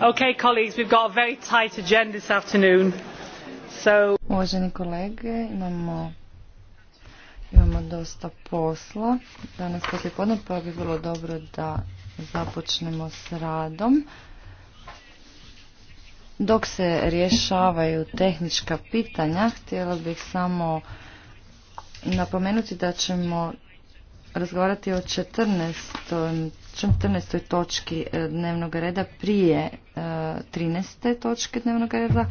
Okay, very tight this Uvaženi kolege, imamo, imamo dosta posla danas poslije podne, pa bi bilo dobro da započnemo s radom. Dok se rješavaju tehnička pitanja, htjela bih samo napomenuti da ćemo razgovarati o 14. 14. točki e, dnevnog reda prije 13. E, točke dnevnog reda.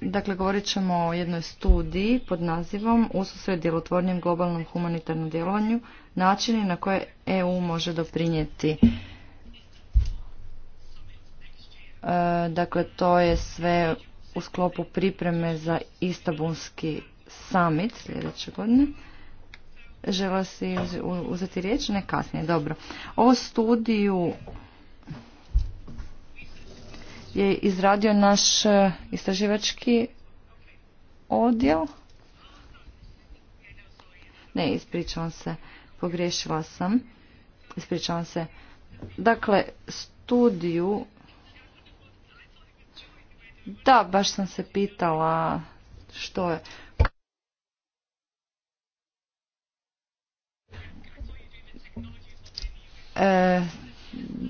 Dakle, govorit ćemo o jednoj studiji pod nazivom Ususred djelotvornijem globalnom humanitarnom djelovanju, načini na koje EU može doprinijeti. E, dakle, to je sve u sklopu pripreme za Istabunski summit sljedeće godine. Žela si uzeti riječ? Ne, kasnije, dobro. O studiju je izradio naš e, istraživački odjel. Ne, ispričavam se, pogriješila sam. Ispričavam se. Dakle, studiju... Da, baš sam se pitala što je.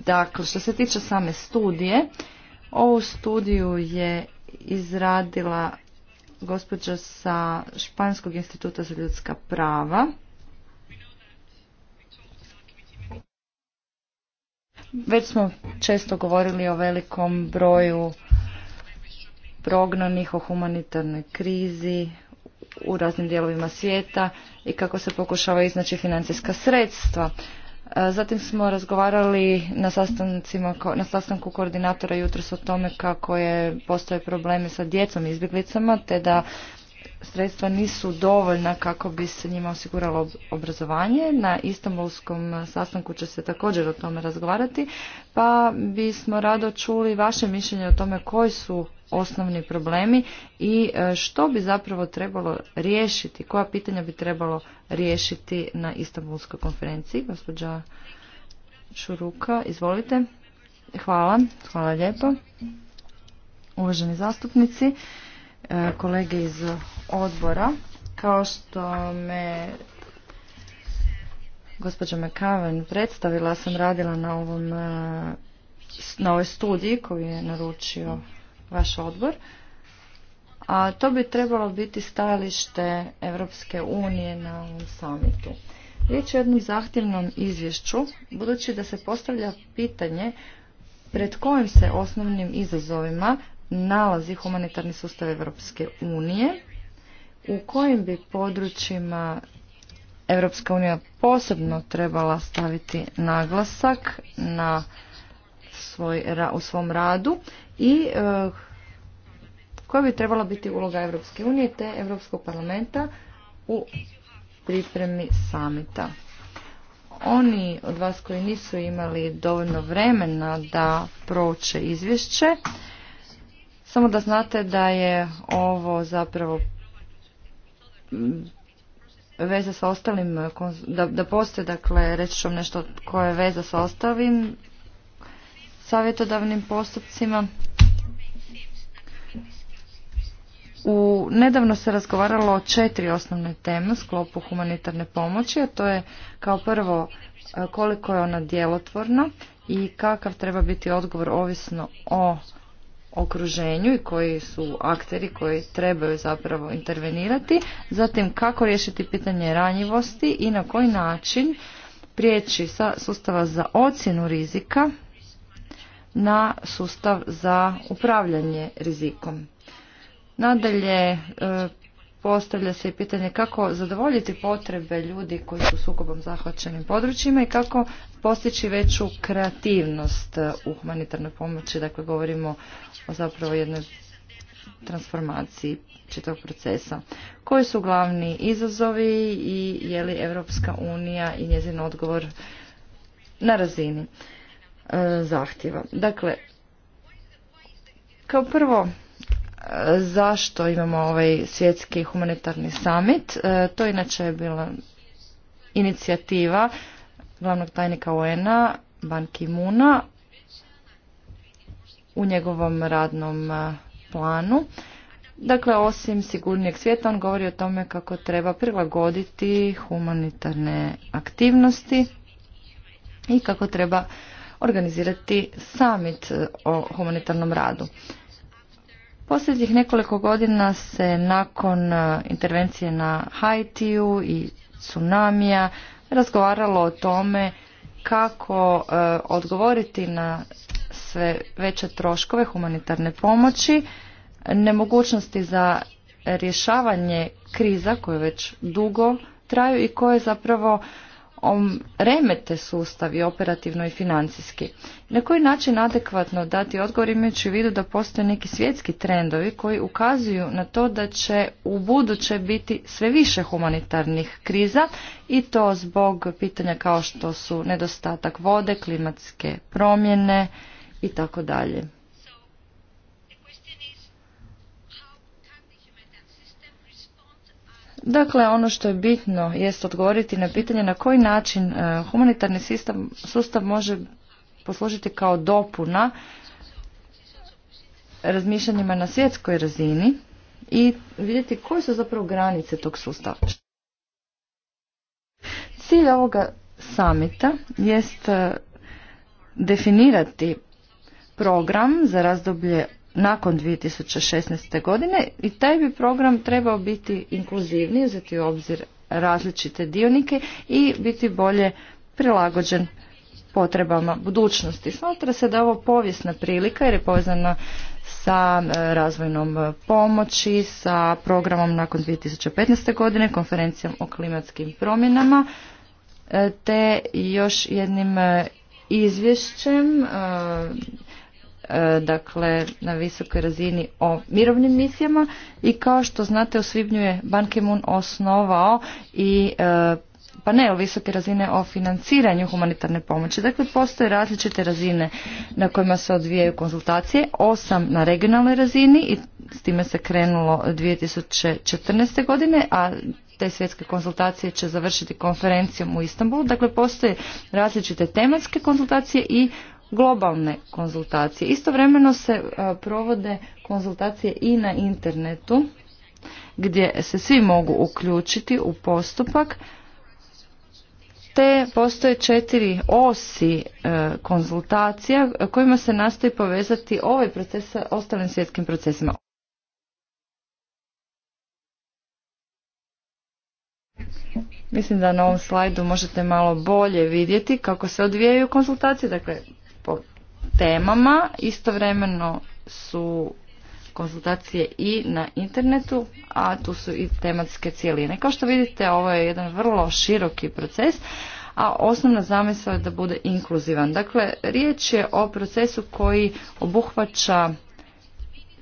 Dakle, što se tiče same studije, ovu studiju je izradila gospođa sa Španskog instituta za ljudska prava. Već smo često govorili o velikom broju prognanih, o humanitarnoj krizi u raznim dijelovima svijeta i kako se pokušava iznaći financijska sredstva Zatim smo razgovarali na, sastancima, na sastanku koordinatora jutros o tome kako je, postoje problemi sa djecom izbjeglicama te da sredstva nisu dovoljna kako bi se njima osiguralo obrazovanje. Na istambulskom sastanku će se također o tome razgovarati, pa bismo rado čuli vaše mišljenje o tome koji su osnovni problemi i e, što bi zapravo trebalo riješiti, koja pitanja bi trebalo riješiti na istambulskoj konferenciji. Gospođa Šuruka, izvolite. Hvala, hvala lijepo. Uvaženi zastupnici, E, kolege iz odbora. Kao što me gospođa McCaven predstavila, sam radila na ovom e, na ovoj studiji koju je naručio vaš odbor. A to bi trebalo biti stajalište Europske unije na ovom samitu. Riječ je o jednom zahtjevnom izvješću, budući da se postavlja pitanje pred kojim se osnovnim izazovima nalazi humanitarni sustav Europske unije, u kojim bi područjima Europska unija posebno trebala staviti naglasak na svoj, u svom radu i e, koja bi trebala biti uloga Europske unije te Europskog parlamenta u pripremi samita. Oni od vas koji nisu imali dovoljno vremena da proće izvješće, samo da znate da je ovo zapravo mm, veza sa ostalim, da, da postoje, dakle, reći ću vam nešto koje je veza sa ostalim savjetodavnim postupcima. U, nedavno se razgovaralo o četiri osnovne teme sklopu humanitarne pomoći, a to je kao prvo e, koliko je ona djelotvorna i kakav treba biti odgovor ovisno o okruženju i koji su akteri koji trebaju zapravo intervenirati, zatim kako riješiti pitanje ranjivosti i na koji način prijeći sa sustava za ocjenu rizika na sustav za upravljanje rizikom. Nadalje, e, postavlja se i pitanje kako zadovoljiti potrebe ljudi koji su sukobom zahvaćenim područjima i kako postići veću kreativnost eh, u humanitarnoj pomoći. Dakle, govorimo o zapravo jednoj transformaciji čitog procesa. Koji su glavni izazovi i je li Europska unija i njezin odgovor na razini eh, zahtjeva? Dakle, kao prvo, zašto imamo ovaj svjetski humanitarni summit. E, to inače je bila inicijativa glavnog tajnika UN-a Ban ki u njegovom radnom e, planu. Dakle, osim sigurnijeg svijeta, on govori o tome kako treba prilagoditi humanitarne aktivnosti i kako treba organizirati summit e, o humanitarnom radu. Posljednjih nekoliko godina se nakon e, intervencije na Haitiju i tsunamija razgovaralo o tome kako e, odgovoriti na sve veće troškove humanitarne pomoći, nemogućnosti za rješavanje kriza koje već dugo traju i koje zapravo remete sustavi operativno i financijski. Na koji način adekvatno dati odgovor imajući u vidu da postoje neki svjetski trendovi koji ukazuju na to da će u buduće biti sve više humanitarnih kriza i to zbog pitanja kao što su nedostatak vode, klimatske promjene i tako dalje. Dakle, ono što je bitno jest odgovoriti na pitanje na koji način e, humanitarni sustav, sustav može poslužiti kao dopuna razmišljanjima na svjetskoj razini i vidjeti koje su zapravo granice tog sustava. Cilj ovoga samita jest e, definirati program za razdoblje nakon 2016. godine i taj bi program trebao biti inkluzivniji, uzeti u obzir različite dionike i biti bolje prilagođen potrebama budućnosti. Smatra se da je ovo povijesna prilika jer je povezana sa e, razvojnom pomoći, sa programom nakon 2015. godine, konferencijom o klimatskim promjenama, e, te još jednim e, izvješćem E, dakle na visokoj razini o mirovnim misijama i kao što znate u svibnju je Ban Ki-moon osnovao i e, panel visoke razine o financiranju humanitarne pomoći. Dakle, postoje različite razine na kojima se odvijaju konzultacije, osam na regionalnoj razini i s time se krenulo 2014. godine, a te svjetske konzultacije će završiti konferencijom u Istanbulu. Dakle, postoje različite tematske konzultacije i globalne konzultacije. Istovremeno se e, provode konzultacije i na internetu gdje se svi mogu uključiti u postupak te postoje četiri osi e, konzultacija kojima se nastoji povezati ovaj proces sa ostalim svjetskim procesima. Mislim da na ovom slajdu možete malo bolje vidjeti kako se odvijaju konzultacije, dakle temama. Istovremeno su konsultacije i na internetu, a tu su i tematske cijeline. Kao što vidite, ovo je jedan vrlo široki proces, a osnovna zamisla je da bude inkluzivan. Dakle, riječ je o procesu koji obuhvaća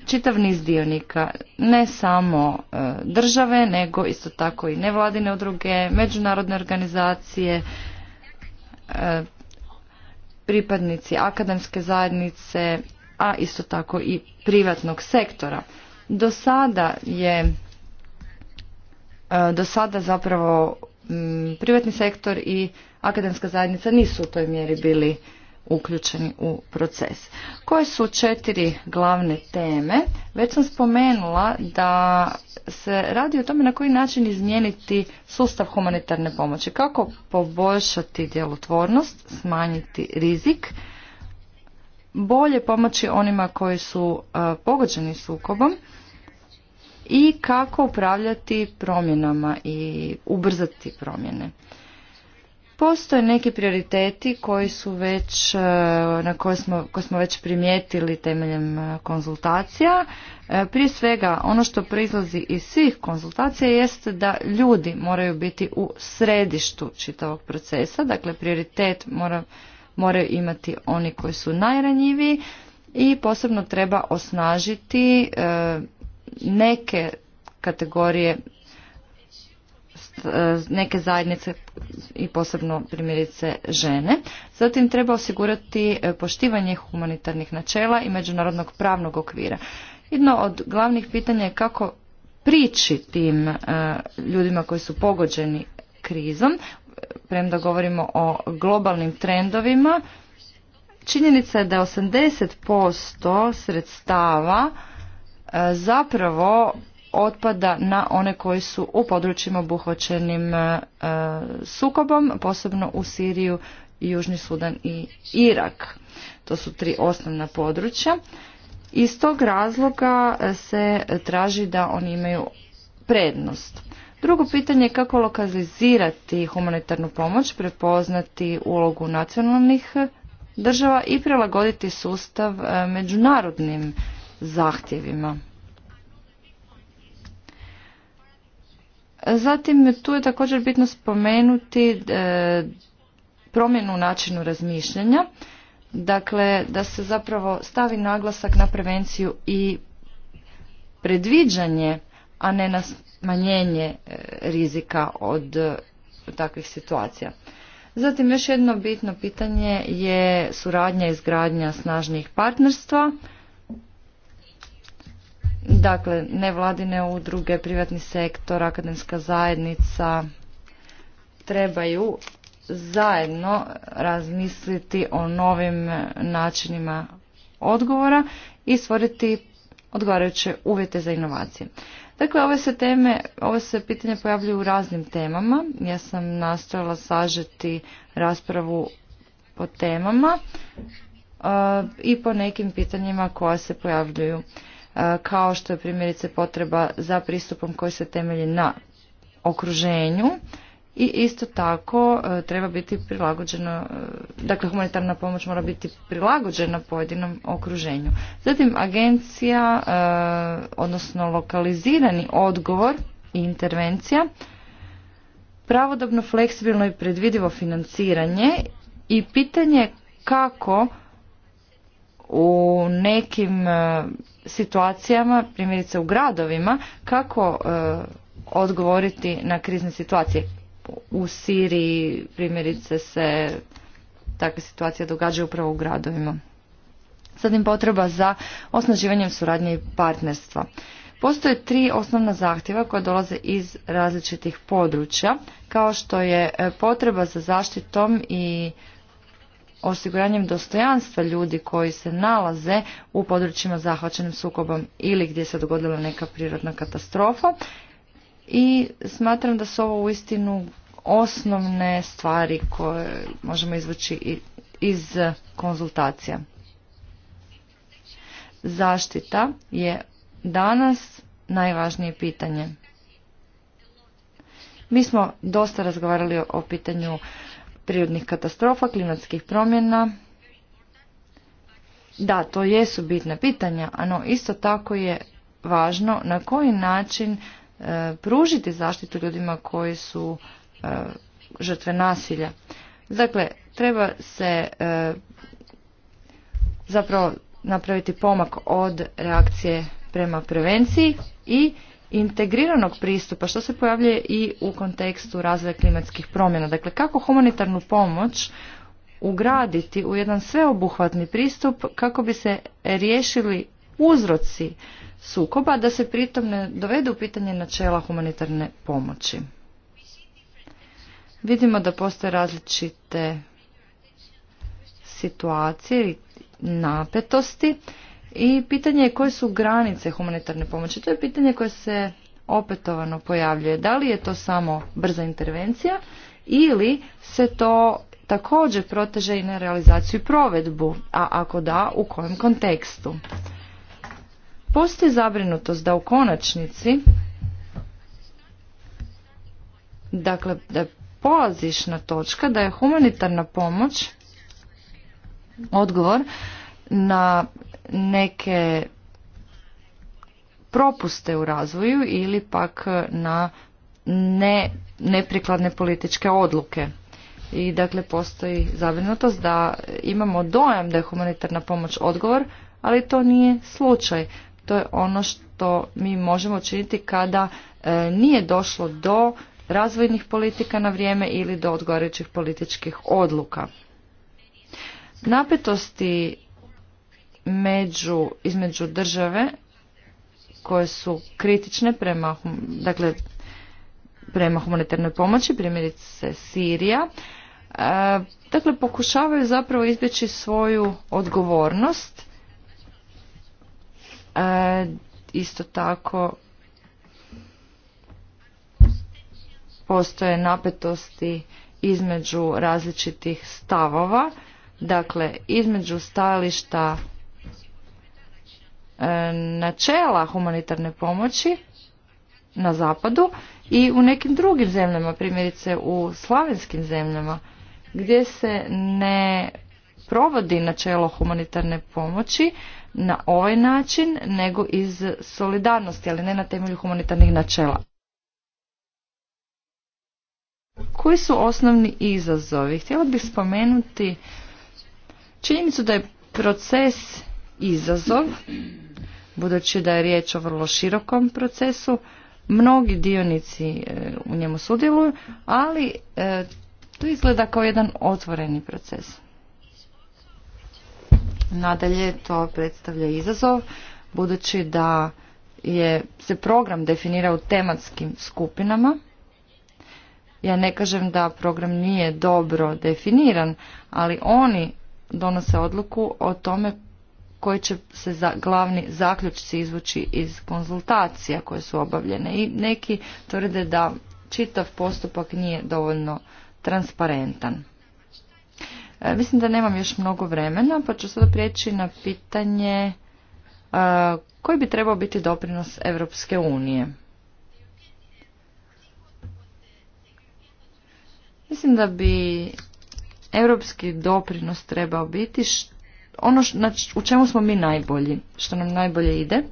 čitav niz dionika, ne samo e, države, nego isto tako i nevladine udruge, međunarodne organizacije, e, pripadnici akademske zajednice, a isto tako i privatnog sektora. Do sada je e, do sada zapravo privatni sektor i akademska zajednica nisu u toj mjeri bili uključeni u proces. Koje su četiri glavne teme? Već sam spomenula da se radi o tome na koji način izmijeniti sustav humanitarne pomoći. Kako poboljšati djelotvornost, smanjiti rizik, bolje pomoći onima koji su e, pogođeni sukobom i kako upravljati promjenama i ubrzati promjene. Postoje neki prioriteti koji su već, e, na koje smo, koje smo već primijetili temeljem e, konzultacija. E, prije svega, ono što proizlazi iz svih konzultacija jest da ljudi moraju biti u središtu čitavog procesa, dakle prioritet mora, moraju imati oni koji su najranjiviji i posebno treba osnažiti neke kategorije E, neke zajednice i posebno primjerice žene. Zatim treba osigurati e, poštivanje humanitarnih načela i međunarodnog pravnog okvira. Jedno od glavnih pitanja je kako prići tim e, ljudima koji su pogođeni krizom, premda govorimo o globalnim trendovima, činjenica je da 80% sredstava zapravo otpada na one koji su u područjima obuhvaćenim e, sukobom, posebno u Siriju, Južni Sudan i Irak. To su tri osnovna područja. Iz tog razloga e, se traži da oni imaju prednost. Drugo pitanje je kako lokalizirati humanitarnu pomoć, prepoznati ulogu nacionalnih država i prilagoditi sustav e, međunarodnim zahtjevima. Zatim tu je također bitno spomenuti e, promjenu načinu razmišljanja, dakle da se zapravo stavi naglasak na prevenciju i predviđanje, a ne na smanjenje e, rizika od e, takvih situacija. Zatim još jedno bitno pitanje je suradnja i izgradnja snažnih partnerstva Dakle, nevladine udruge, privatni sektor, akademska zajednica trebaju zajedno razmisliti o novim načinima odgovora i stvoriti odgovarajuće uvjete za inovacije. Dakle, ove se teme, ove se pitanje pojavljuju u raznim temama. Ja sam nastojala sažeti raspravu po temama e, i po nekim pitanjima koja se pojavljuju E, kao što je primjerice potreba za pristupom koji se temelji na okruženju i isto tako e, treba biti prilagođeno, e, dakle humanitarna pomoć mora biti prilagođena pojedinom okruženju. Zatim agencija, odnosno lokalizirani odgovor i intervencija, pravodobno, fleksibilno i predvidivo financiranje i pitanje kako u nekim situacijama, primjerice u gradovima, kako e, odgovoriti na krizne situacije. U Siriji primjerice se takve situacije događaju upravo u gradovima. im potreba za osnaživanjem suradnje i partnerstva. Postoje tri osnovna zahtjeva koja dolaze iz različitih područja, kao što je e, potreba za zaštitom i osiguranjem dostojanstva ljudi koji se nalaze u područjima zahvaćenim sukobom ili gdje se dogodila neka prirodna katastrofa. I smatram da su ovo uistinu osnovne stvari koje možemo izvući iz konzultacija. Zaštita je danas najvažnije pitanje. Mi smo dosta razgovarali o pitanju prirodnih katastrofa, klimatskih promjena. Da, to jesu bitna pitanja, no isto tako je važno na koji način e, pružiti zaštitu ljudima koji su e, žrtve nasilja. Dakle, treba se e, zapravo napraviti pomak od reakcije prema prevenciji i integriranog pristupa što se pojavljuje i u kontekstu razvoja klimatskih promjena. Dakle, kako humanitarnu pomoć ugraditi u jedan sveobuhvatni pristup kako bi se riješili uzroci sukoba, da se pritom ne dovede u pitanje načela humanitarne pomoći. Vidimo da postoje različite situacije i napetosti i pitanje je koje su granice humanitarne pomoći. To je pitanje koje se opetovano pojavljuje. Da li je to samo brza intervencija ili se to također proteže i na realizaciju i provedbu, a ako da, u kojem kontekstu. Postoji zabrinutost da u konačnici, dakle, da je polazišna točka da je humanitarna pomoć odgovor na neke propuste u razvoju ili pak na ne, neprikladne političke odluke. I dakle postoji zabrinutost da imamo dojam da je humanitarna pomoć odgovor, ali to nije slučaj. To je ono što mi možemo činiti kada e, nije došlo do razvojnih politika na vrijeme ili do odgovarajućih političkih odluka. Napetosti među, između države koje su kritične prema, dakle, prema humanitarnoj pomoći, primjerice Sirija, e, dakle pokušavaju zapravo izbjeći svoju odgovornost. E, isto tako postoje napetosti između različitih stavova, dakle između stajališta E, načela humanitarne pomoći na zapadu i u nekim drugim zemljama, primjerice u slavenskim zemljama, gdje se ne provodi načelo humanitarne pomoći na ovaj način, nego iz solidarnosti, ali ne na temelju humanitarnih načela. Koji su osnovni izazovi? Htjela bih spomenuti činjenicu da je proces izazov budući da je riječ o vrlo širokom procesu. Mnogi dionici e, u njemu sudjeluju, ali e, to izgleda kao jedan otvoreni proces. Nadalje to predstavlja izazov, budući da je, se program definira u tematskim skupinama. Ja ne kažem da program nije dobro definiran, ali oni donose odluku o tome koji će se za, glavni zaključci izvući iz konzultacija koje su obavljene i neki tvrde da čitav postupak nije dovoljno transparentan. E, mislim da nemam još mnogo vremena, pa ću sada prijeći na pitanje e, koji bi trebao biti doprinos Europske unije. Mislim da bi europski doprinos trebao biti ono u čemu smo mi najbolji, što nam najbolje ide.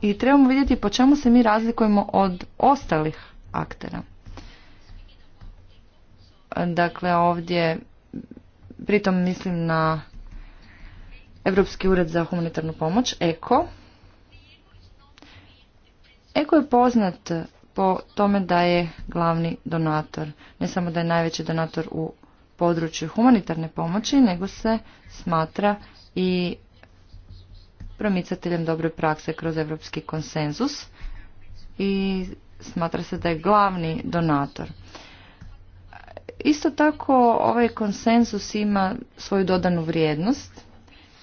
I trebamo vidjeti po čemu se mi razlikujemo od ostalih aktera. Dakle, ovdje pritom mislim na Europski ured za humanitarnu pomoć, EKO. EKO je poznat po tome da je glavni donator, ne samo da je najveći donator u području humanitarne pomoći, nego se smatra i promicateljem dobre prakse kroz evropski konsenzus i smatra se da je glavni donator. Isto tako ovaj konsenzus ima svoju dodanu vrijednost.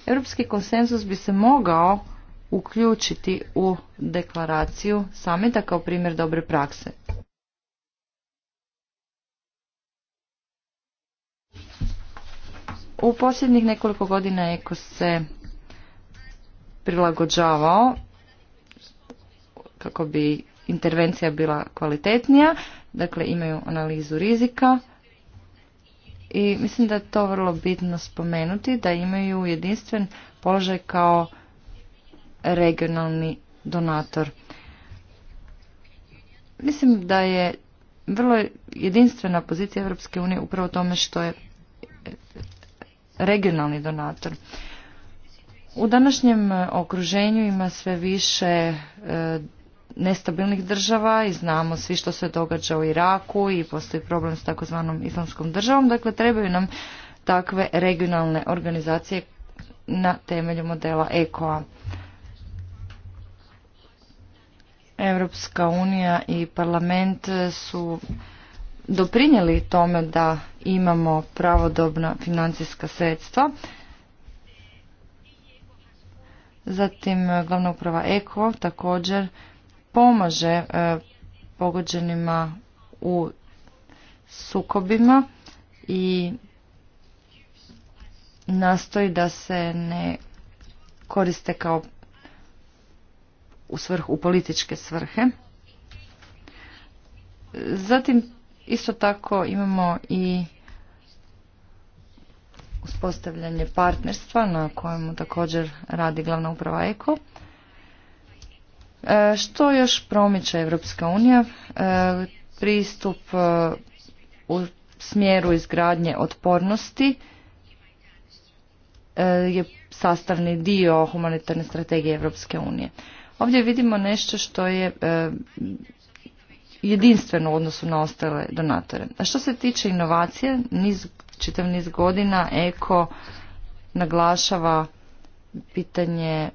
Europski konsenzus bi se mogao uključiti u deklaraciju samita kao primjer dobre prakse. U posljednjih nekoliko godina Eko se prilagođavao kako bi intervencija bila kvalitetnija, dakle imaju analizu rizika i mislim da je to vrlo bitno spomenuti, da imaju jedinstven položaj kao regionalni donator. Mislim da je vrlo jedinstvena pozicija Europske unije upravo tome što je regionalni donator. U današnjem e, okruženju ima sve više e, nestabilnih država i znamo svi što se događa u Iraku i postoji problem s takozvanom islamskom državom, dakle trebaju nam takve regionalne organizacije na temelju modela EKO-a. Europska unija i parlament su doprinijeli tome da imamo pravodobna financijska sredstva. Zatim e, glavna uprava EKO također pomaže e, pogođenima u sukobima i nastoji da se ne koriste kao u svrhu u političke svrhe. Zatim Isto tako imamo i uspostavljanje partnerstva na kojemu također radi glavna uprava EKO. E, što još promiče Evropska unija? E, pristup e, u smjeru izgradnje otpornosti je sastavni dio humanitarne strategije Evropske unije. Ovdje vidimo nešto što je jedinstveno u odnosu na ostale donatore. A što se tiče inovacije, niz, čitav niz godina Eko naglašava pitanje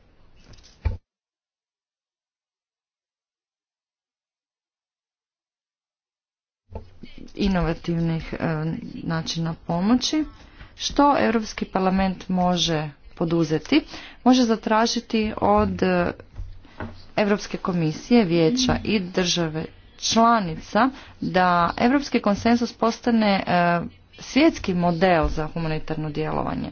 inovativnih e, načina pomoći. Što Europski parlament može poduzeti? Može zatražiti od Europske komisije, vijeća i države članica da europski konsensus postane e, svjetski model za humanitarno djelovanje.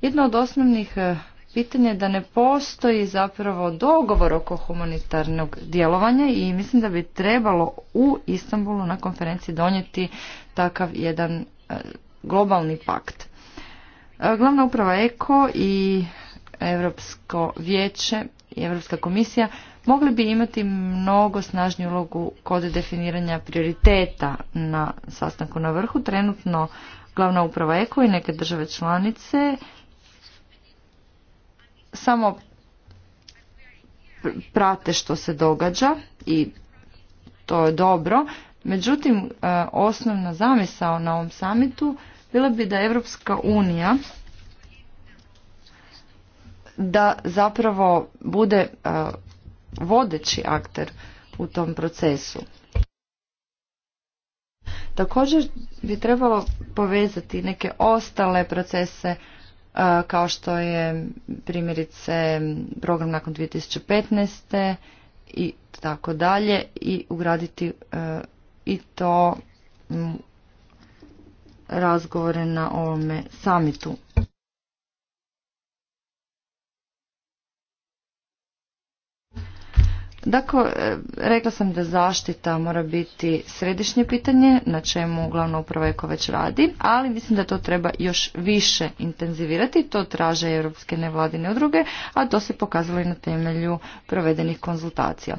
Jedno od osnovnih e, pitanja je da ne postoji zapravo dogovor oko humanitarnog djelovanja i mislim da bi trebalo u Istanbulu na konferenciji donijeti takav jedan e, globalni pakt. Glavna uprava EKO i Europsko vijeće i Europska komisija mogli bi imati mnogo snažniju ulogu kod definiranja prioriteta na sastanku na vrhu. Trenutno glavna uprava EKO i neke države članice samo prate što se događa i to je dobro. Međutim, e, osnovna zamisao na ovom samitu bila bi da Europska unija da zapravo bude e, vodeći akter u tom procesu. Također bi trebalo povezati neke ostale procese e, kao što je primjerice program nakon 2015. i tako dalje i ugraditi e, i to razgovore na ovome samitu. Dakle, e, rekla sam da zaštita mora biti središnje pitanje, na čemu uglavnom upravo Eko već radi, ali mislim da to treba još više intenzivirati, to traže europske nevladine udruge, a to se pokazalo i na temelju provedenih konzultacija.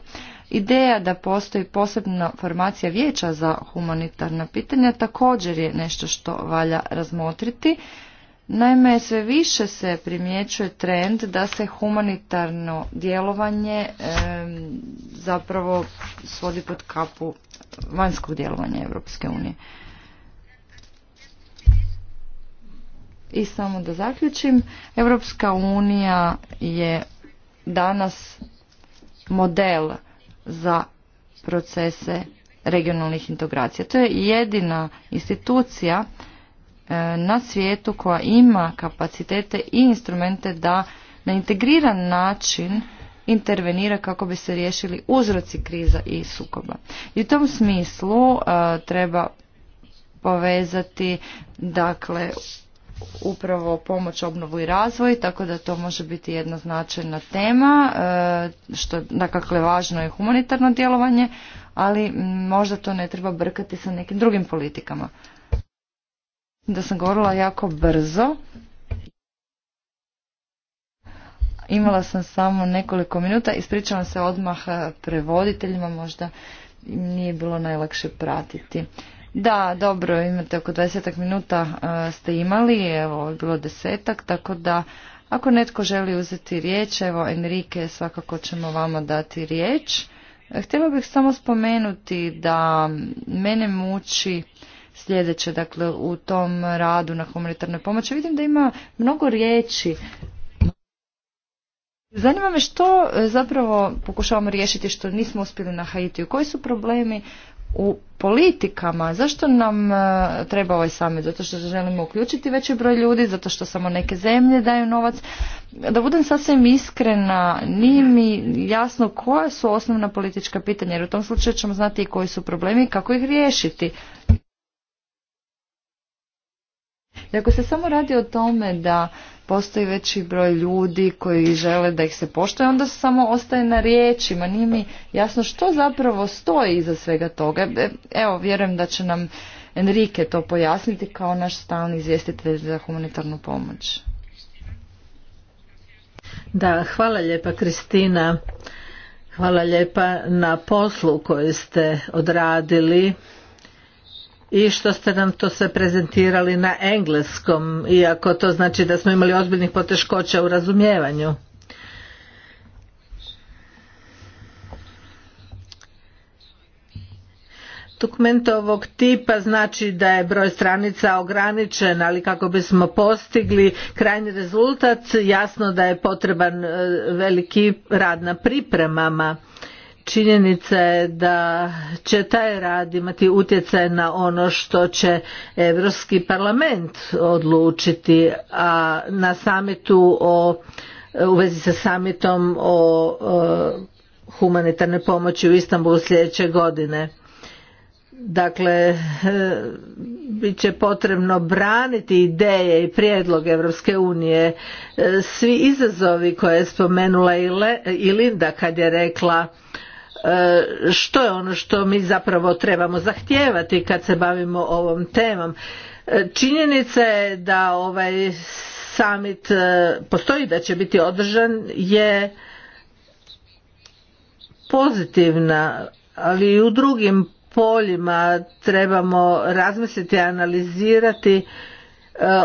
Ideja da postoji posebna formacija vijeća za humanitarna pitanja također je nešto što valja razmotriti Naime, sve više se primjećuje trend da se humanitarno djelovanje zapravo svodi pod kapu vanjskog djelovanja Europske unije. I samo da zaključim, Europska unija je danas model za procese regionalnih integracija. To je jedina institucija E, na svijetu koja ima kapacitete i instrumente da na integriran način intervenira kako bi se riješili uzroci kriza i sukoba. I u tom smislu e, treba povezati dakle upravo pomoć obnovu i razvoj, tako da to može biti jedna značajna tema, e, što dakle važno je humanitarno djelovanje, ali možda to ne treba brkati sa nekim drugim politikama da sam govorila jako brzo. Imala sam samo nekoliko minuta, ispričavam se odmah eh, prevoditeljima, možda nije bilo najlakše pratiti. Da, dobro, imate oko 20 minuta eh, ste imali, evo je bilo desetak, tako da ako netko želi uzeti riječ, evo Enrique svakako ćemo vama dati riječ. Eh, htjela bih samo spomenuti da mene muči sljedeće, dakle u tom radu na humanitarnoj pomoći. Vidim da ima mnogo riječi. Zanima me što e, zapravo pokušavamo riješiti što nismo uspjeli na U Koji su problemi u politikama? Zašto nam e, treba ovaj samit? Zato što želimo uključiti veći broj ljudi, zato što samo neke zemlje daju novac. Da budem sasvim iskrena, nije mi jasno koja su osnovna politička pitanja, jer u tom slučaju ćemo znati i koji su problemi i kako ih riješiti. I ako se samo radi o tome da postoji veći broj ljudi koji žele da ih se poštuje, onda se samo ostaje na riječima. Nije mi jasno što zapravo stoji iza svega toga. E, evo, vjerujem da će nam Enrique to pojasniti kao naš stalni izvjestitelj za humanitarnu pomoć. Da, hvala lijepa Kristina. Hvala lijepa na poslu koju ste odradili i što ste nam to sve prezentirali na engleskom, iako to znači da smo imali ozbiljnih poteškoća u razumijevanju. Dokument ovog tipa znači da je broj stranica ograničen, ali kako bismo postigli krajnji rezultat, jasno da je potreban e, veliki rad na pripremama činjenica je da će taj rad imati utjecaj na ono što će Europski parlament odlučiti, a na samitu o, u vezi sa samitom o, humanitarnoj pomoći u Istanbulu sljedeće godine. Dakle, e, bit će potrebno braniti ideje i prijedlog Europske unije. E, svi izazovi koje je spomenula i Linda kad je rekla E, što je ono što mi zapravo trebamo zahtijevati kad se bavimo ovom temom. E, činjenica je da ovaj summit e, postoji da će biti održan je pozitivna, ali i u drugim poljima trebamo razmisliti, analizirati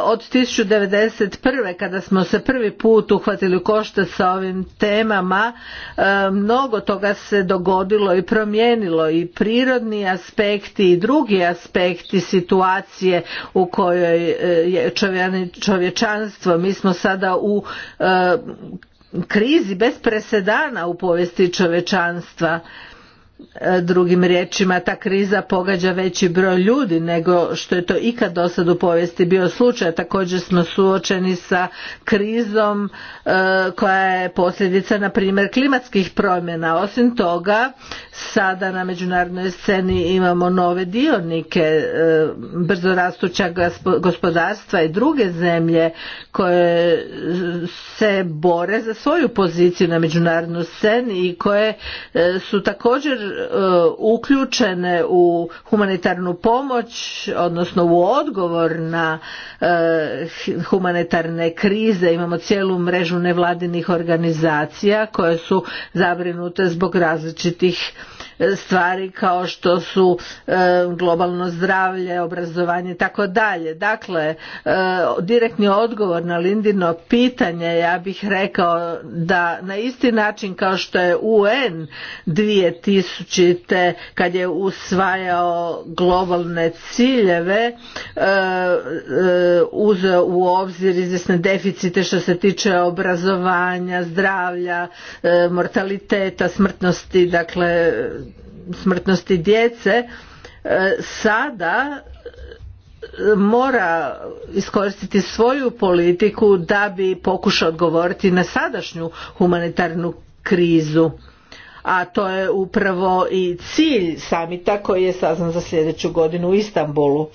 od 1991. kada smo se prvi put uhvatili košte sa ovim temama e, mnogo toga se dogodilo i promijenilo i prirodni aspekti i drugi aspekti situacije u kojoj e, je čovječanstvo mi smo sada u e, krizi bez presedana u povijesti čovječanstva E, drugim riječima, ta kriza pogađa veći broj ljudi nego što je to ikad do sad u povijesti bio slučaj. Također smo suočeni sa krizom e, koja je posljedica, na primjer, klimatskih promjena. Osim toga, sada na međunarodnoj sceni imamo nove dionike, e, brzo rastuća gospodarstva i druge zemlje koje se bore za svoju poziciju na međunarodnoj sceni i koje su također E, uključene u humanitarnu pomoć odnosno u odgovor na e, humanitarne krize imamo cijelu mrežu nevladinih organizacija koje su zabrinute zbog različitih stvari kao što su e, globalno zdravlje, obrazovanje i tako dalje. Dakle, e, direktni odgovor na Lindino pitanje, ja bih rekao da na isti način kao što je UN 2000. kad je usvajao globalne ciljeve, e, uzeo u obzir izvjesne deficite što se tiče obrazovanja, zdravlja, mortaliteta, smrtnosti, dakle smrtnosti djece e, sada e, mora iskoristiti svoju politiku da bi pokušao odgovoriti na sadašnju humanitarnu krizu a to je upravo i cilj samita koji je sazvan za sljedeću godinu u Istanbulu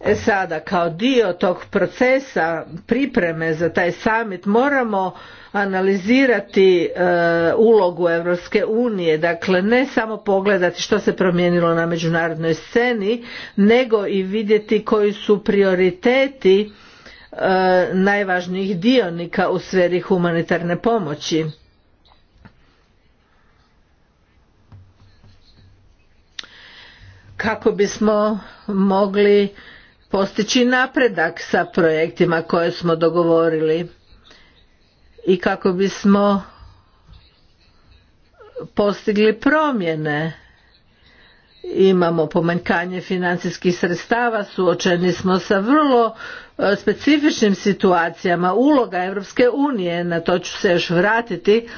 E sada kao dio tog procesa pripreme za taj summit moramo analizirati e, ulogu Europske unije, dakle ne samo pogledati što se promijenilo na međunarodnoj sceni, nego i vidjeti koji su prioriteti e, najvažnijih dionika u sferi humanitarne pomoći. Kako bismo mogli postići napredak sa projektima koje smo dogovorili i kako bismo postigli promjene imamo pomanjkanje financijskih sredstava suočeni smo sa vrlo e, specifičnim situacijama uloga Europske unije na to ću se još vratiti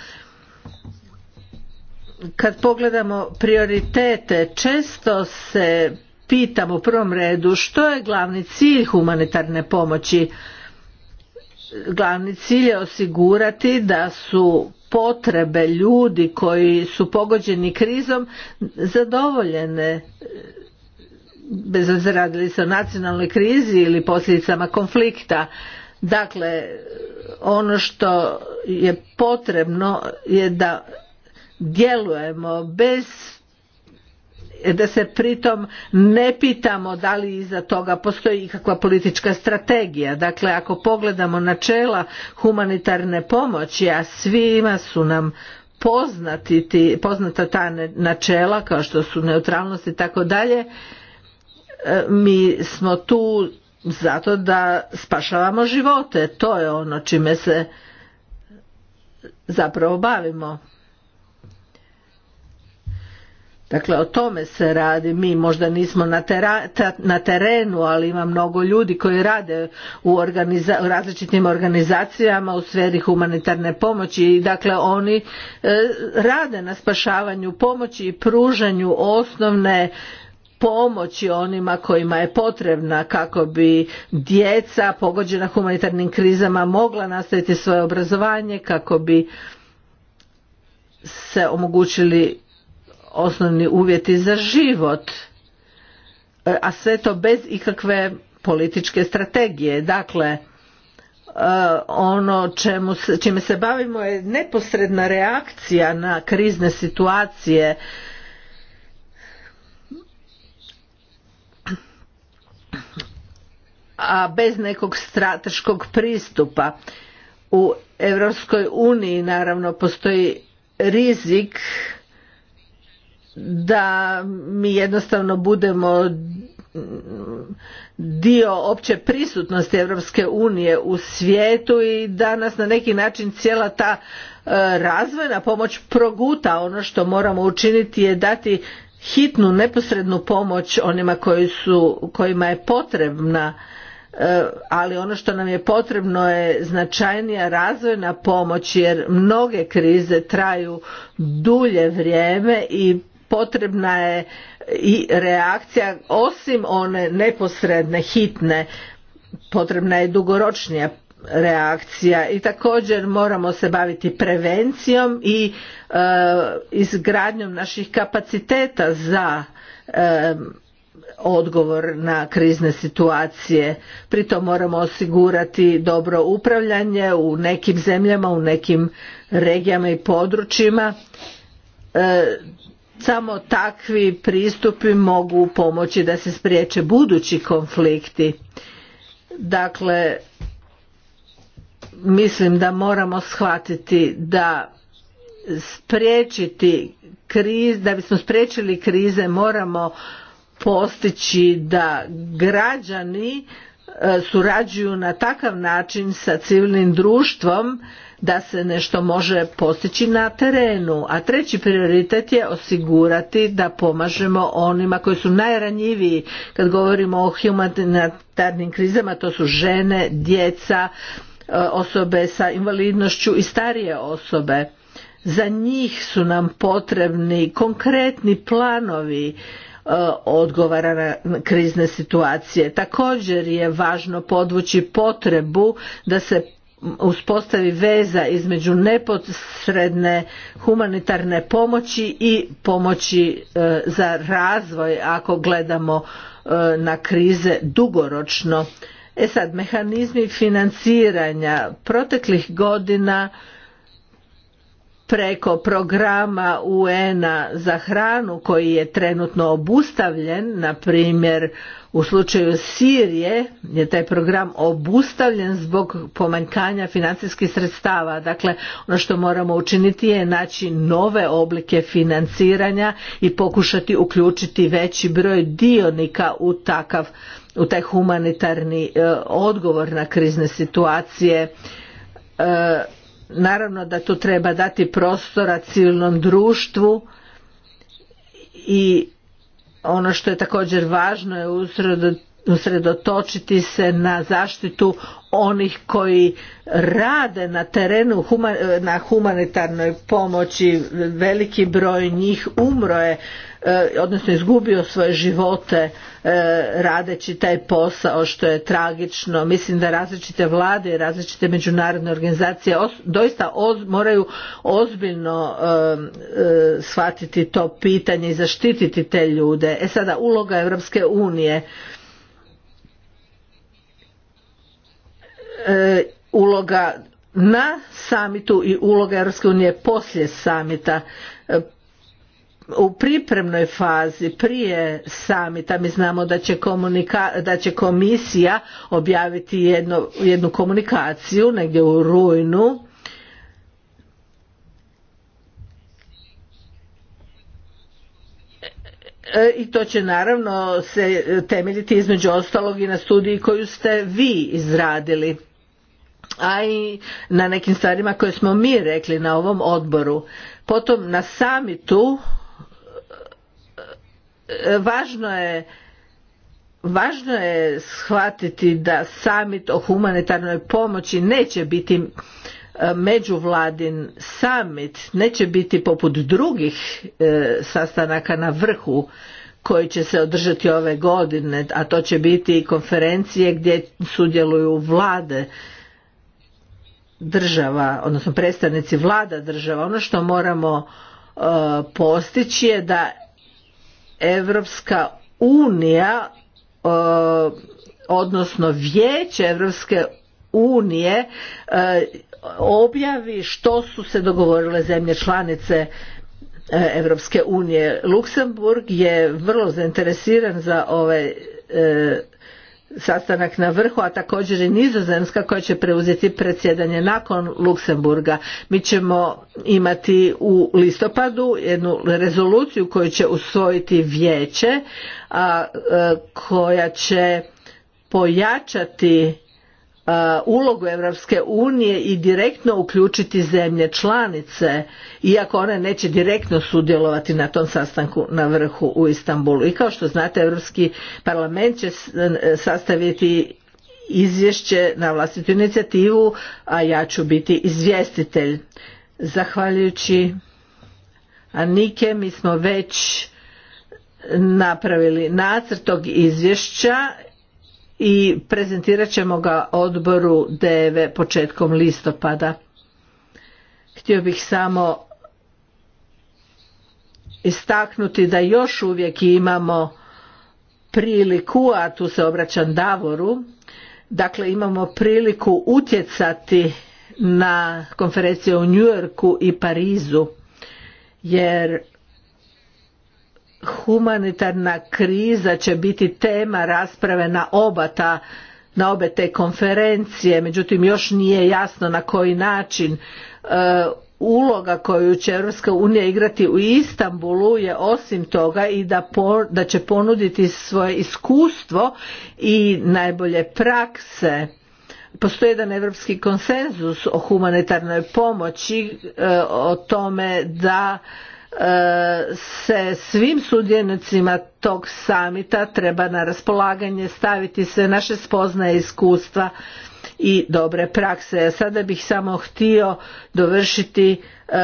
kad pogledamo prioritete često se pitam u prvom redu što je glavni cilj humanitarne pomoći glavni cilj je osigurati da su potrebe ljudi koji su pogođeni krizom zadovoljene bez obzira li se o nacionalnoj krizi ili posljedicama konflikta dakle ono što je potrebno je da djelujemo bez da se pritom ne pitamo da li iza toga postoji ikakva politička strategija. Dakle, ako pogledamo načela humanitarne pomoći, a svima su nam poznati, ti, poznata ta načela kao što su neutralnost i tako dalje, e, mi smo tu zato da spašavamo živote. To je ono čime se zapravo bavimo. Dakle, o tome se radi. Mi možda nismo na, na terenu, ali ima mnogo ljudi koji rade u, organiza, različitim organizacijama u sferi humanitarne pomoći i dakle oni e, rade na spašavanju pomoći i pružanju osnovne pomoći onima kojima je potrebna kako bi djeca pogođena humanitarnim krizama mogla nastaviti svoje obrazovanje, kako bi se omogućili osnovni uvjeti za život e, a sve to bez ikakve političke strategije dakle e, ono čemu, čime se bavimo je neposredna reakcija na krizne situacije a bez nekog strateškog pristupa u Europskoj uniji naravno postoji rizik da mi jednostavno budemo dio opće prisutnosti Europske unije u svijetu i da nas na neki način cijela ta e, razvojna pomoć proguta. Ono što moramo učiniti je dati hitnu neposrednu pomoć onima koji su, kojima je potrebna e, ali ono što nam je potrebno je značajnija razvojna pomoć jer mnoge krize traju dulje vrijeme i potrebna je i reakcija osim one neposredne hitne potrebna je dugoročnija reakcija i također moramo se baviti prevencijom i e, izgradnjom naših kapaciteta za e, odgovor na krizne situacije. Pritom moramo osigurati dobro upravljanje u nekim zemljama, u nekim regijama i područjima. E, samo takvi pristupi mogu pomoći da se spriječe budući konflikti. Dakle, mislim da moramo shvatiti da spriječiti kriz, da bismo spriječili krize moramo postići da građani e, surađuju na takav način sa civilnim društvom da se nešto može postići na terenu. A treći prioritet je osigurati da pomažemo onima koji su najranjiviji kad govorimo o humanitarnim krizama, to su žene, djeca, e, osobe sa invalidnošću i starije osobe. Za njih su nam potrebni konkretni planovi e, odgovara na krizne situacije. Također je važno podvući potrebu da se uspostavi veza između neposredne humanitarne pomoći i pomoći e, za razvoj ako gledamo e, na krize dugoročno. E sad, mehanizmi financiranja proteklih godina preko programa UN-a za hranu koji je trenutno obustavljen, na primjer u slučaju Sirije je taj program obustavljen zbog pomanjkanja financijskih sredstava. Dakle, ono što moramo učiniti je naći nove oblike financiranja i pokušati uključiti veći broj dionika u takav u taj humanitarni e, odgovor na krizne situacije. E, naravno da tu treba dati prostora civilnom društvu i ono što je također važno je usredotočiti se na zaštitu onih koji rade na terenu na humanitarnoj pomoći veliki broj njih umro je E, odnosno izgubio svoje živote e, radeći taj posao što je tragično. Mislim da različite vlade i različite međunarodne organizacije doista moraju ozbiljno e, shvatiti to pitanje i zaštititi te ljude. E sada uloga Europske unije uloga na samitu i uloga Europske unije poslije samita u pripremnoj fazi prije samita mi znamo da će, komisija objaviti jednu komunikaciju negdje u rujnu e, i to će naravno se temeljiti između ostalog i na studiji koju ste vi izradili a i na nekim stvarima koje smo mi rekli na ovom odboru. Potom na samitu važno je Važno je shvatiti da samit o humanitarnoj pomoći neće biti e, međuvladin samit, neće biti poput drugih e, sastanaka na vrhu koji će se održati ove godine, a to će biti i konferencije gdje sudjeluju vlade država, odnosno predstavnici vlada država. Ono što moramo e, postići je da Evropska unija e, odnosno Vijeće Evropske unije e, objavi što su se dogovorile zemlje članice e, Evropske unije. Luksemburg je vrlo zainteresiran za ovaj sastanak na vrhu, a također i Nizozemska koja će preuzeti predsjedanje nakon Luksemburga. Mi ćemo imati u listopadu jednu rezoluciju koju će usvojiti vijeće, a e, koja će pojačati Uh, ulogu Europske unije i direktno uključiti zemlje članice, iako one neće direktno sudjelovati na tom sastanku na vrhu u Istanbulu. I kao što znate, Europski parlament će sastaviti izvješće na vlastitu inicijativu, a ja ću biti izvjestitelj. Zahvaljujući Anike, mi smo već napravili nacrt tog izvješća i prezentirat ćemo ga odboru DEVE početkom listopada. Htio bih samo istaknuti da još uvijek imamo priliku, a tu se obraćam Davoru, dakle imamo priliku utjecati na konferencije u Njujorku i Parizu jer humanitarna kriza će biti tema rasprave na oba na obe te konferencije međutim još nije jasno na koji način e, uloga koju će Europska unija igrati u Istanbulu je osim toga i da, će ponuditi svoje iskustvo i najbolje prakse postoji jedan europski konsenzus o humanitarnoj pomoći e, o tome da se svim sudjenicima tog samita treba na raspolaganje staviti sve naše spoznaje iskustva i dobre prakse. sada bih samo htio dovršiti e,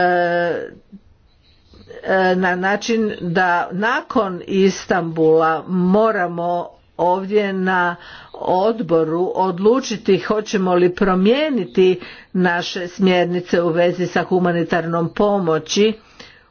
e, na način da nakon Istambula moramo ovdje na odboru odlučiti hoćemo li promijeniti naše smjernice u vezi sa humanitarnom pomoći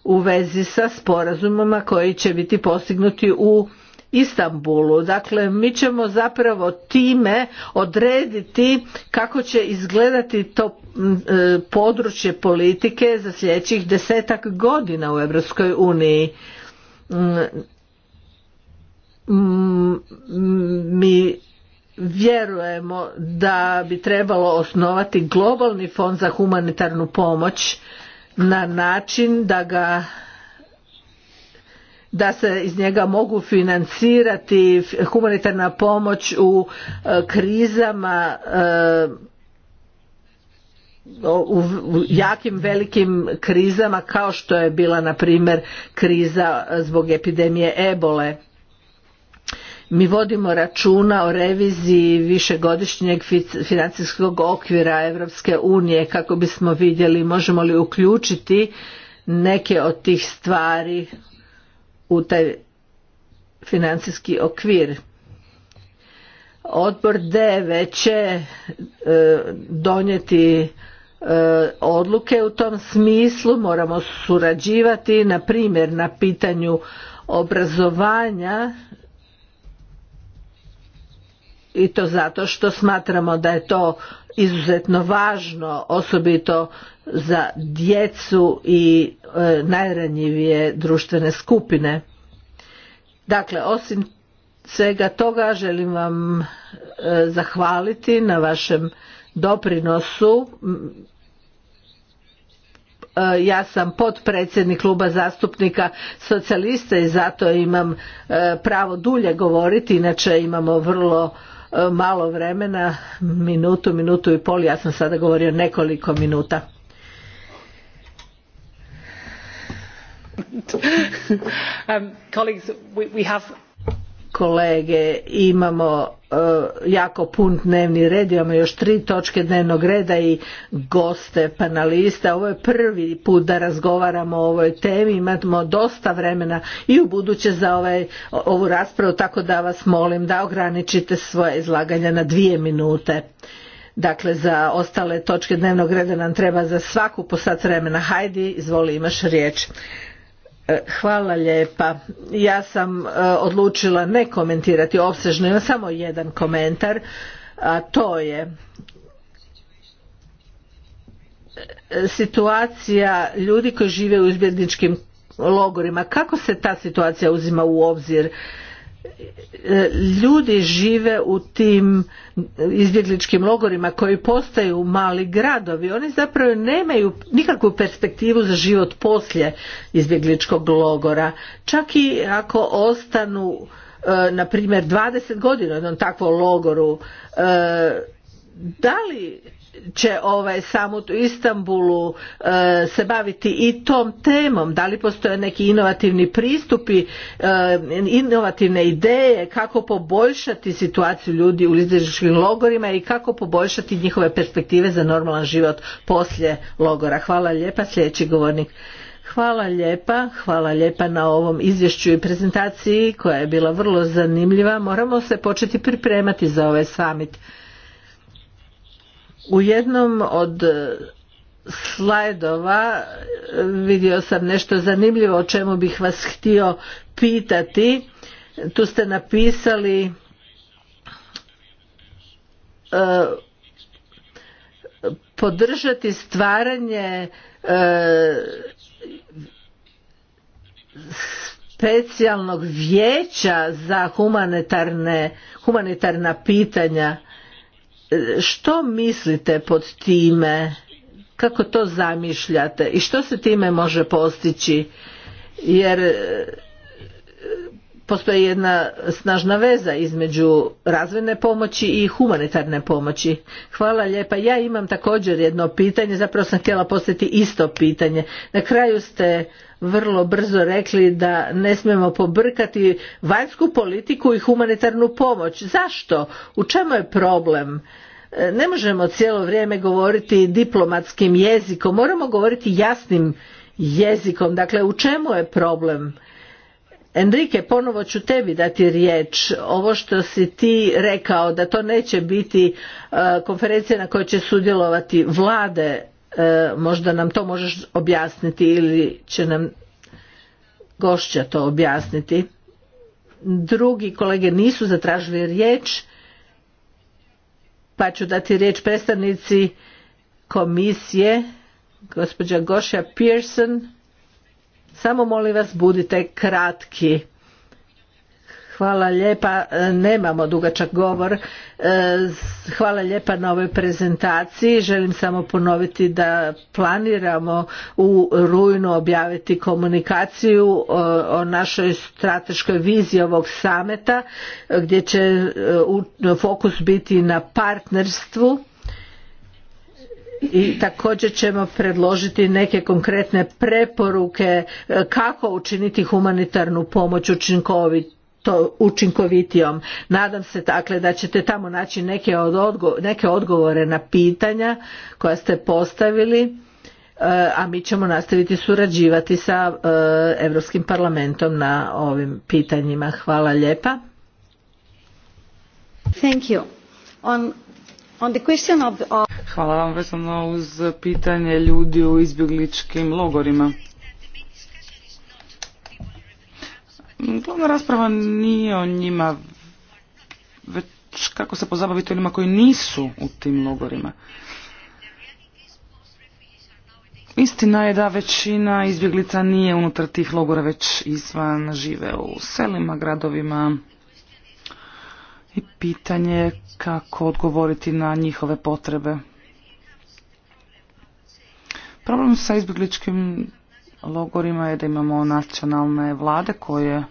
u vezi sa sporazumama koji će biti postignuti u Istanbulu. Dakle, mi ćemo zapravo time odrediti kako će izgledati to e, područje politike za sljedećih desetak godina u Europskoj uniji. Mi vjerujemo da bi trebalo osnovati globalni fond za humanitarnu pomoć na način da ga da se iz njega mogu financirati humanitarna pomoć u e, krizama e, u jakim velikim krizama kao što je bila na primjer kriza zbog epidemije ebole mi vodimo računa o reviziji višegodišnjeg financijskog okvira Europske unije kako bismo vidjeli možemo li uključiti neke od tih stvari u taj financijski okvir. Odbor DEVE će e, donijeti e, odluke u tom smislu, moramo surađivati, na primjer na pitanju obrazovanja i to zato što smatramo da je to izuzetno važno osobito za djecu i e, najranjivije društvene skupine. Dakle, osim svega toga želim vam e, zahvaliti na vašem doprinosu. E, ja sam potpredsjednik kluba zastupnika socijalista i zato imam pravo dulje govoriti, inače imamo vrlo malo vremena, minutu, minutu i pol, ja sam sada govorio nekoliko minuta. um, Kolege, imamo E, jako pun dnevni red, imamo još tri točke dnevnog reda i goste, panaliste. Ovo je prvi put da razgovaramo o ovoj temi, imamo dosta vremena i u buduće za ovaj, ovu raspravu, tako da vas molim da ograničite svoje izlaganja na dvije minute. Dakle, za ostale točke dnevnog reda nam treba za svaku po sat vremena. Hajdi, izvoli, imaš riječ. E, hvala lijepa. Ja sam e, odlučila ne komentirati opsežno, imam samo jedan komentar, a to je e, situacija ljudi koji žive u izbjedničkim logorima. Kako se ta situacija uzima u obzir ljudi žive u tim izbjegličkim logorima koji postaju mali gradovi oni zapravo nemaju nikakvu perspektivu za život poslije izbjegličkog logora čak i ako ostanu e, na primjer 20 godina u jednom takvom logoru e, da li će ovaj samut u Istanbulu e, se baviti i tom temom, da li postoje neki inovativni pristupi, e, inovativne ideje kako poboljšati situaciju ljudi u izražiškim logorima i kako poboljšati njihove perspektive za normalan život poslije logora. Hvala lijepa, sljedeći govornik. Hvala lijepa, hvala lijepa na ovom izvješću i prezentaciji koja je bila vrlo zanimljiva. Moramo se početi pripremati za ovaj summit. U jednom od e, slajdova e, vidio sam nešto zanimljivo o čemu bih vas htio pitati. Tu ste napisali e, podržati stvaranje specijalnog vijeća za humanitarna pitanja što mislite pod time kako to zamišljate i što se time može postići jer e, postoji jedna snažna veza između razvojne pomoći i humanitarne pomoći. Hvala lijepa. Ja imam također jedno pitanje, zapravo sam htjela postaviti isto pitanje. Na kraju ste vrlo brzo rekli da ne smijemo pobrkati vanjsku politiku i humanitarnu pomoć. Zašto? U čemu je problem? ne možemo cijelo vrijeme govoriti diplomatskim jezikom, moramo govoriti jasnim jezikom. Dakle, u čemu je problem? Enrique, ponovo ću tebi dati riječ. Ovo što si ti rekao da to neće biti e, konferencija na kojoj će sudjelovati vlade, e, možda nam to možeš objasniti ili će nam gošća to objasniti. Drugi kolege nisu zatražili riječ pa ću dati riječ predstavnici komisije, gospođa Goša Pearson. Samo molim vas budite kratki. Hvala lijepa, e, nemamo dugačak govor. E, hvala lijepa na ovoj prezentaciji. Želim samo ponoviti da planiramo u rujnu objaviti komunikaciju e, o našoj strateškoj viziji ovog sameta gdje će fokus biti na partnerstvu i također ćemo predložiti neke konkretne preporuke kako učiniti humanitarnu pomoć učinkovitom to učinkovitijom. Nadam se dakle da ćete tamo naći neke, odgovore na pitanja koja ste postavili e, a mi ćemo nastaviti surađivati sa e, Europskim parlamentom na ovim pitanjima. Hvala lijepa. Hvala vam vezano uz pitanje ljudi u izbjegličkim logorima. Glavna rasprava nije o njima, već kako se pozabaviti onima koji nisu u tim logorima. Istina je da većina izbjeglica nije unutar tih logora, već izvan žive u selima, gradovima i pitanje je kako odgovoriti na njihove potrebe. Problem sa izbjegličkim logorima je da imamo nacionalne vlade koje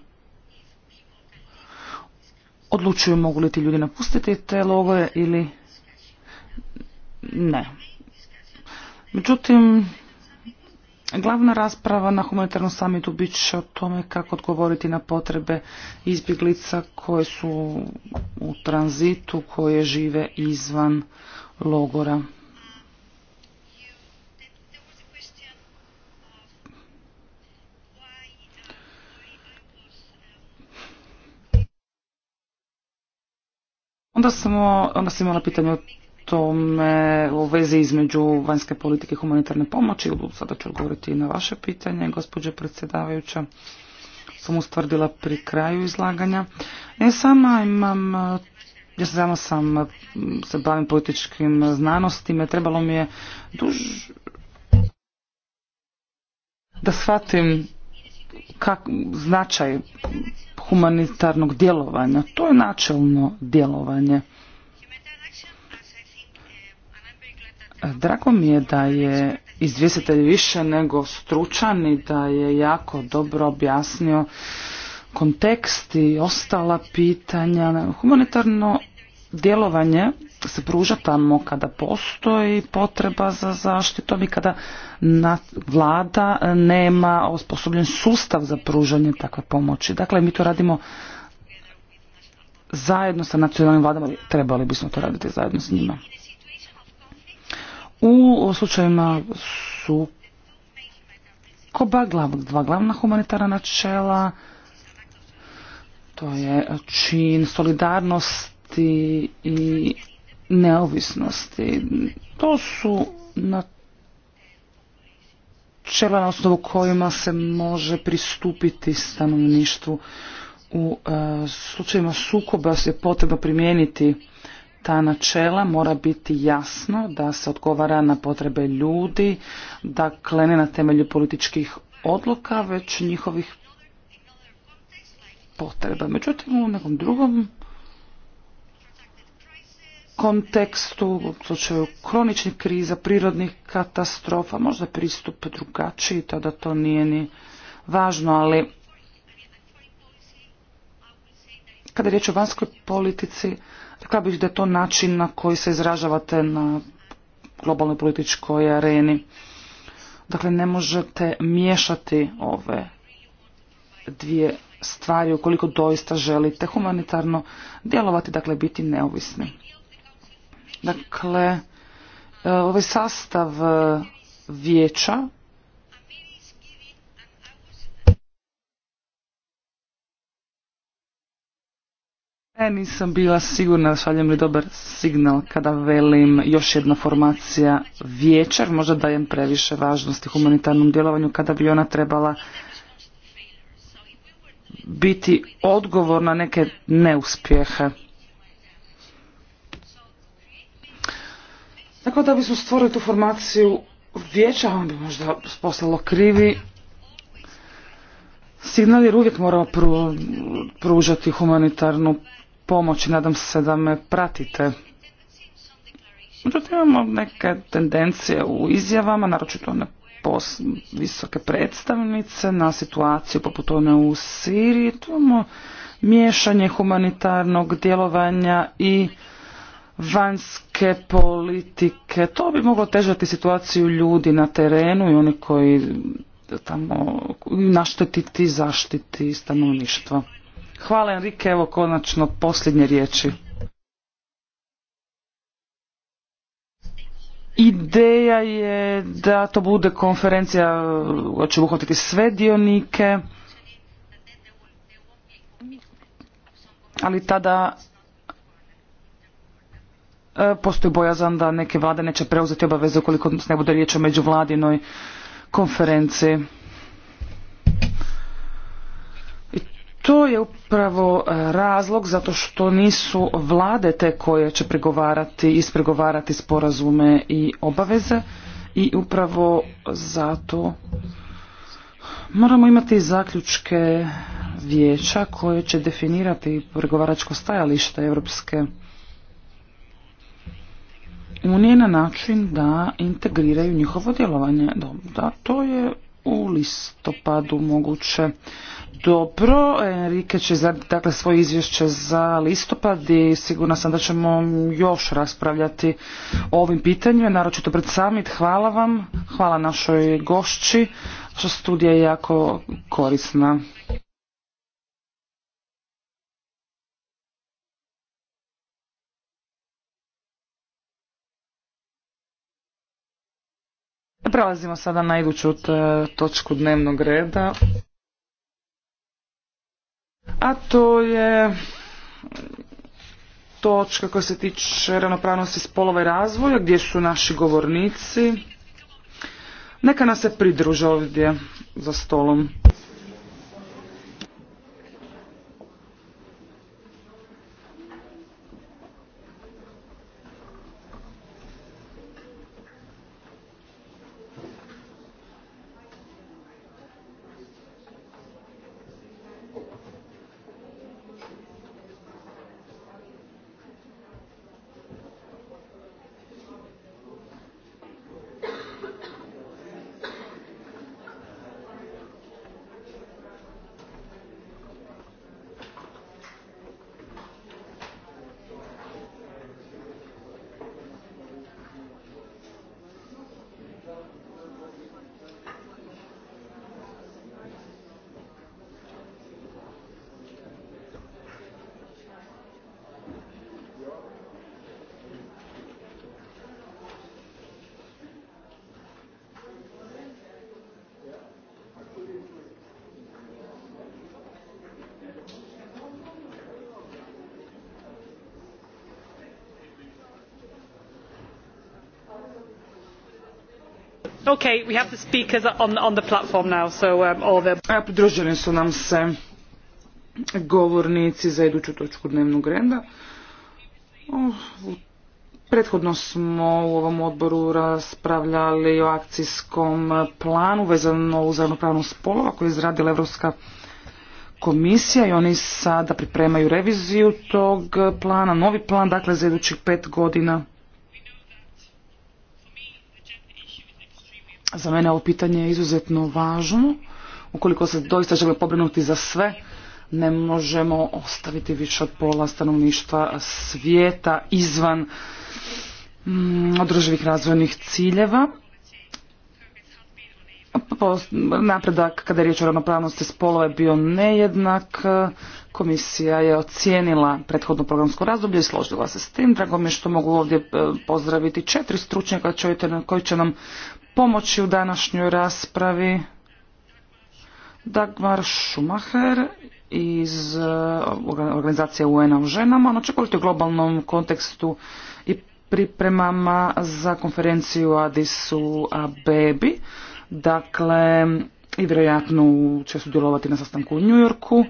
odlučuju mogu li ti ljudi napustiti te logore ili ne. Međutim, glavna rasprava na humanitarnom samitu bit će o tome kako odgovoriti na potrebe izbjeglica koje su u tranzitu, koje žive izvan logora. Onda, smo, onda sam imala pitanje o tome u vezi između vanjske politike i humanitarne pomoći. Sada ću odgovoriti i na vaše pitanje, gospođe predsjedavajuća. Sam ustvrdila pri kraju izlaganja. Ja sama imam, ja sama sam se bavim političkim znanostima. Trebalo mi je duž... da shvatim kak, značaj humanitarnog djelovanja. To je načelno djelovanje. Drago mi je da je izvjestitelj više nego stručan i da je jako dobro objasnio kontekst i ostala pitanja. Humanitarno djelovanje se pruža tamo kada postoji potreba za zaštitom i kada vlada nema osposobljen sustav za pružanje takve pomoći. Dakle, mi to radimo zajedno sa nacionalnim vladama, trebali bismo to raditi zajedno s njima. U slučajima su koba, dva glavna humanitarna načela, to je čin solidarnosti i neovisnosti. To su načela na osnovu kojima se može pristupiti stanovništvu. U e, slučajima sukoba se je potrebno primijeniti ta načela mora biti jasno da se odgovara na potrebe ljudi, da klene na temelju političkih odluka, već njihovih potreba. Međutim, u nekom drugom kontekstu, u slučaju kroničnih kriza, prirodnih katastrofa, možda pristup drugačiji, tada to nije ni važno, ali kada je riječ o vanjskoj politici, rekla bih da je to način na koji se izražavate na globalnoj političkoj areni. Dakle, ne možete miješati ove dvije stvari ukoliko doista želite humanitarno djelovati, dakle biti neovisni. Dakle, e, ovaj sastav e, vijeća E, nisam bila sigurna šaljem li dobar signal kada velim još jedna formacija vječer, možda dajem previše važnosti humanitarnom djelovanju kada bi ona trebala biti odgovor na neke neuspjehe. Tako da bi su stvorili tu formaciju vijeća, on bi možda poslalo krivi signal jer uvijek moramo pru, pružati humanitarnu pomoć. Nadam se da me pratite. Međutim, imamo neke tendencije u izjavama, naročito one pos, visoke predstavnice na situaciju poput one u Siriji. Tu imamo miješanje humanitarnog djelovanja i vanjske politike. To bi moglo težati situaciju ljudi na terenu i oni koji tamo naštetiti zaštiti stanovništva. Hvala Enrike, evo konačno posljednje riječi. Ideja je da to bude konferencija koja će uhvatiti sve dionike, ali tada E, postoji bojazan da neke vlade neće preuzeti obaveze ukoliko ne bude riječ o međuvladinoj konferenciji. I to je upravo e, razlog zato što nisu vlade te koje će pregovarati, ispregovarati sporazume i obaveze i upravo zato moramo imati zaključke vijeća koje će definirati pregovaračko stajalište Europske unije na način da integriraju njihovo djelovanje. Da, to je u listopadu moguće. Dobro, Enrique će izraditi dakle, svoje izvješće za listopad i sigurna sam da ćemo još raspravljati o ovim pitanjima, naročito pred samit Hvala vam, hvala našoj gošći, što studija je jako korisna. Prelazimo sada na iduću e, točku dnevnog reda. A to je točka koja se tiče ravnopravnosti spolova i razvoja, gdje su naši govornici. Neka nas se pridruže ovdje za stolom. Okay, su nam se govornici za iduću točku dnevnog reda. prethodno smo u ovom odboru raspravljali o akcijskom planu vezano uz ravnopravnost spolova koju je izradila Evropska komisija i oni sada pripremaju reviziju tog plana, novi plan, dakle za idućih pet godina. Za mene ovo pitanje je izuzetno važno. Ukoliko se doista žele pobrinuti za sve, ne možemo ostaviti više od pola stanovništva svijeta izvan mm, održivih razvojnih ciljeva. Napredak kada je riječ o ravnopravnosti spolova je bio nejednak. Komisija je ocijenila prethodno programsko razdoblje i složila se s tim. Drago mi je što mogu ovdje e, pozdraviti četiri stručnjaka koji će nam pomoći u današnjoj raspravi. Dagmar Schumacher iz e, organizacije UN-a u ženama. Ono će u globalnom kontekstu i pripremama za konferenciju Adisu Bebi. Dakle, i vjerojatno će sudjelovati na sastanku u Njujorku.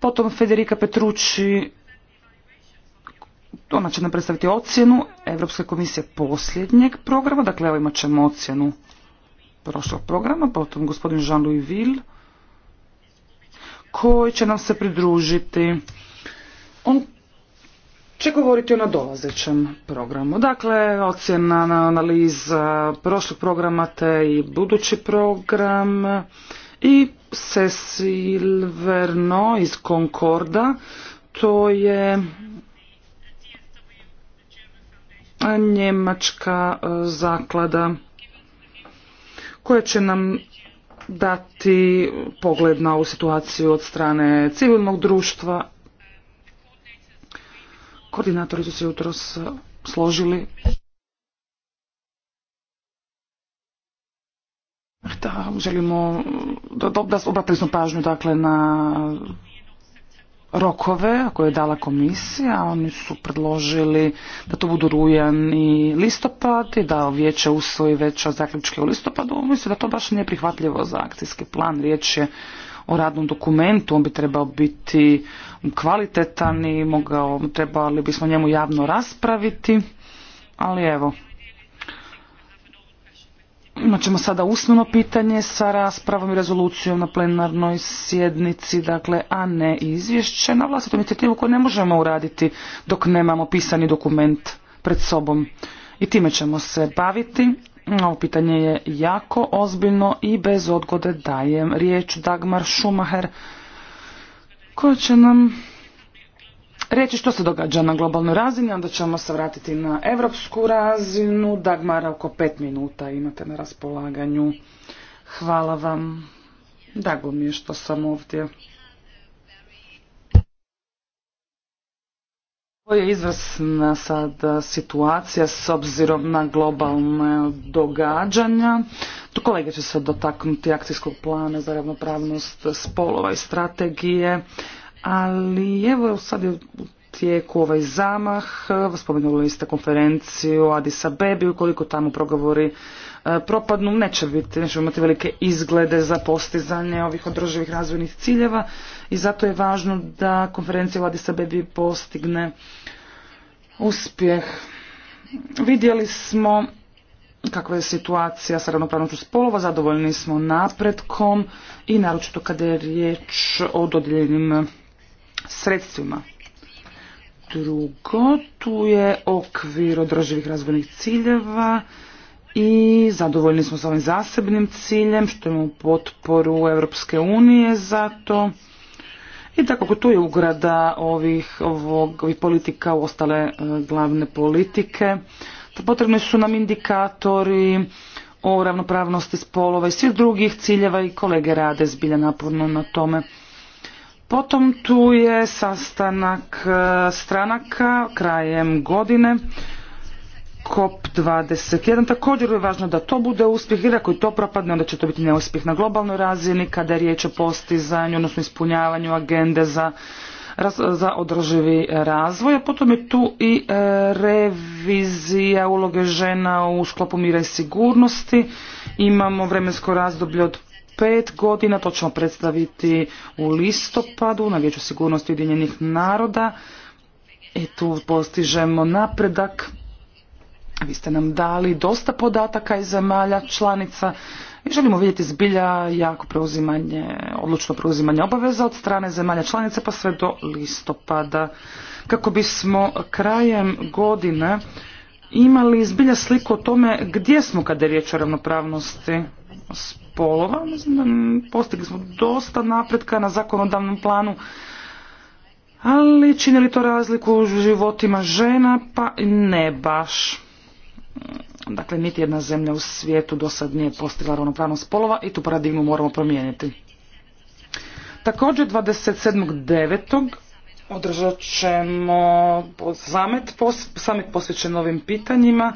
Potom Federica Petrući. Ona će nam predstaviti ocjenu Europske komisije posljednjeg programa, dakle evo imat ćemo ocjenu prošlog programa, potom gospodin Jean-Louis Ville, koji će nam se pridružiti. On će govoriti o nadolazećem programu. Dakle, ocjena, analiza prošlog programa te i budući program i Cecil Verno iz Concorda. To je njemačka e, zaklada koja će nam dati pogled na ovu situaciju od strane civilnog društva. Koordinatori su se jutros složili da želimo, da, da, obratili smo pažnju dakle na rokove koje je dala komisija, oni su predložili da to budu rujan i listopad i da vijeće usvoji veća zaključke u listopadu, mislim da to baš nije prihvatljivo za akcijski plan, riječ je o radnom dokumentu, on bi trebao biti kvalitetan i mogao, trebali bismo njemu javno raspraviti, ali evo, Imat ćemo sada usmeno pitanje sa raspravom i rezolucijom na plenarnoj sjednici, dakle, a ne izvješće na vlastitu inicijativu koju ne možemo uraditi dok nemamo pisani dokument pred sobom. I time ćemo se baviti. Ovo pitanje je jako ozbiljno i bez odgode dajem riječ Dagmar Schumacher koja će nam reći što se događa na globalnoj razini, onda ćemo se vratiti na evropsku razinu. Dagmara, oko pet minuta imate na raspolaganju. Hvala vam. Drago mi je što sam ovdje. To je izvrsna sada situacija s obzirom na globalne događanja. Tu kolege će se dotaknuti akcijskog plana za ravnopravnost spolova i strategije ali evo sad je u tijeku ovaj zamah, spomenuli ste konferenciju Addis Abebi, ukoliko tamo progovori e, propadnu, neće biti, nećemo imati velike izglede za postizanje ovih održivih razvojnih ciljeva i zato je važno da konferencija u Addis postigne uspjeh. Vidjeli smo kakva je situacija sa ravnopravnošću spolova, zadovoljni smo napretkom i naročito kada je riječ o dodijeljenim sredstvima. Drugo, tu je okvir održivih razvojnih ciljeva i zadovoljni smo s ovim zasebnim ciljem što imamo potporu Europske unije za to. I tako tu je ugrada ovih, ovog, ovih politika u ostale e, glavne politike. Potrebni su nam indikatori o ravnopravnosti spolova i svih drugih ciljeva i kolege rade zbilja naporno na tome. Potom tu je sastanak e, stranaka krajem godine. COP21. Također je važno da to bude uspjeh ili ako i to propadne onda će to biti neuspjeh na globalnoj razini kada je riječ o postizanju, odnosno ispunjavanju agende za, za održivi razvoj. A potom je tu i e, revizija uloge žena u sklopu mira i sigurnosti. Imamo vremensko razdoblje od pet godina, to ćemo predstaviti u listopadu na Vijeću sigurnosti Ujedinjenih naroda i e, tu postižemo napredak. Vi ste nam dali dosta podataka iz zemalja članica i želimo vidjeti zbilja jako preuzimanje, odlučno preuzimanje obaveza od strane zemalja članica pa sve do listopada. Kako bismo krajem godine imali zbilja sliku o tome gdje smo kada je riječ o ravnopravnosti spolova. Postigli smo dosta napretka na zakonodavnom planu, ali čini li to razliku u životima žena? Pa ne baš. Dakle, niti jedna zemlja u svijetu do sad nije postigla ravnopravnost spolova i tu paradigmu moramo promijeniti. Također 27.9. održat ćemo samet, posvećen ovim pitanjima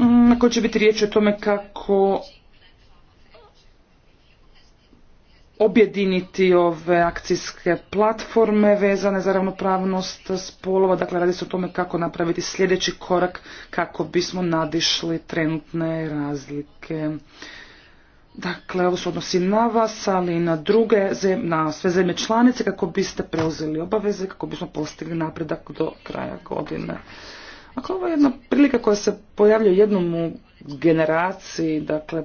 na mm, kojoj će biti riječ o tome kako objediniti ove akcijske platforme vezane za ravnopravnost spolova. Dakle, radi se o tome kako napraviti sljedeći korak kako bismo nadišli trenutne razlike. Dakle, ovo se odnosi na vas, ali i na druge, na sve zemlje članice kako biste preuzeli obaveze, kako bismo postigli napredak do kraja godine. Dakle, ovo je jedna prilika koja se pojavlja jednom u generaciji, dakle,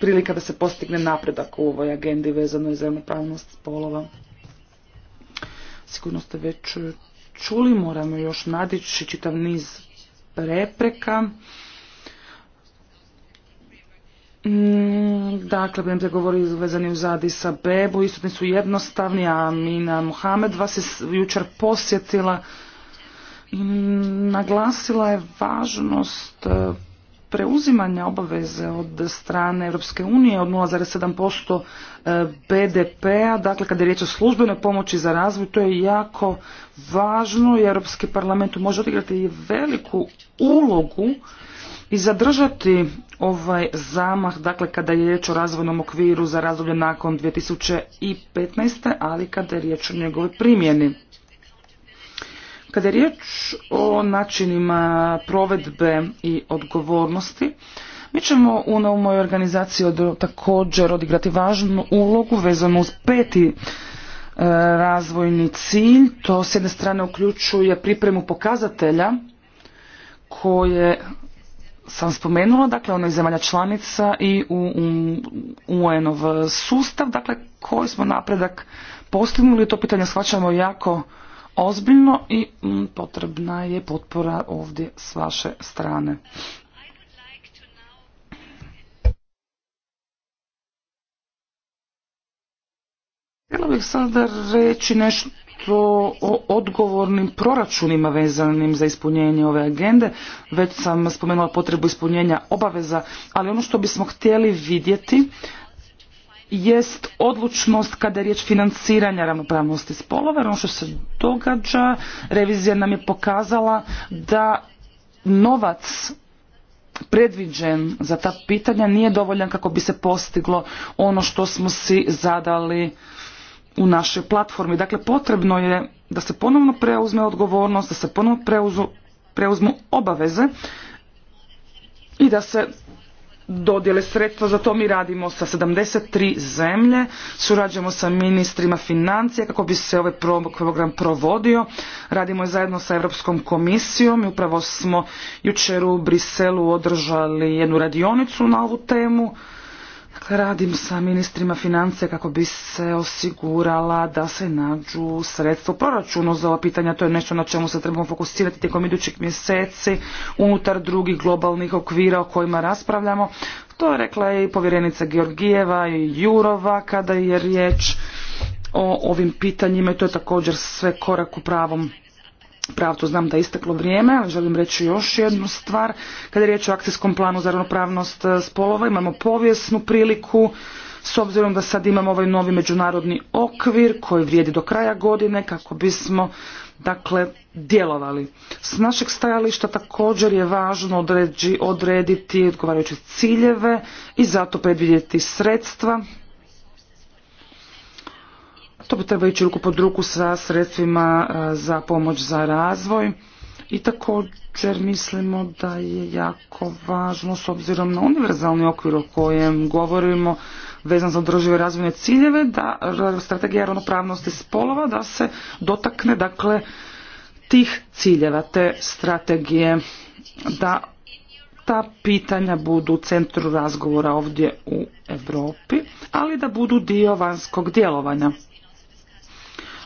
prilika da se postigne napredak u ovoj agendi vezanoj za ravnopravnost spolova. Sigurno ste već čuli, moramo još nadići čitav niz prepreka. Mm, dakle, budem te govori vezani zadi sa Bebu, istotni su jednostavni, a Mina Mohamed vas je jučer posjetila naglasila je važnost e, preuzimanja obaveze od strane Europske unije od 0,7% e, BDP-a, dakle kada je riječ o službenoj pomoći za razvoj, to je jako važno i Europski parlament može odigrati veliku ulogu i zadržati ovaj zamah, dakle kada je riječ o razvojnom okviru za razdoblje nakon 2015. ali kada je riječ o njegovoj primjeni. Kada je riječ o načinima provedbe i odgovornosti, mi ćemo u novoj organizaciji također odigrati važnu ulogu vezanu uz peti e, razvojni cilj. To s jedne strane uključuje pripremu pokazatelja koje sam spomenula, dakle ono iz zemalja članica i u, u UN-ov sustav, dakle koji smo napredak postignuli, to pitanje shvaćamo jako ozbiljno i mm, potrebna je potpora ovdje s vaše strane. Htjela bih sada reći nešto o odgovornim proračunima vezanim za ispunjenje ove agende. Već sam spomenula potrebu ispunjenja obaveza, ali ono što bismo htjeli vidjeti jest odlučnost kada je riječ financiranja ravnopravnosti spolova, jer ono što se događa, revizija nam je pokazala da novac predviđen za ta pitanja nije dovoljan kako bi se postiglo ono što smo si zadali u našoj platformi. Dakle, potrebno je da se ponovno preuzme odgovornost, da se ponovno preuzmu obaveze i da se dodjele sredstva, za to mi radimo sa 73 zemlje, surađujemo sa ministrima financija kako bi se ovaj program provodio, radimo zajedno sa Europskom komisijom i upravo smo jučer u Briselu održali jednu radionicu na ovu temu. Radim sa ministrima financije kako bi se osigurala da se nađu sredstvo proračunu za ova pitanja. To je nešto na čemu se trebamo fokusirati tijekom idućih mjeseci unutar drugih globalnih okvira o kojima raspravljamo. To je rekla i povjerenica Georgijeva i Jurova kada je riječ o ovim pitanjima i to je također sve korak u pravom pravcu. Znam da je isteklo vrijeme, ali želim reći još jednu stvar. Kada je riječ o akcijskom planu za ravnopravnost e, spolova, imamo povijesnu priliku s obzirom da sad imamo ovaj novi međunarodni okvir koji vrijedi do kraja godine kako bismo dakle djelovali. S našeg stajališta također je važno odrediti odgovarajuće ciljeve i zato predvidjeti sredstva to bi treba ići ruku pod ruku sa sredstvima e, za pomoć za razvoj. I također mislimo da je jako važno s obzirom na univerzalni okvir o kojem govorimo vezan za održive razvojne ciljeve, da strategija ravnopravnosti spolova da se dotakne dakle tih ciljeva, te strategije, da ta pitanja budu u centru razgovora ovdje u Europi, ali da budu dio vanjskog djelovanja.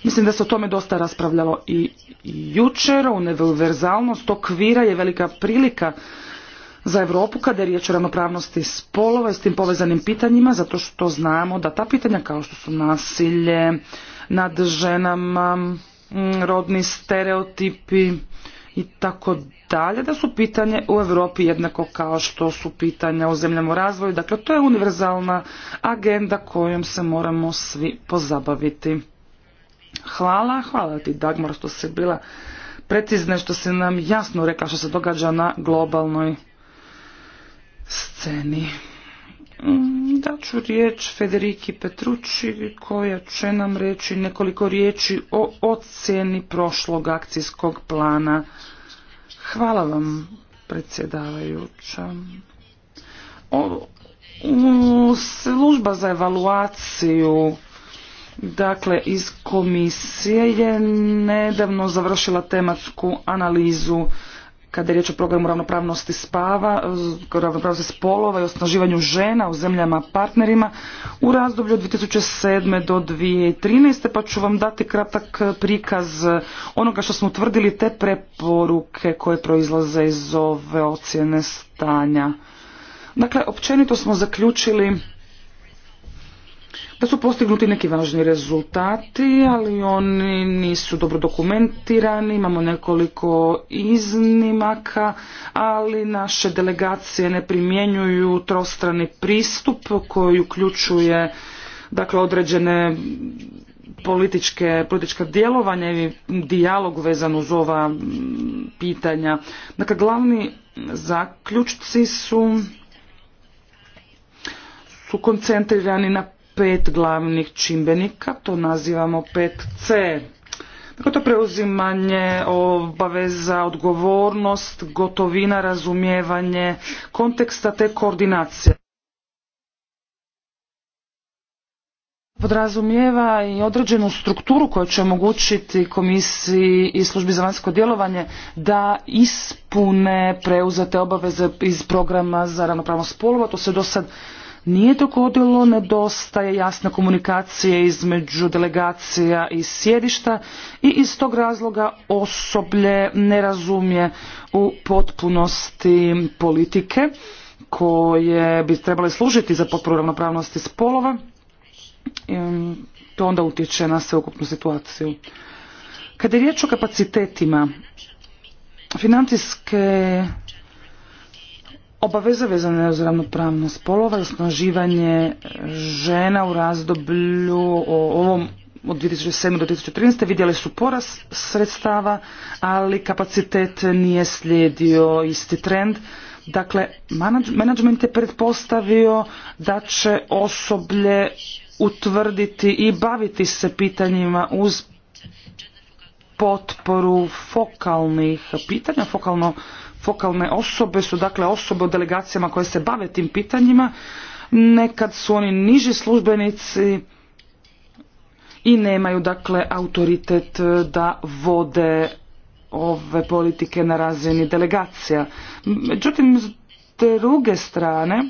Mislim da se o tome dosta raspravljalo i jučer. Univerzalnost okvira je velika prilika za Europu kada je riječ o ravnopravnosti spolova i s tim povezanim pitanjima, zato što znamo da ta pitanja kao što su nasilje nad ženama, mm, rodni stereotipi i tako dalje, da su pitanje u Europi jednako kao što su pitanja u zemljama razvoju. Dakle, to je univerzalna agenda kojom se moramo svi pozabaviti. Hvala, hvala ti Dagmar što si bila precizna, što se nam jasno rekla što se događa na globalnoj sceni. Mm, ću riječ Federiki Petrući koja će nam reći nekoliko riječi o ocjeni prošlog akcijskog plana. Hvala vam predsjedavajuća. služba za evaluaciju Dakle, iz komisije je nedavno završila tematsku analizu kada je riječ o programu ravnopravnosti spava, ravnopravnosti spolova i osnaživanju žena u zemljama partnerima u razdoblju od 2007. do 2013. pa ću vam dati kratak prikaz onoga što smo utvrdili te preporuke koje proizlaze iz ove ocjene stanja. Dakle, općenito smo zaključili su postignuti neki važni rezultati, ali oni nisu dobro dokumentirani, imamo nekoliko iznimaka, ali naše delegacije ne primjenjuju trostrani pristup koji uključuje dakle određene političke, politička djelovanja i dijalog vezan uz ova pitanja. Dakle, glavni zaključci su su koncentrirani na pet glavnih čimbenika, to nazivamo 5C. Tako dakle, to preuzimanje obaveza, odgovornost, gotovina, razumijevanje, konteksta te koordinacije. podrazumijeva i određenu strukturu koja će omogućiti komisiji i službi za vanjsko djelovanje da ispune preuzete obaveze iz programa za ravnopravnost spolova. To se do sad nije dogodilo, nedostaje jasna komunikacije između delegacija i sjedišta i iz tog razloga osoblje ne razumije u potpunosti politike koje bi trebale služiti za potporu ravnopravnosti spolova. To onda utječe na sveukupnu situaciju. Kada je riječ o kapacitetima, financijske obaveze vezane uz ravnopravnost spolova i žena u razdoblju o ovom od 2007. do 2013. vidjeli su porast sredstava, ali kapacitet nije slijedio isti trend. Dakle, management je pretpostavio da će osoblje utvrditi i baviti se pitanjima uz potporu fokalnih pitanja, fokalno fokalne osobe su dakle osobe u delegacijama koje se bave tim pitanjima. Nekad su oni niži službenici i nemaju dakle autoritet e, da vode ove politike na razini delegacija. Međutim, s druge strane,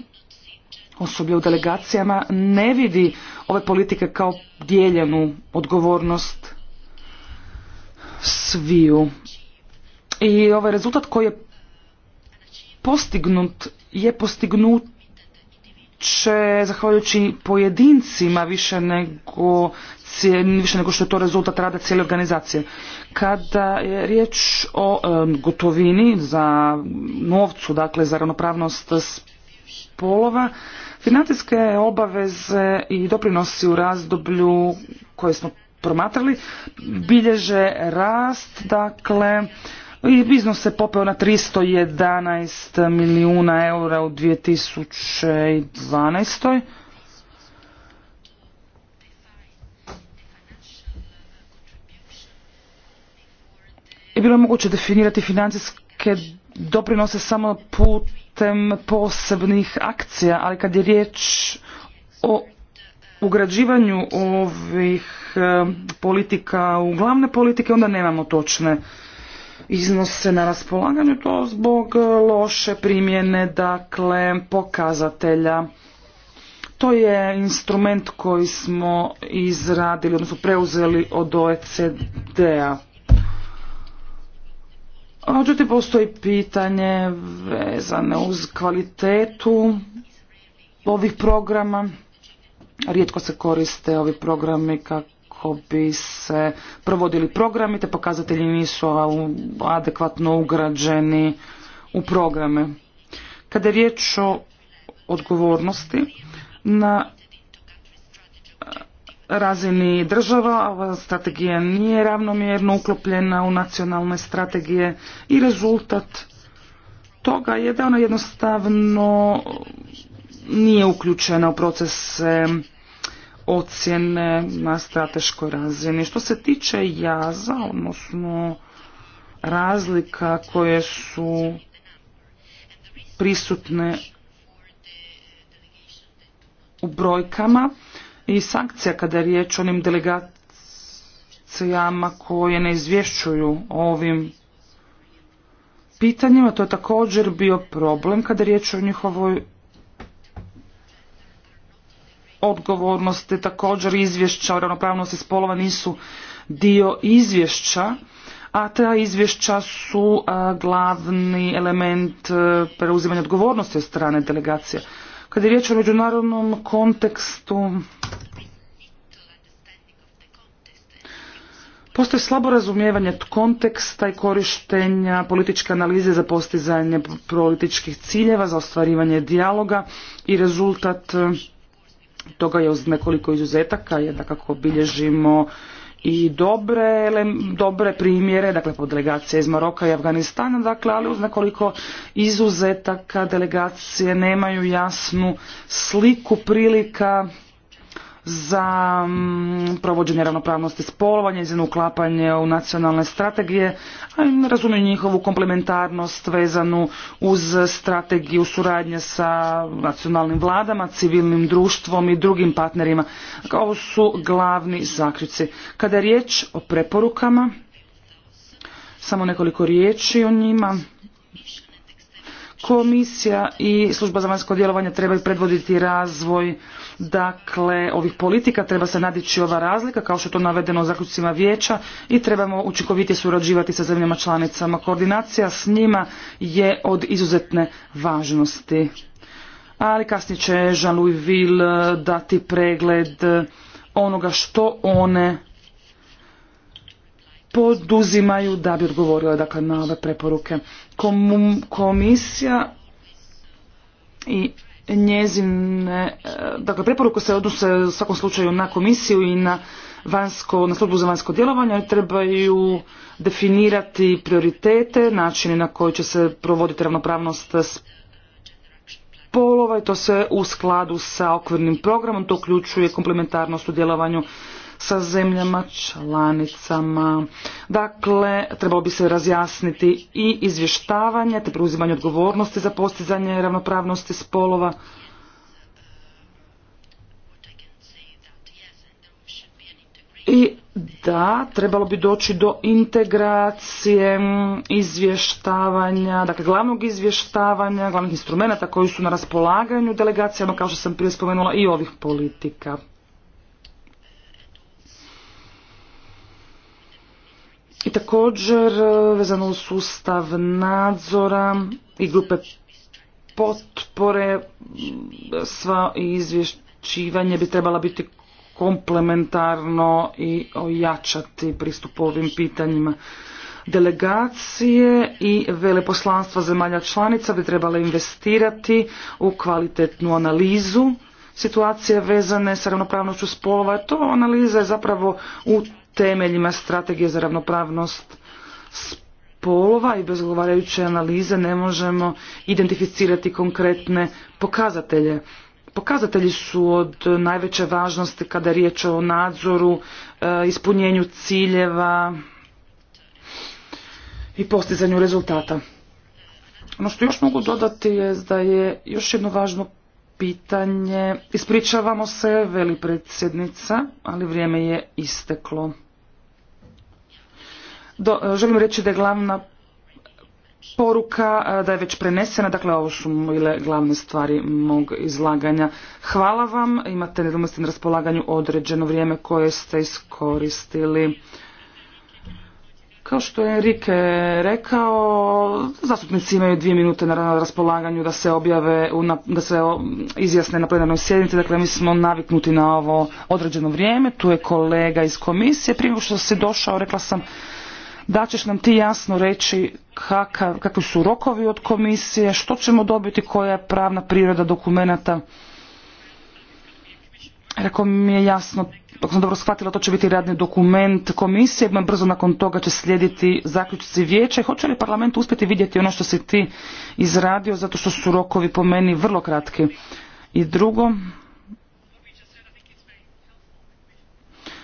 osoblje u delegacijama ne vidi ove politike kao dijeljenu odgovornost sviju. I ovaj rezultat koji je postignut je postignut će zahvaljujući pojedincima više nego, više nego što je to rezultat rada cijele organizacije. Kada je riječ o gotovini za novcu, dakle za ravnopravnost spolova, financijske obaveze i doprinosi u razdoblju koje smo promatrali bilježe rast, dakle i Iznos se popeo na 311 milijuna eura u 2012. I bilo je moguće definirati financijske doprinose samo putem posebnih akcija, ali kad je riječ o ugrađivanju ovih eh, politika u glavne politike, onda nemamo točne iznose na raspolaganju, to zbog e, loše primjene, dakle, pokazatelja. To je instrument koji smo izradili, odnosno preuzeli od OECD-a. Međutim, postoji pitanje vezane uz kvalitetu ovih programa. Rijetko se koriste ovi programi kako kako bi se provodili programi, te pokazatelji nisu adekvatno ugrađeni u programe. Kada je riječ o odgovornosti na razini država, ova strategija nije ravnomjerno uklopljena u nacionalne strategije i rezultat toga je da ona jednostavno nije uključena u proces ocjene na strateškoj razini. Što se tiče jaza, odnosno razlika koje su prisutne u brojkama i sankcija kada je riječ o onim delegacijama koje ne izvješćuju ovim pitanjima. To je također bio problem kada je riječ o njihovoj odgovornosti, također izvješća o ravnopravnosti spolova nisu dio izvješća, a ta izvješća su glavni element e, preuzimanja odgovornosti od strane delegacije. Kad je riječ o međunarodnom kontekstu, Postoji slabo razumijevanje konteksta i korištenja političke analize za postizanje političkih ciljeva, za ostvarivanje dijaloga i rezultat toga je uz nekoliko izuzetaka, je da kako bilježimo i dobre, dobre primjere, dakle po delegacije iz Maroka i Afganistana, dakle, ali uz nekoliko izuzetaka delegacije nemaju jasnu sliku prilika za mm, provođenje ravnopravnosti spolova, njezino uklapanje u nacionalne strategije, a razumijem razumiju njihovu komplementarnost vezanu uz strategiju suradnje sa nacionalnim vladama, civilnim društvom i drugim partnerima. Dakle, ovo su glavni zaključci. Kada je riječ o preporukama, samo nekoliko riječi o njima. Komisija i služba za vanjsko djelovanje trebaju predvoditi razvoj dakle ovih politika, treba se nadići ova razlika kao što je to navedeno u zaključcima vijeća i trebamo učinkovitije surađivati sa zemljama članicama. Koordinacija s njima je od izuzetne važnosti. Ali kasnije će Jean-Louis Ville dati pregled onoga što one poduzimaju da bi odgovorile dakle, na ove preporuke komisija i njezine, dakle preporuku se odnose u svakom slučaju na komisiju i na na službu za vanjsko djelovanje trebaju definirati prioritete, načine na koji će se provoditi ravnopravnost polova i to se u skladu sa okvirnim programom, to uključuje komplementarnost u djelovanju sa zemljama članicama. Dakle, trebalo bi se razjasniti i izvještavanje te preuzimanje odgovornosti za postizanje ravnopravnosti spolova. I da, trebalo bi doći do integracije, izvještavanja, dakle glavnog izvještavanja, glavnih instrumenta koji su na raspolaganju delegacijama, kao što sam prije spomenula, i ovih politika. I također e, vezano uz sustav nadzora i grupe potpore sva izvješćivanje bi trebala biti komplementarno i ojačati pristup ovim pitanjima. Delegacije i veleposlanstva zemalja članica bi trebala investirati u kvalitetnu analizu situacije vezane sa ravnopravnošću spolova. To analiza je zapravo u temeljima strategije za ravnopravnost spolova i bez odgovarajuće analize ne možemo identificirati konkretne pokazatelje. Pokazatelji su od najveće važnosti kada je riječ o nadzoru, e, ispunjenju ciljeva i postizanju rezultata. Ono što još mogu dodati je da je još jedno važno pitanje. Ispričavamo se, veli predsjednica, ali vrijeme je isteklo. E, želim reći da je glavna poruka e, da je već prenesena, dakle ovo su bile glavne stvari mog izlaganja. Hvala vam, imate nedomosti na raspolaganju određeno vrijeme koje ste iskoristili. Kao što je Enrique rekao, zastupnici imaju dvije minute na raspolaganju da se objave, da se izjasne na plenarnoj sjednici. Dakle, mi smo naviknuti na ovo određeno vrijeme. Tu je kolega iz komisije. Prije što se došao, rekla sam da ćeš nam ti jasno reći kakvi su rokovi od komisije, što ćemo dobiti, koja je pravna priroda dokumenata. Rekao mi je jasno, ako sam dobro shvatila, to će biti radni dokument komisije, brzo nakon toga će slijediti zaključci vijeća i hoće li parlament uspjeti vidjeti ono što si ti izradio, zato što su rokovi po meni vrlo kratki. I drugo,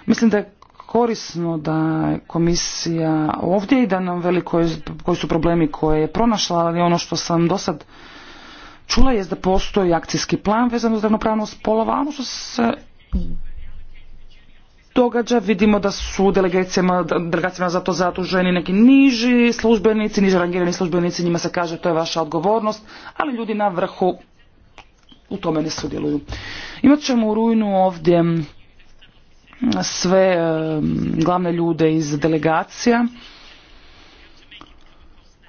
mislim da je korisno da je komisija ovdje i da nam veli koji, su problemi koje je pronašla, ali ono što sam do sad čula je da postoji akcijski plan vezano za ravnopravnost spolova, ono što se događa, vidimo da su delegacijama, delegacijama za to zatuženi neki niži službenici, niži rangirani službenici, njima se kaže to je vaša odgovornost, ali ljudi na vrhu u tome ne sudjeluju. Imat ćemo u rujnu ovdje sve e, glavne ljude iz delegacija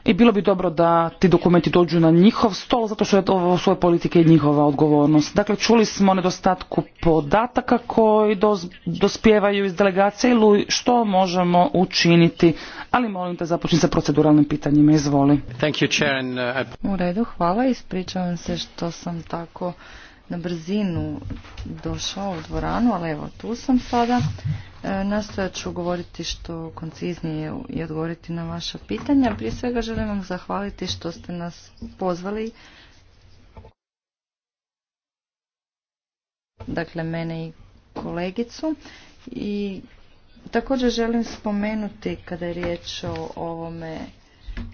i bilo bi dobro da ti dokumenti dođu na njihov stol zato što je ovo svoje politike i njihova odgovornost. Dakle, čuli smo o nedostatku podataka koji dospijevaju iz delegacije ili što možemo učiniti. Ali molim te započni sa proceduralnim pitanjima. Izvoli. Uh, u redu, hvala. Ispričavam se što sam tako na brzinu došao u dvoranu, ali evo tu sam sada. E, nastojat ću govoriti što konciznije i odgovoriti na vaša pitanja. Prije svega želim vam zahvaliti što ste nas pozvali. Dakle, mene i kolegicu. I također želim spomenuti kada je riječ o ovome,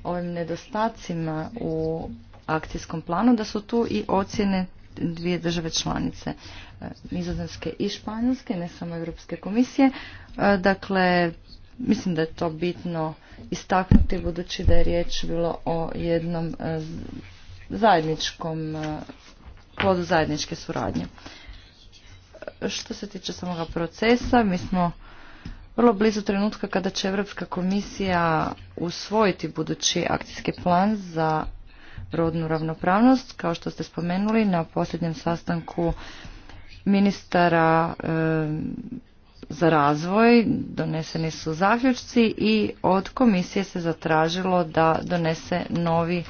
ovim nedostacima u akcijskom planu, da su tu i ocjene dvije države članice e, Nizozemske i Španjolske, ne samo Europske komisije. E, dakle, mislim da je to bitno istaknuti budući da je riječ bilo o jednom e, zajedničkom plodu zajedničke suradnje. Što se tiče samoga procesa, mi smo vrlo blizu trenutka kada će Europska komisija usvojiti budući akcijski plan za rodnu ravnopravnost. Kao što ste spomenuli na posljednjem sastanku ministara za razvoj doneseni su zaključci i od komisije se zatražilo da donese novi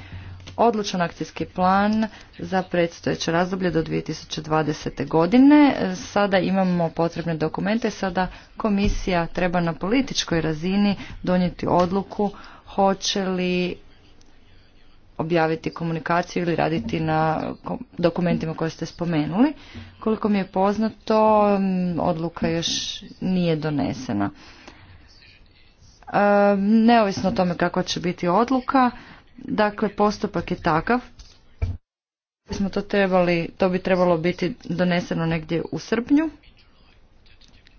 odlučan akcijski plan za predstojeće razdoblje do 2020. godine. Sada imamo potrebne dokumente, sada komisija treba na političkoj razini donijeti odluku hoće li objaviti komunikaciju ili raditi na dokumentima koje ste spomenuli. Koliko mi je poznato, odluka još nije donesena. E, neovisno o tome kako će biti odluka, dakle postupak je takav. Smo to, trebali, to bi trebalo biti doneseno negdje u srpnju,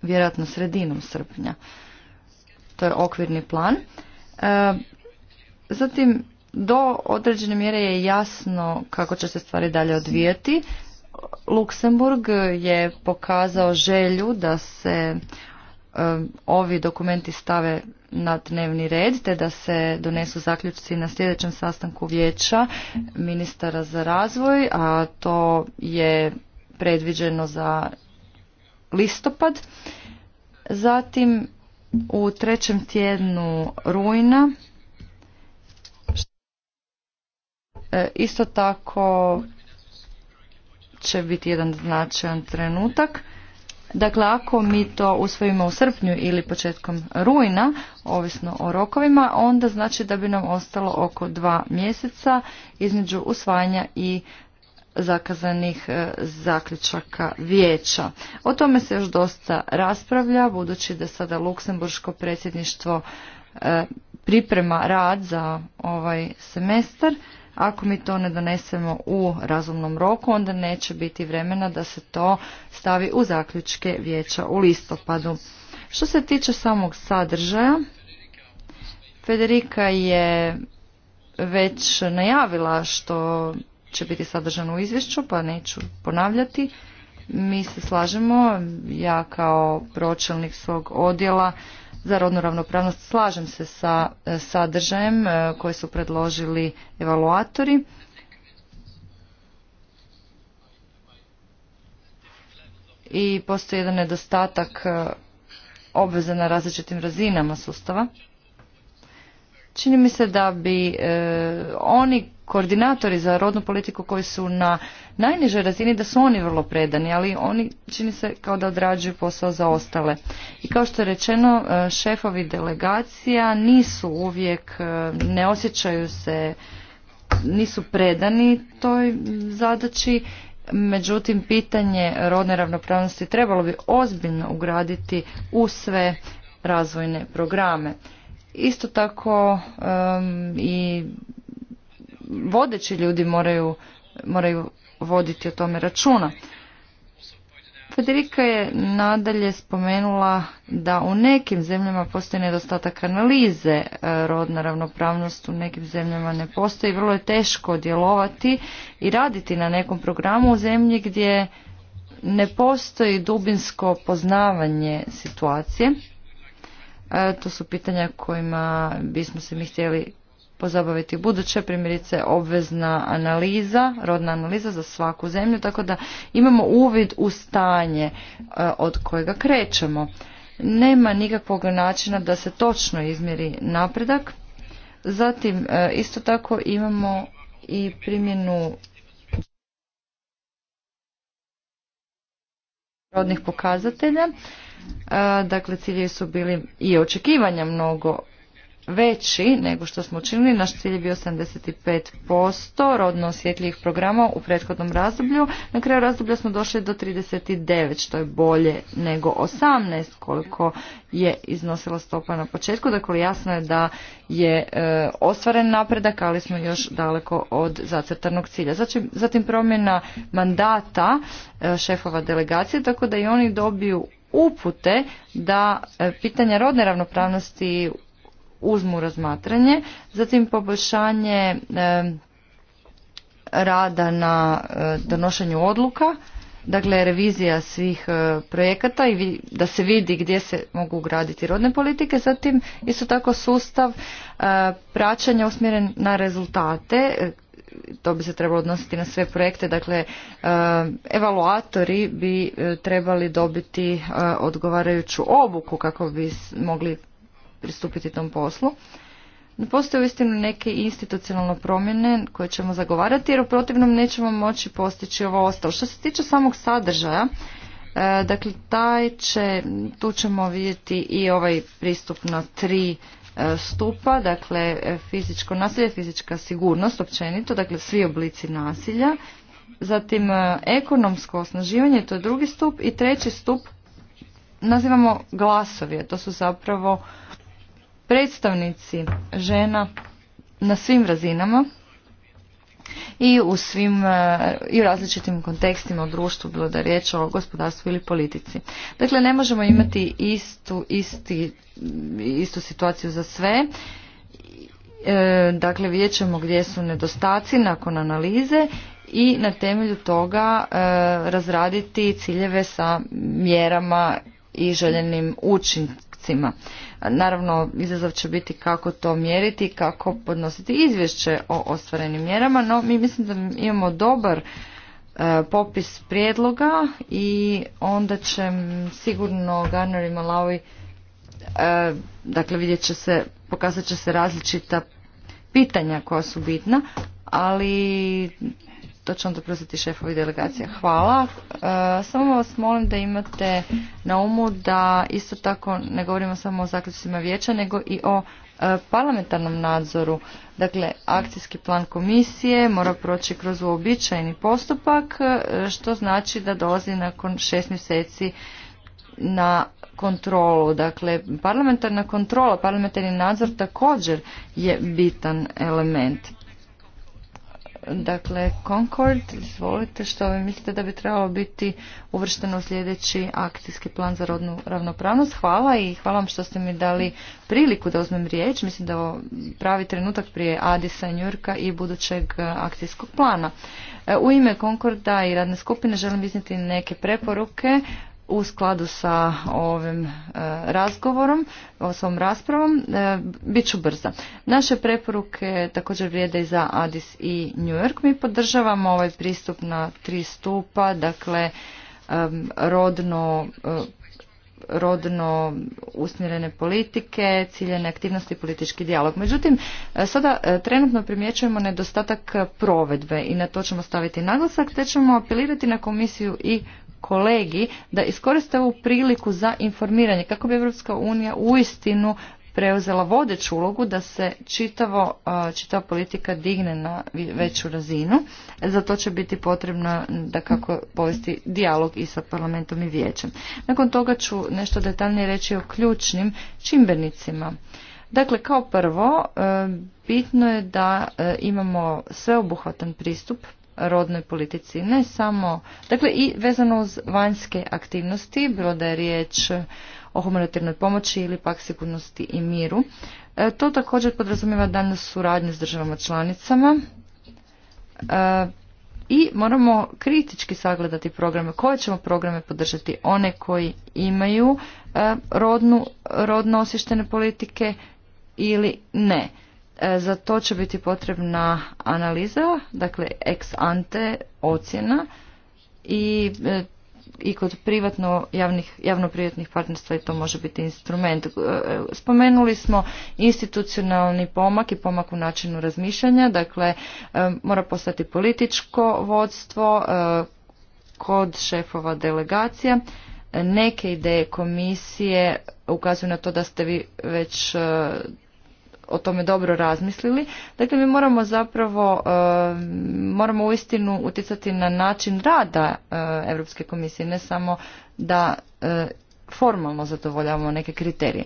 vjerojatno sredinom srpnja. To je okvirni plan. E, zatim, do određene mjere je jasno kako će se stvari dalje odvijati. Luksemburg je pokazao želju da se um, ovi dokumenti stave na dnevni red te da se donesu zaključci na sljedećem sastanku vijeća ministara za razvoj, a to je predviđeno za listopad. Zatim u trećem tjednu rujna E, isto tako će biti jedan značajan trenutak. Dakle, ako mi to usvojimo u srpnju ili početkom rujna, ovisno o rokovima, onda znači da bi nam ostalo oko dva mjeseca između usvajanja i zakazanih e, zaključaka vijeća. O tome se još dosta raspravlja, budući da sada Luksemburško predsjedništvo e, priprema rad za ovaj semestar. Ako mi to ne donesemo u razumnom roku, onda neće biti vremena da se to stavi u zaključke vijeća u listopadu. Što se tiče samog sadržaja, Federika je već najavila što će biti sadržano u izvješću, pa neću ponavljati. Mi se slažemo, ja kao pročelnik svog odjela za rodnu ravnopravnost. Slažem se sa e, sadržajem e, koje su predložili evaluatori. I postoji jedan nedostatak e, obveze na različitim razinama sustava. Čini mi se da bi oni koordinatori za rodnu politiku koji su na najnižoj razini da su oni vrlo predani, ali oni čini se kao da odrađuju posao za ostale. I kao što je rečeno, e, šefovi delegacija nisu uvijek, e, ne osjećaju se, nisu predani toj zadaći, međutim pitanje rodne ravnopravnosti trebalo bi ozbiljno ugraditi u sve razvojne programe. Isto tako i vodeći ljudi moraju, moraju voditi o tome računa. Federika je nadalje spomenula da u nekim zemljama postoji nedostatak analize e, rodna ravnopravnost, u nekim zemljama ne postoji. Vrlo je teško djelovati i raditi na nekom programu u zemlji gdje ne postoji dubinsko poznavanje situacije. E, to su pitanja kojima bismo se mi htjeli pozabaviti u buduće, primjerice obvezna analiza, rodna analiza za svaku zemlju, tako da imamo uvid u stanje e, od kojega krećemo. Nema nikakvog načina da se točno izmjeri napredak. Zatim, e, isto tako imamo i primjenu rodnih pokazatelja. E, dakle, ciljevi su bili i očekivanja mnogo veći nego što smo učinili. Naš cilj je bio 75% rodno osjetljivih programa u prethodnom razdoblju. Na kraju razdoblja smo došli do 39, što je bolje nego 18, koliko je iznosila stopa na početku. Dakle, jasno je da je e, ostvaren napredak, ali smo još daleko od zacrtanog cilja. Zatim, zatim promjena mandata e, šefova delegacije, tako da i oni dobiju upute da e, pitanja rodne ravnopravnosti uzmu razmatranje, zatim poboljšanje rada na e, donošenju odluka, dakle revizija svih e, projekata i da se vidi gdje se mogu ugraditi rodne politike, zatim isto tako sustav e, praćanja usmjeren na rezultate, to bi se trebalo odnositi na sve projekte, dakle evaluatori bi trebali dobiti odgovarajuću obuku kako bi mogli pristupiti tom poslu. Postoje uistinu neke institucionalne promjene koje ćemo zagovarati jer u protivnom nećemo moći postići ovo ostalo. Što se tiče samog sadržaja, e, dakle taj će, tu ćemo vidjeti i ovaj pristup na tri e, stupa, dakle fizičko nasilje, fizička sigurnost općenito, dakle svi oblici nasilja, zatim e, ekonomsko osnaživanje, to je drugi stup i treći stup nazivamo glasovi, to su zapravo predstavnici žena na svim razinama i u svim e, i u različitim kontekstima u društvu, bilo da je riječ o gospodarstvu ili politici. Dakle, ne možemo imati istu, isti, istu situaciju za sve. E, dakle, vidjet ćemo gdje su nedostaci nakon analize i na temelju toga e, razraditi ciljeve sa mjerama i željenim učin, podacima. Naravno, izazov će biti kako to mjeriti kako podnositi izvješće o ostvarenim mjerama, no mi mislim da imamo dobar e, popis prijedloga i onda će sigurno Garner i Malawi e, dakle vidjet će se pokazat će se različita pitanja koja su bitna ali to će onda šefovi delegacija. Hvala. E, samo vas molim da imate na umu da isto tako ne govorimo samo o zaključcima vijeća, nego i o e, parlamentarnom nadzoru. Dakle, akcijski plan komisije mora proći kroz uobičajeni postupak, e, što znači da dolazi nakon šest mjeseci na kontrolu. Dakle, parlamentarna kontrola, parlamentarni nadzor također je bitan element. Dakle, Concord, izvolite što vi mislite da bi trebalo biti uvršteno u sljedeći akcijski plan za rodnu ravnopravnost. Hvala i hvala vam što ste mi dali priliku da uzmem riječ. Mislim da je pravi trenutak prije Adisa, Njurka i budućeg e, akcijskog plana. E, u ime Concorda i radne skupine želim izniti neke preporuke u skladu sa ovim e, razgovorom, ovom raspravom, e, bit ću brza. Naše preporuke također vrijede i za Adis i New York. Mi podržavamo ovaj pristup na tri stupa, dakle e, rodno e, rodno usmjerene politike, ciljene aktivnosti i politički dijalog. Međutim, e, sada trenutno primjećujemo nedostatak provedbe i na to ćemo staviti naglasak, te ćemo apelirati na komisiju i kolegi da iskoriste ovu priliku za informiranje kako bi Europska unija uistinu preuzela vodeću ulogu da se čitavo, čitava politika digne na veću razinu. Za to će biti potrebno da kako povesti dijalog i sa parlamentom i vijećem. Nakon toga ću nešto detaljnije reći o ključnim čimbenicima. Dakle, kao prvo, e, bitno je da e, imamo sveobuhvatan pristup rodnoj politici, ne samo, dakle i vezano uz vanjske aktivnosti, bilo da je riječ o humanitarnoj pomoći ili pak sigurnosti i miru. E, to također podrazumijeva daljnju suradnju s državama članicama e, i moramo kritički sagledati programe, koje ćemo programe podržati, one koji imaju e, rodnu, rodno osještene politike ili ne. E, za to će biti potrebna analiza, dakle ex ante ocjena i, e, i kod privatno javnih, partnerstva i to može biti instrument. E, spomenuli smo institucionalni pomak i pomak u načinu razmišljanja, dakle mora postati političko vodstvo kod šefova delegacija neke ideje komisije ukazuju na to da ste vi već o tome dobro razmislili. Dakle, mi moramo zapravo, e, moramo uistinu utjecati na način rada e, Europske komisije, ne samo da e, formalno zadovoljavamo neke kriterije.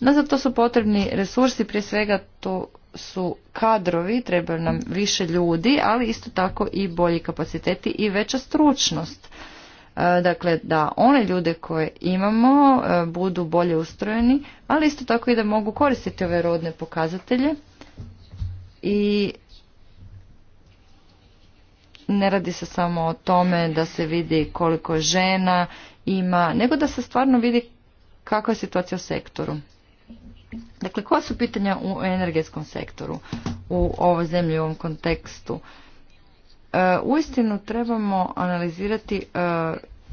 No, za to su potrebni resursi, prije svega to su kadrovi, trebaju nam više ljudi, ali isto tako i bolji kapaciteti i veća stručnost. E, dakle da one ljude koje imamo e, budu bolje ustrojeni, ali isto tako i da mogu koristiti ove rodne pokazatelje i ne radi se samo o tome da se vidi koliko žena ima, nego da se stvarno vidi kakva je situacija u sektoru. Dakle, koja su pitanja u energetskom sektoru u ovoj zemlji, u ovom kontekstu? E, uistinu trebamo analizirati e,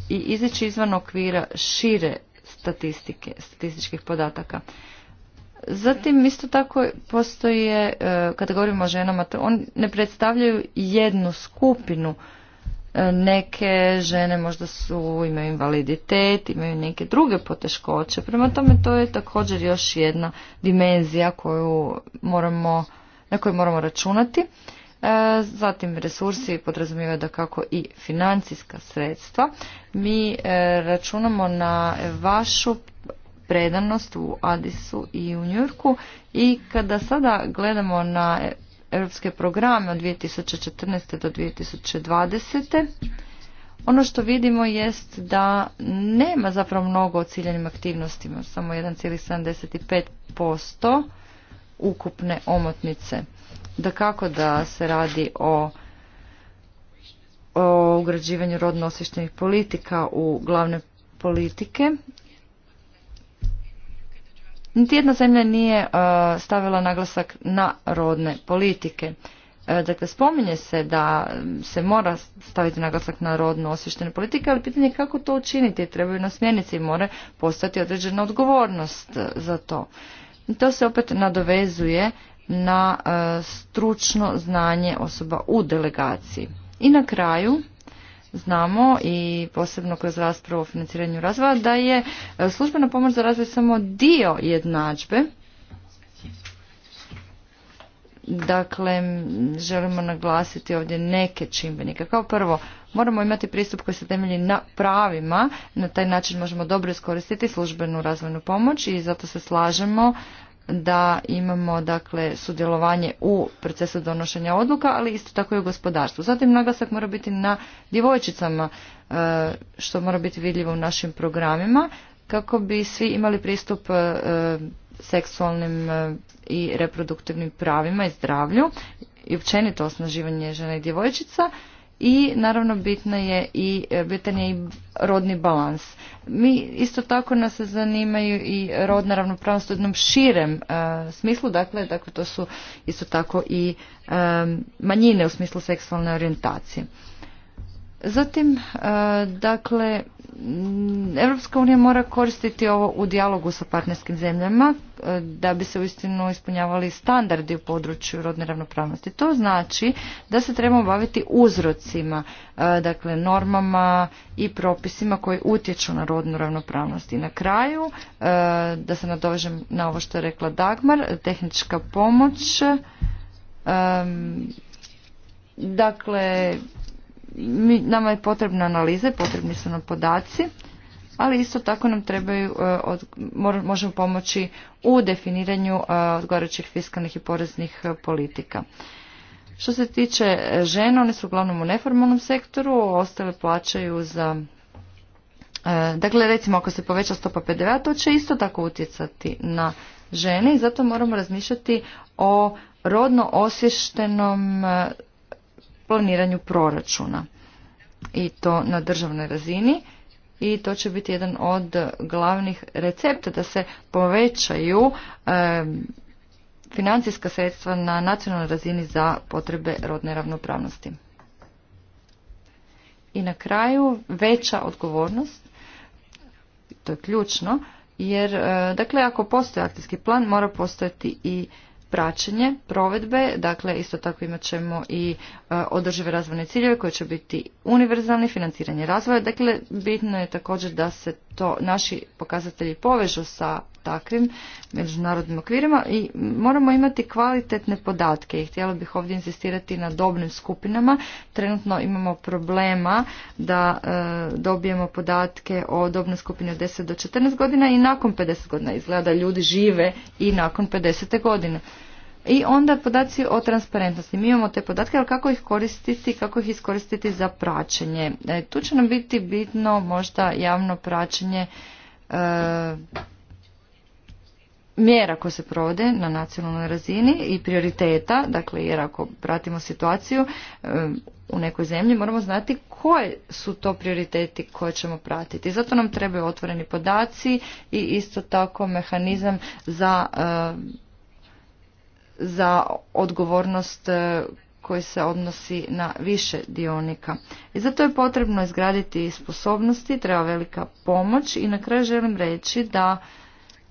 i izići izvan okvira šire statistike, statističkih podataka. Zatim isto tako postoje, e, kada govorimo o ženama, oni ne predstavljaju jednu skupinu. Neke žene možda su, imaju invaliditet, imaju neke druge poteškoće. Prema tome to je također još jedna dimenzija koju moramo, na koju moramo računati. E, zatim resursi podrazumijevaju da kako i financijska sredstva. Mi e, računamo na vašu predanost u Adisu i u Njurku i kada sada gledamo na europske programe od 2014. do 2020. Ono što vidimo jest da nema zapravo mnogo o ciljenim aktivnostima, samo 1,75% ukupne omotnice da kako da se radi o o ugrađivanju rodno osvještenih politika u glavne politike. Niti jedna zemlja nije e, stavila naglasak na rodne politike. E, dakle, spominje se da se mora staviti naglasak na rodno osještene politike, ali pitanje je kako to učiniti. Trebaju na smjenici i mora postati određena odgovornost za to. to se opet nadovezuje na e, stručno znanje osoba u delegaciji. I na kraju znamo i posebno kroz raspravu o financiranju razvoja da je e, službena pomoć za razvoj samo dio jednadžbe. Dakle, želimo naglasiti ovdje neke čimbenike. Kao prvo, moramo imati pristup koji se temelji na pravima. Na taj način možemo dobro iskoristiti službenu razvojnu pomoć i zato se slažemo da imamo dakle sudjelovanje u procesu donošenja odluka, ali isto tako i u gospodarstvu. Zatim naglasak mora biti na djevojčicama, e, što mora biti vidljivo u našim programima, kako bi svi imali pristup e, seksualnim e, i reproduktivnim pravima i zdravlju i općenito osnaživanje žena i djevojčica i naravno bitna je i e, bitan je i rodni balans. Mi isto tako nas zanimaju i rodna ravnopravnost u jednom širem e, smislu, dakle, dakle to su isto tako i e, manjine u smislu seksualne orijentacije. Zatim, e, dakle, Europska unija mora koristiti ovo u dijalogu sa partnerskim zemljama e, da bi se uistinu ispunjavali standardi u području rodne ravnopravnosti. To znači da se trebamo baviti uzrocima, e, dakle normama i propisima koji utječu na rodnu ravnopravnost. I na kraju, da se nadovežem na ovo što je rekla Dagmar, tehnička pomoć, dakle nama je potrebna analiza, potrebni su nam podaci, ali isto tako nam trebaju, e, od, možemo pomoći u definiranju e, odgovarajućih fiskalnih i poreznih e, politika. Što se tiče žena, one su uglavnom u neformalnom sektoru, ostale plaćaju za... Dakle, recimo ako se poveća stopa pdv to će isto tako utjecati na žene i zato moramo razmišljati o rodno osvještenom planiranju proračuna i to na državnoj razini i to će biti jedan od glavnih recepta da se povećaju financijska sredstva na nacionalnoj razini za potrebe rodne ravnopravnosti. I na kraju veća odgovornost, to je ključno, jer dakle ako postoji akcijski plan mora postojati i praćenje provedbe, dakle isto tako imat ćemo i e, održive razvojne ciljeve koje će biti univerzalni, financiranje razvoja, dakle bitno je također da se to naši pokazatelji povežu sa takvim međunarodnim okvirima i moramo imati kvalitetne podatke i htjela bih ovdje insistirati na dobnim skupinama. Trenutno imamo problema da e, dobijemo podatke o dobnoj skupini od 10 do 14 godina i nakon 50 godina. Izgleda da ljudi žive i nakon 50. godine. I onda podaci o transparentnosti. Mi imamo te podatke, ali kako ih koristiti, kako ih iskoristiti za praćenje. E, tu će nam biti bitno možda javno praćenje e, mjera koje se provode na nacionalnoj razini i prioriteta, dakle jer ako pratimo situaciju e, u nekoj zemlji moramo znati koje su to prioriteti koje ćemo pratiti. Zato nam trebaju otvoreni podaci i isto tako mehanizam za, e, za odgovornost e, koji se odnosi na više dionika. I zato je potrebno izgraditi sposobnosti, treba velika pomoć i na kraju želim reći da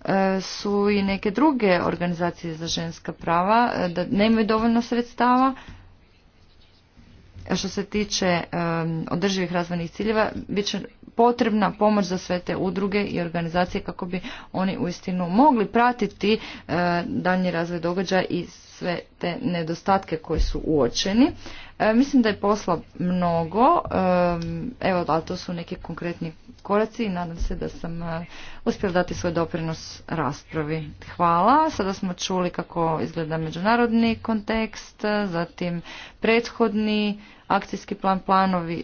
E, su i neke druge organizacije za ženska prava e, da nemaju dovoljno sredstava e, što se tiče održivih razvojnih ciljeva bit će potrebna pomoć za sve te udruge i organizacije kako bi oni uistinu mogli pratiti daljnji razvoj događaja i sve te nedostatke koji su uočeni. E, mislim da je posla mnogo, evo, ali to su neki konkretni koraci i nadam se da sam e, uspjela dati svoj doprinos raspravi. Hvala. Sada smo čuli kako izgleda međunarodni kontekst, e, zatim prethodni akcijski plan, planovi,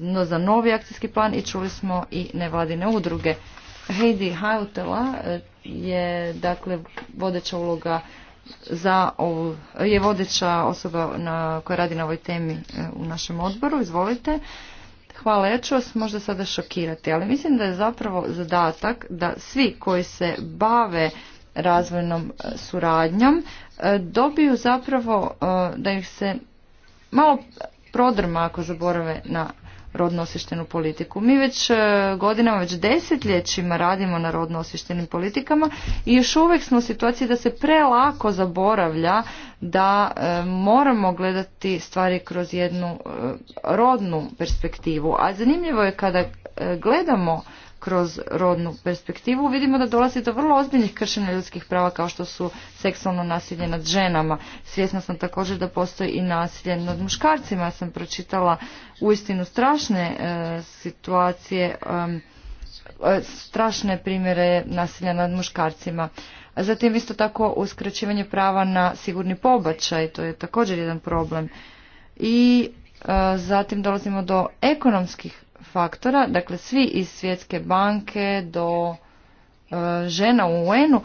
no za novi akcijski plan i čuli smo i nevladine udruge. Heidi Hautela je dakle vodeća uloga za ovu, je vodeća osoba na, koja radi na ovoj temi e, u našem odboru. Izvolite. Hvala, ja ću vas možda sada šokirati, ali mislim da je zapravo zadatak da svi koji se bave razvojnom e, suradnjom e, dobiju zapravo da ih se malo prodrma ako zaborave na rodno politiku. Mi već e, godinama, već desetljećima radimo na rodno osještenim politikama i još uvijek smo u situaciji da se prelako zaboravlja da e, moramo gledati stvari kroz jednu e, rodnu perspektivu. A zanimljivo je kada gledamo kroz rodnu perspektivu, vidimo da dolazi do vrlo ozbiljnih kršenja ljudskih prava kao što su seksualno nasilje nad ženama. Svjesna sam također da postoji i nasilje nad muškarcima. Ja sam pročitala uistinu strašne e, situacije, e, strašne primjere nasilja nad muškarcima. Zatim isto tako uskraćivanje prava na sigurni pobačaj, to je također jedan problem. I e, zatim dolazimo do ekonomskih faktora, dakle svi iz Svjetske banke do e, žena u UN-u,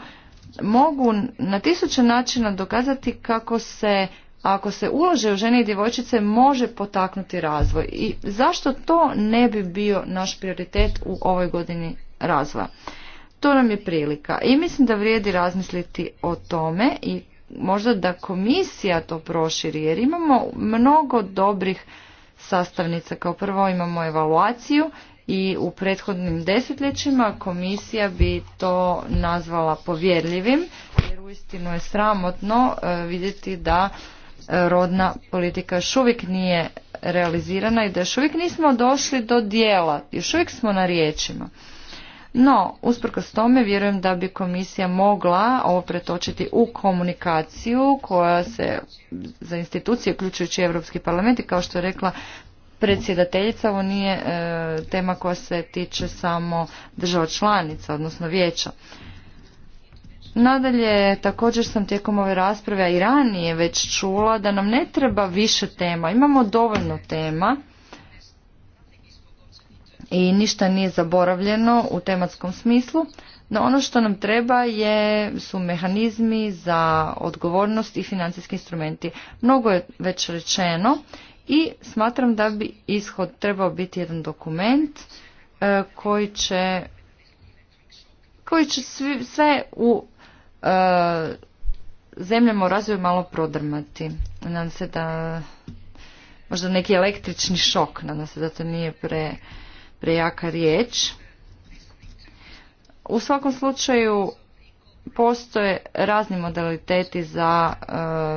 mogu na tisuće načina dokazati kako se ako se ulože u žene i djevojčice može potaknuti razvoj. I zašto to ne bi bio naš prioritet u ovoj godini razvoja? To nam je prilika i mislim da vrijedi razmisliti o tome i možda da komisija to proširi jer imamo mnogo dobrih sastavnica. Kao prvo imamo evaluaciju i u prethodnim desetljećima komisija bi to nazvala povjerljivim jer uistinu je sramotno e, vidjeti da e, rodna politika još uvijek nije realizirana i da još uvijek nismo došli do dijela, još uvijek smo na riječima. No, usprkos tome vjerujem da bi komisija mogla ovo pretočiti u komunikaciju koja se za institucije, uključujući Europski parlament i kao što je rekla predsjedateljica, ovo nije e, tema koja se tiče samo država članica, odnosno vijeća. Nadalje, također sam tijekom ove rasprave, a i ranije već čula da nam ne treba više tema. Imamo dovoljno tema i ništa nije zaboravljeno u tematskom smislu, no ono što nam treba je, su mehanizmi za odgovornost i financijski instrumenti. Mnogo je već rečeno i smatram da bi ishod trebao biti jedan dokument e, koji će koji će svi, sve u e, zemljama u razvoju malo prodrmati. Nadam se da možda neki električni šok, nadam se da to nije pre prejaka riječ. U svakom slučaju postoje razni modaliteti za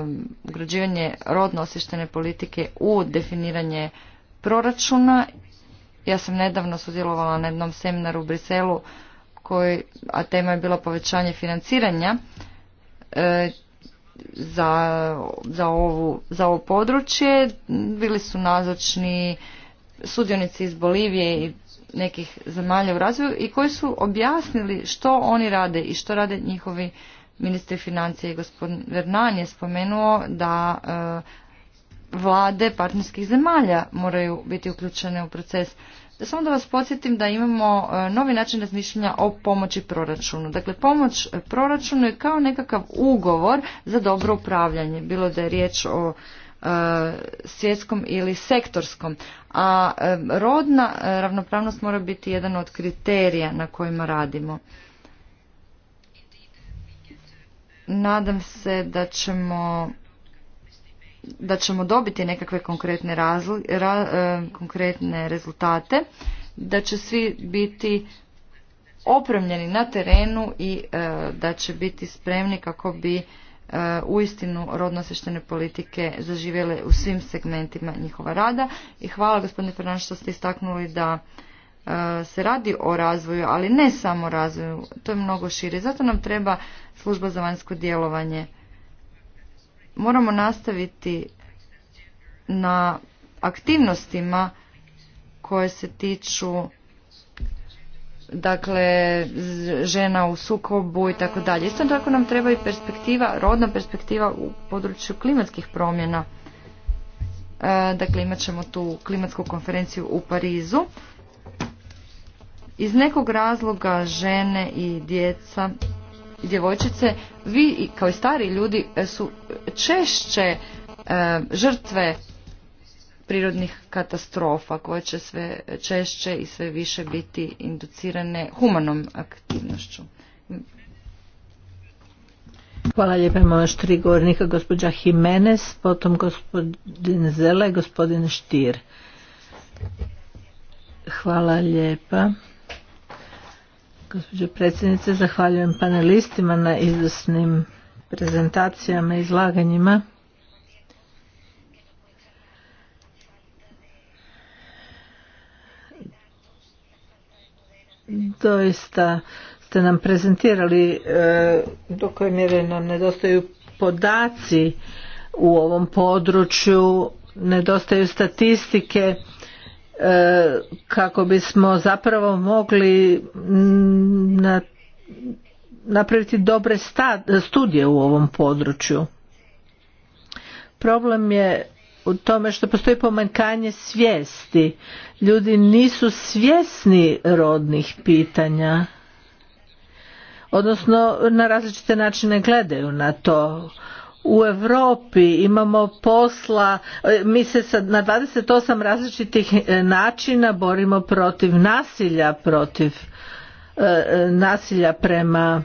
um, ugrađivanje rodno osještene politike u definiranje proračuna. Ja sam nedavno sudjelovala na jednom seminaru u Briselu, koji, a tema je bila povećanje financiranja eh, za, ovu, za ovo područje. Bili su nazočni sudionici iz Bolivije i nekih zemalja u razvoju i koji su objasnili što oni rade i što rade njihovi ministri financije gospodin Vernan je spomenuo da e, vlade partnerskih zemalja moraju biti uključene u proces. Da samo da vas podsjetim da imamo e, novi način razmišljanja o pomoći proračunu. Dakle, pomoć proračunu je kao nekakav ugovor za dobro upravljanje. Bilo da je riječ o E, svjetskom ili sektorskom. A e, rodna e, ravnopravnost mora biti jedan od kriterija na kojima radimo. Nadam se da ćemo da ćemo dobiti nekakve konkretne, konkretne rezultate, da će svi biti opremljeni na terenu i da će biti spremni kako bi E, uistinu rodno osještene politike zaživjele u svim segmentima njihova rada i hvala gospodine Fernan što ste istaknuli da e, se radi o razvoju, ali ne samo razvoju, to je mnogo šire. Zato nam treba služba za vanjsko djelovanje. Moramo nastaviti na aktivnostima koje se tiču dakle žena u sukobu i tako dalje. Isto tako nam treba i perspektiva, rodna perspektiva u području klimatskih promjena. E, dakle, imat ćemo tu klimatsku konferenciju u Parizu. Iz nekog razloga žene i djeca i djevojčice, vi kao i stari ljudi e, su češće e, žrtve prirodnih katastrofa koje će sve češće i sve više biti inducirane humanom aktivnošću. Hvala lijepa, imamo još tri govornika, gospođa Jimenez, potom gospodin Zela i gospodin Štir. Hvala lijepa. Gospođo predsjednice, zahvaljujem panelistima na izvrsnim prezentacijama i izlaganjima. doista ste nam prezentirali e, do koje mjere nam nedostaju podaci u ovom području, nedostaju statistike e, kako bismo zapravo mogli napraviti dobre studije u ovom području. Problem je u tome što postoji pomenkanje svijesti. Ljudi nisu svjesni rodnih pitanja. Odnosno na različite načine gledaju na to. U Europi imamo posla, mi se sad na 28 različitih e, načina borimo protiv nasilja, protiv e, e, nasilja prema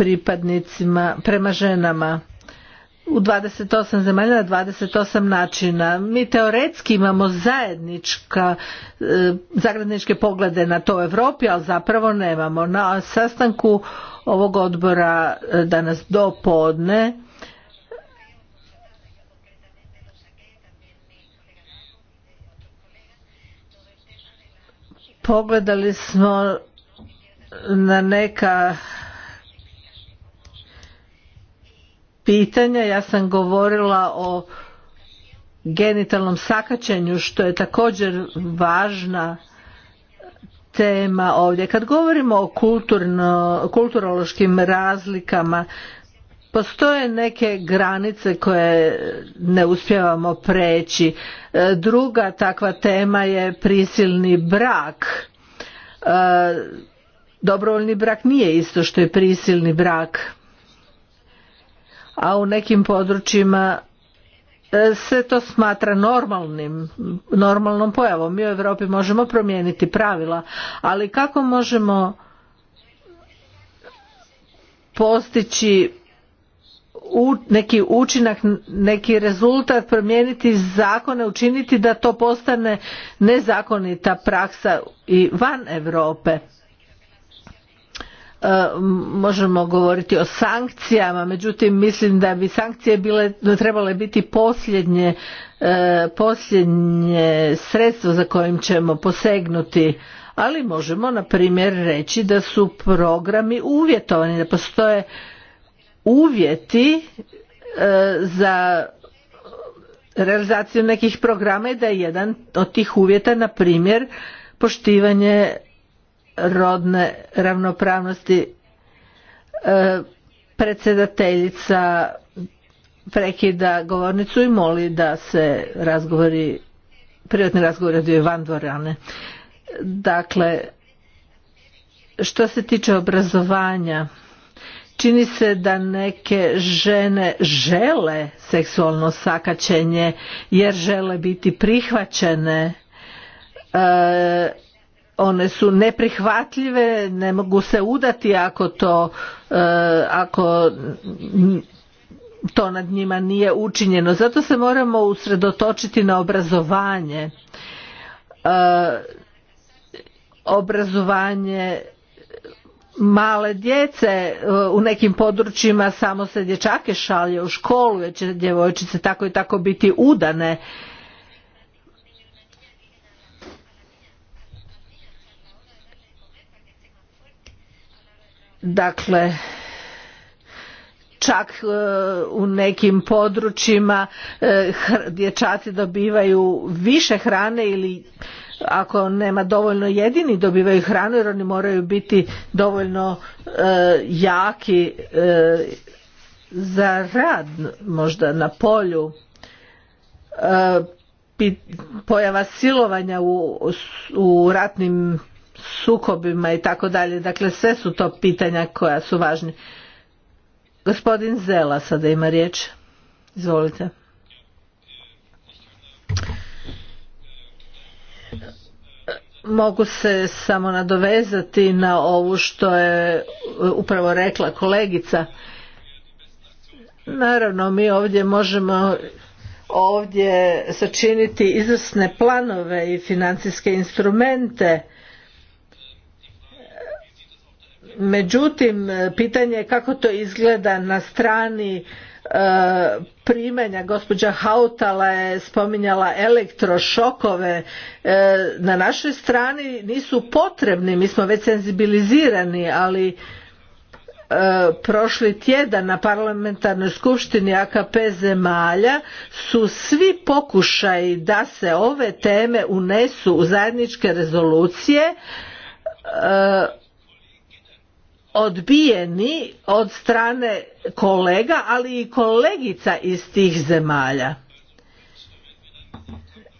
pripadnicima prema ženama u 28 zemalja na 28 načina. Mi teoretski imamo zajednička, e, zajedničke poglede na to u Europi, ali zapravo nemamo. Na sastanku ovog odbora e, danas do podne pogledali smo na neka pitanja. Ja sam govorila o genitalnom sakaćenju što je također važna tema ovdje. Kad govorimo o kulturološkim razlikama, postoje neke granice koje ne uspjevamo preći. E, druga takva tema je prisilni brak. E, dobrovoljni brak nije isto što je prisilni brak a u nekim područjima e, se to smatra normalnim, normalnom pojavom. Mi u Europi možemo promijeniti pravila, ali kako možemo postići neki učinak, neki rezultat, promijeniti zakone, učiniti da to postane nezakonita praksa i van Europe možemo govoriti o sankcijama, međutim mislim da bi sankcije bile, trebale biti posljednje, e, posljednje sredstvo za kojim ćemo posegnuti ali možemo na primjer reći da su programi uvjetovani, da postoje uvjeti e, za realizaciju nekih programa i da je jedan od tih uvjeta na primjer poštivanje rodne ravnopravnosti e, predsjedateljica prekida govornicu i moli da se razgovori privatni razgovor odvije van dvorane. Dakle, što se tiče obrazovanja, čini se da neke žene žele seksualno sakaćenje jer žele biti prihvaćene. E, one su neprihvatljive, ne mogu se udati ako to e, ako to nad njima nije učinjeno. Zato se moramo usredotočiti na obrazovanje. E, obrazovanje male djece e, u nekim područjima samo se dječake šalje u školu jer će djevojčice tako i tako biti udane Dakle, čak e, u nekim područjima e, dječaci dobivaju više hrane ili ako nema dovoljno jedini dobivaju hranu jer oni moraju biti dovoljno e, jaki za rad možda na polju pojava silovanja u ratnim sukobima i tako dalje. Dakle, sve su to pitanja koja su važna, Gospodin Zela sada ima riječ. Izvolite. Mogu se samo nadovezati na ovu što je upravo rekla kolegica. Naravno, mi ovdje možemo ovdje sačiniti izvrsne planove i financijske instrumente međutim pitanje je kako to izgleda na strani e, primanja gospođa Hautala je spominjala elektrošokove e, na našoj strani nisu potrebni mi smo već senzibilizirani ali e, prošli tjedan na parlamentarnoj skupštini AKP zemalja su svi pokušaji da se ove teme unesu u zajedničke rezolucije odbijeni od strane kolega ali i kolegica iz tih zemalja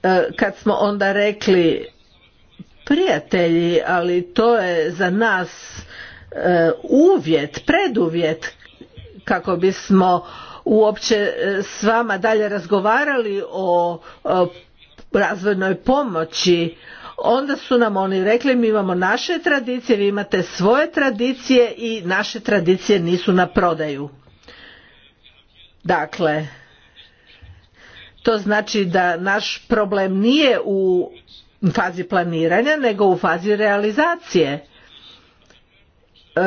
e, kad smo onda rekli prijatelji ali to je za nas e, uvjet preduvjet kako bismo uopće e, s vama dalje razgovarali o razvojnoj pomoći onda su nam oni rekli mi imamo naše tradicije, vi imate svoje tradicije i naše tradicije nisu na prodaju. Dakle, to znači da naš problem nije u fazi planiranja nego u fazi realizacije. E,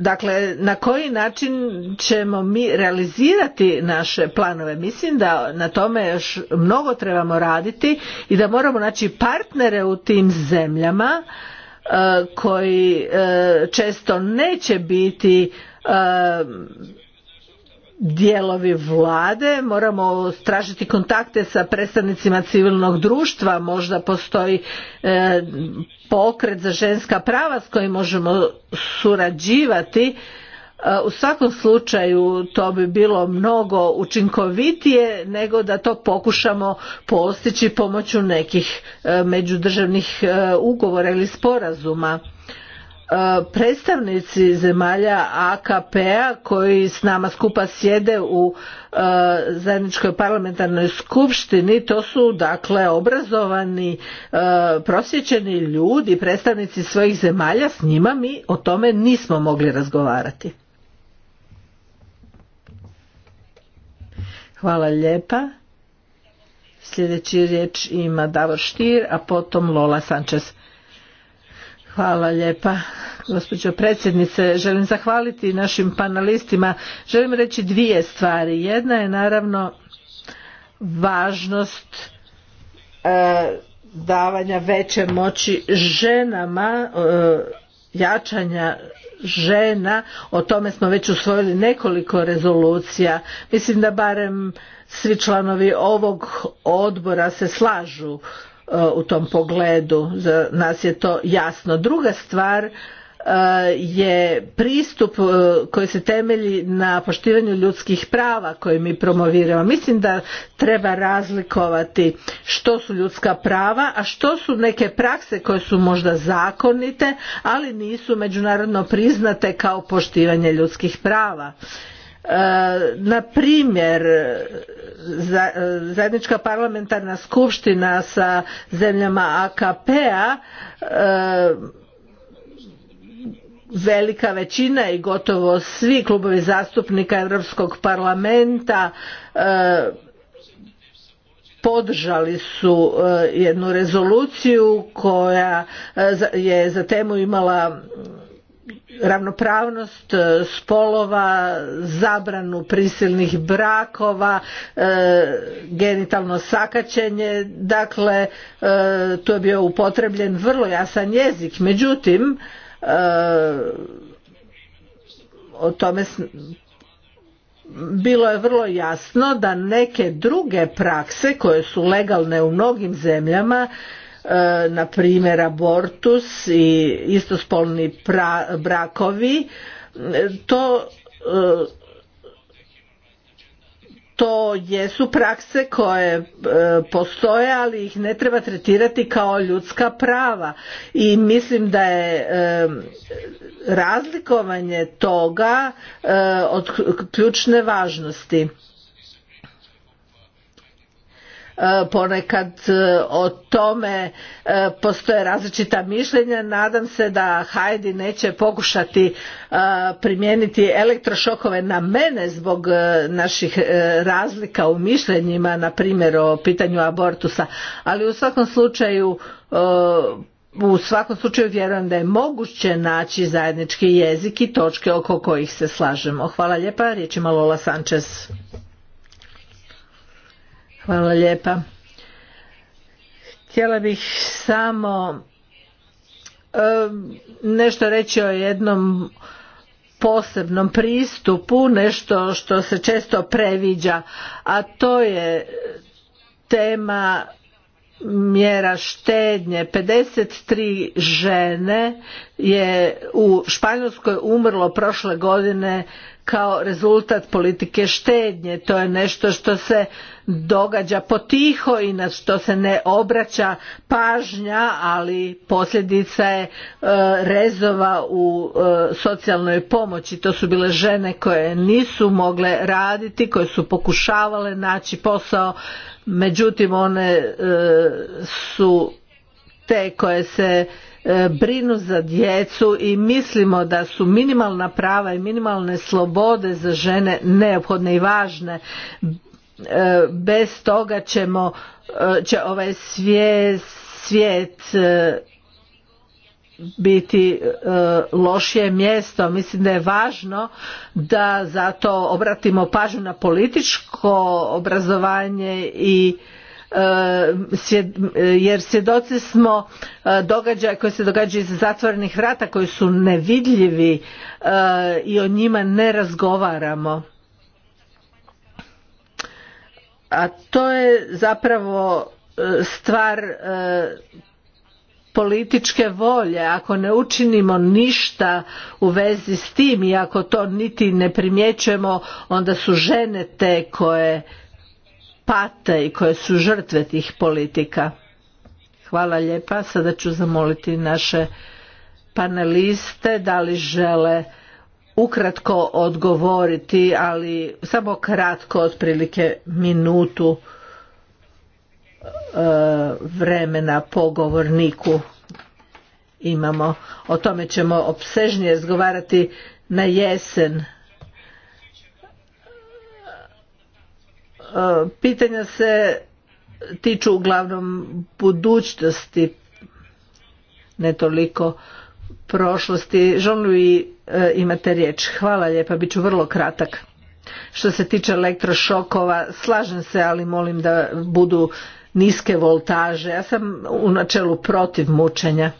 Dakle, na koji način ćemo mi realizirati naše planove? Mislim da na tome još mnogo trebamo raditi i da moramo naći partnere u tim zemljama e, koji e, često neće biti e, dijelovi vlade, moramo stražiti kontakte sa predstavnicima civilnog društva, možda postoji e, pokret za ženska prava s kojim možemo surađivati. E, u svakom slučaju to bi bilo mnogo učinkovitije nego da to pokušamo postići pomoću nekih e, međudržavnih ugovora ili sporazuma. E, predstavnici zemalja AKP-a koji s nama skupa sjede u e, zajedničkoj parlamentarnoj skupštini to su dakle obrazovani e, prosjećeni ljudi predstavnici svojih zemalja s njima mi o tome nismo mogli razgovarati Hvala lijepa. Sljedeći riječ ima Davor Štir, a potom Lola Sanchez. Hvala lijepa gospođo predsjednice. Želim zahvaliti našim panelistima. Želim reći dvije stvari. Jedna je naravno važnost e, davanja veće moći ženama, e, jačanja žena, o tome smo već usvojili nekoliko rezolucija. Mislim da barem svi članovi ovog odbora se slažu E, u tom pogledu za nas je to jasno druga stvar e, je pristup e, koji se temelji na poštivanju ljudskih prava koje mi promoviramo. Mislim da treba razlikovati što su ljudska prava, a što su neke prakse koje su možda zakonite, ali nisu međunarodno priznate kao poštivanje ljudskih prava na primjer zajednička parlamentarna skupština sa zemljama AKP-a e, velika većina i gotovo svi klubovi zastupnika Europskog parlamenta e, podržali su e, jednu rezoluciju koja je za temu imala ravnopravnost e, spolova, zabranu prisilnih brakova, e, genitalno sakaćenje, dakle e, tu je bio upotrebljen vrlo jasan jezik, međutim o tome bilo je vrlo jasno da neke druge prakse koje su legalne u mnogim zemljama E, na primjer abortus i istospolni brakovi e, to e, to jesu prakse koje postoje ali ih ne treba tretirati kao ljudska prava i mislim da je razlikovanje toga od ključne važnosti E, ponekad e, o tome e, postoje različita mišljenja. Nadam se da Heidi neće pokušati primijeniti elektrošokove na mene zbog naših razlika u mišljenjima, na primjer o pitanju abortusa, ali u svakom slučaju u svakom slučaju vjerujem da je moguće naći zajednički jezik i točke oko kojih se slažemo. Hvala lijepa, riječ ima Lola Sanchez. Hvala lijepa. Htjela bih samo nešto reći o jednom posebnom pristupu, nešto što se često previđa, a to je tema mjera štednje 53 žene je u Španjolskoj umrlo prošle godine kao rezultat politike štednje to je nešto što se događa potiho i na što se ne obraća pažnja ali posljedica je e, rezova u e, socijalnoj pomoći to su bile žene koje nisu mogle raditi koje su pokušavale naći posao međutim one e, su te koje se e, brinu za djecu i mislimo da su minimalna prava i minimalne slobode za žene neophodne i važne e, bez toga ćemo će ovaj svijet svijet biti e, lošije mjesto. Mislim da je važno da zato obratimo pažnju na političko obrazovanje i e, e, jer svjedoci smo događaja koji se događaju iz zatvorenih vrata koji su nevidljivi i o njima ne razgovaramo. A to je zapravo stvar političke volje ako ne učinimo ništa u vezi s tim i ako to niti ne primjećujemo onda su žene te koje pate i koje su žrtve tih politika hvala lijepa sada ću zamoliti naše paneliste da li žele ukratko odgovoriti ali samo kratko otprilike minutu E, vremena po govorniku imamo. O tome ćemo obsežnije razgovarati na jesen. E, pitanja se tiču uglavnom budućnosti, ne toliko prošlosti. i i e, imate riječ. Hvala lijepa, bit ću vrlo kratak. Što se tiče elektrošokova, slažem se, ali molim da budu niske voltaže. Ja sam u načelu protiv mučenja.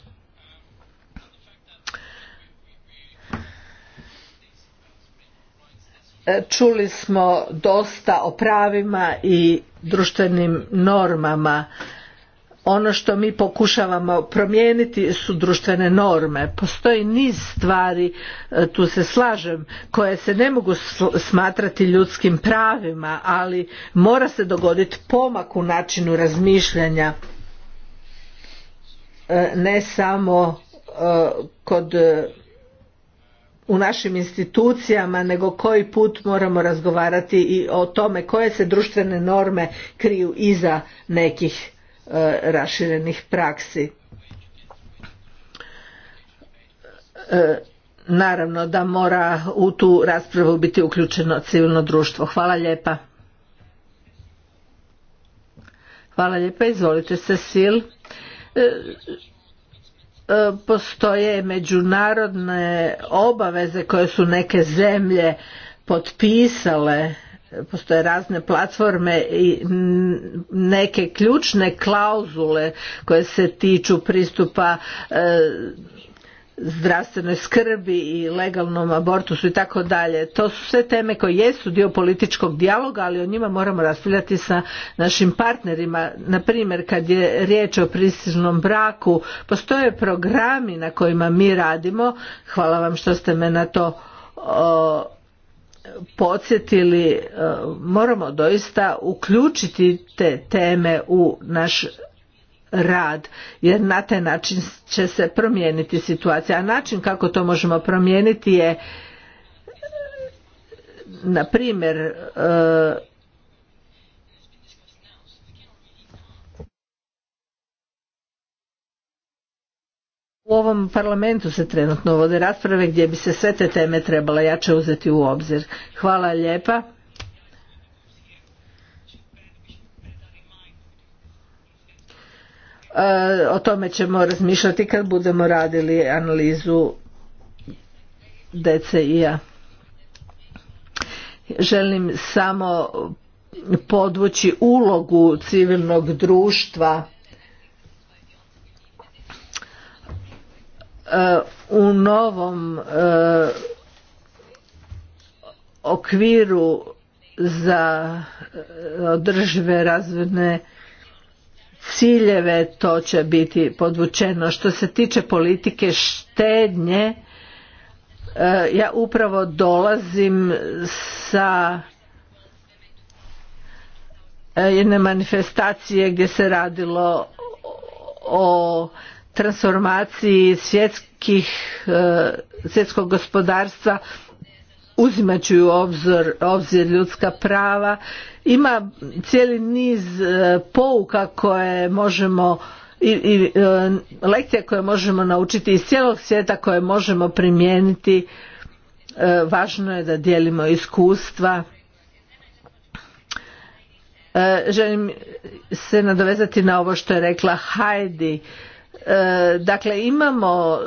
E, čuli smo dosta o pravima i društvenim normama ono što mi pokušavamo promijeniti su društvene norme. Postoji niz stvari, e, tu se slažem, koje se ne mogu smatrati ljudskim pravima, ali mora se dogoditi pomak u načinu razmišljanja e, ne samo e, kod u našim institucijama nego koji put moramo razgovarati i o tome koje se društvene norme kriju iza nekih E, raširenih praksi. E, naravno da mora u tu raspravu biti uključeno civilno društvo. Hvala lijepa. Hvala lijepa, izvolite se sil. E, postoje međunarodne obaveze koje su neke zemlje potpisale postoje razne platforme i neke ključne klauzule koje se tiču pristupa e, zdravstvenoj skrbi i legalnom abortusu i tako dalje. To su sve teme koje jesu dio političkog dijaloga, ali o njima moramo raspravljati sa našim partnerima. Na primjer, kad je riječ o prisilnom braku, postoje programi na kojima mi radimo. Hvala vam što ste me na to podsjetili e, moramo doista uključiti te teme u naš rad jer na taj način će se promijeniti situacija a način kako to možemo promijeniti je na primjer e, U ovom parlamentu se trenutno vode rasprave gdje bi se sve te teme trebala jače uzeti u obzir. Hvala lijepa. E, o tome ćemo razmišljati kad budemo radili analizu DCI-a. Želim samo podvući ulogu civilnog društva E, u novom e, okviru za e, održive razvojne ciljeve to će biti podvučeno. Što se tiče politike štednje, ja upravo dolazim sa jedne manifestacije gdje se radilo o transformaciji svjetskih, e, svjetskog gospodarstva uzimajući u obzir, obzir ljudska prava ima cijeli niz e, pouka koje možemo i, i e, lekcije koje možemo naučiti iz cijelog svijeta koje možemo primijeniti važno je da dijelimo iskustva želim se nadovezati na ovo što je rekla Heidi E, dakle, imamo e,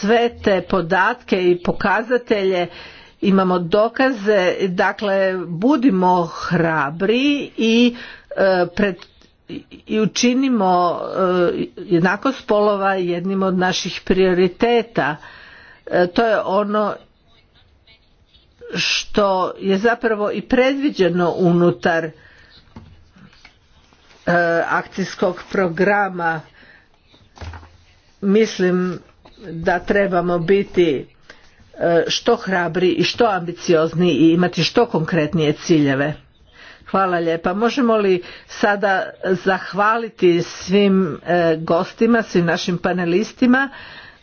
sve te podatke i pokazatelje, imamo dokaze, dakle, budimo hrabri i e, pred i učinimo jednakost spolova jednim od naših prioriteta. To je ono što je zapravo i predviđeno unutar akcijskog programa mislim da trebamo biti e, što hrabri i što ambiciozni i imati što konkretnije ciljeve. Hvala lijepa. Možemo li sada zahvaliti svim e, gostima, svim našim panelistima?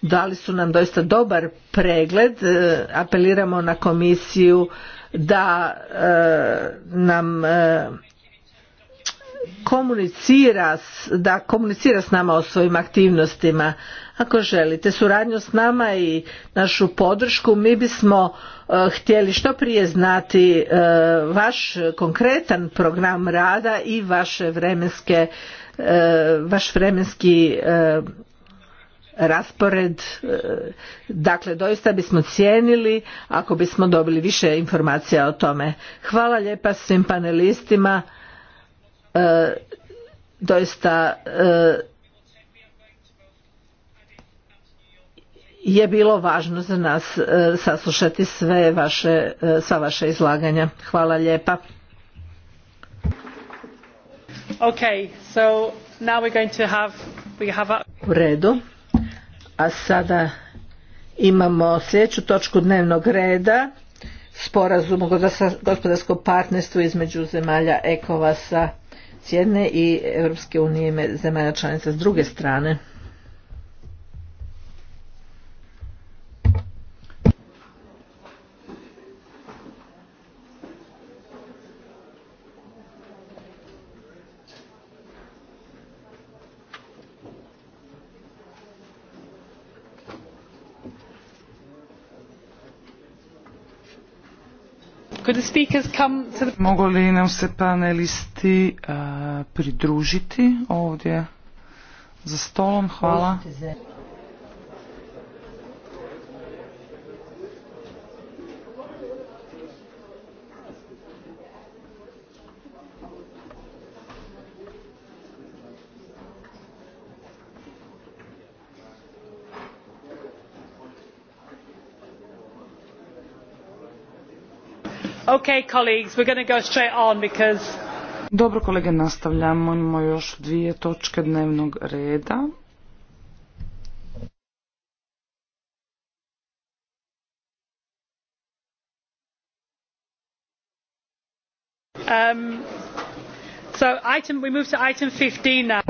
Dali su nam doista dobar pregled. E, apeliramo na komisiju da nam komunicira, da komunicira s nama o svojim aktivnostima. Ako želite suradnju s nama i našu podršku, mi bismo e, htjeli što prije znati e, vaš konkretan program rada i vaše vremenske, e, vaš vremenski raspored. Dakle, doista bismo cijenili ako bismo dobili više informacija o tome. Hvala lijepa svim panelistima. E, doista e, je bilo važno za nas e, saslušati sve vaše, sva vaša izlaganja. Hvala lijepa. Okay, so now we're going to have, we have U redu. A sada imamo sljedeću točku dnevnog reda. Sporazum o gospodarskom partnerstvu između zemalja Ekovasa s jedne i Europske unije zemalja članica s druge strane. Mogu li nam se panelisti eh, pridružiti ovdje za stolom? Hvala. Dobro kolege, nastavljamo. Imamo još dvije točke dnevnog reda. Um,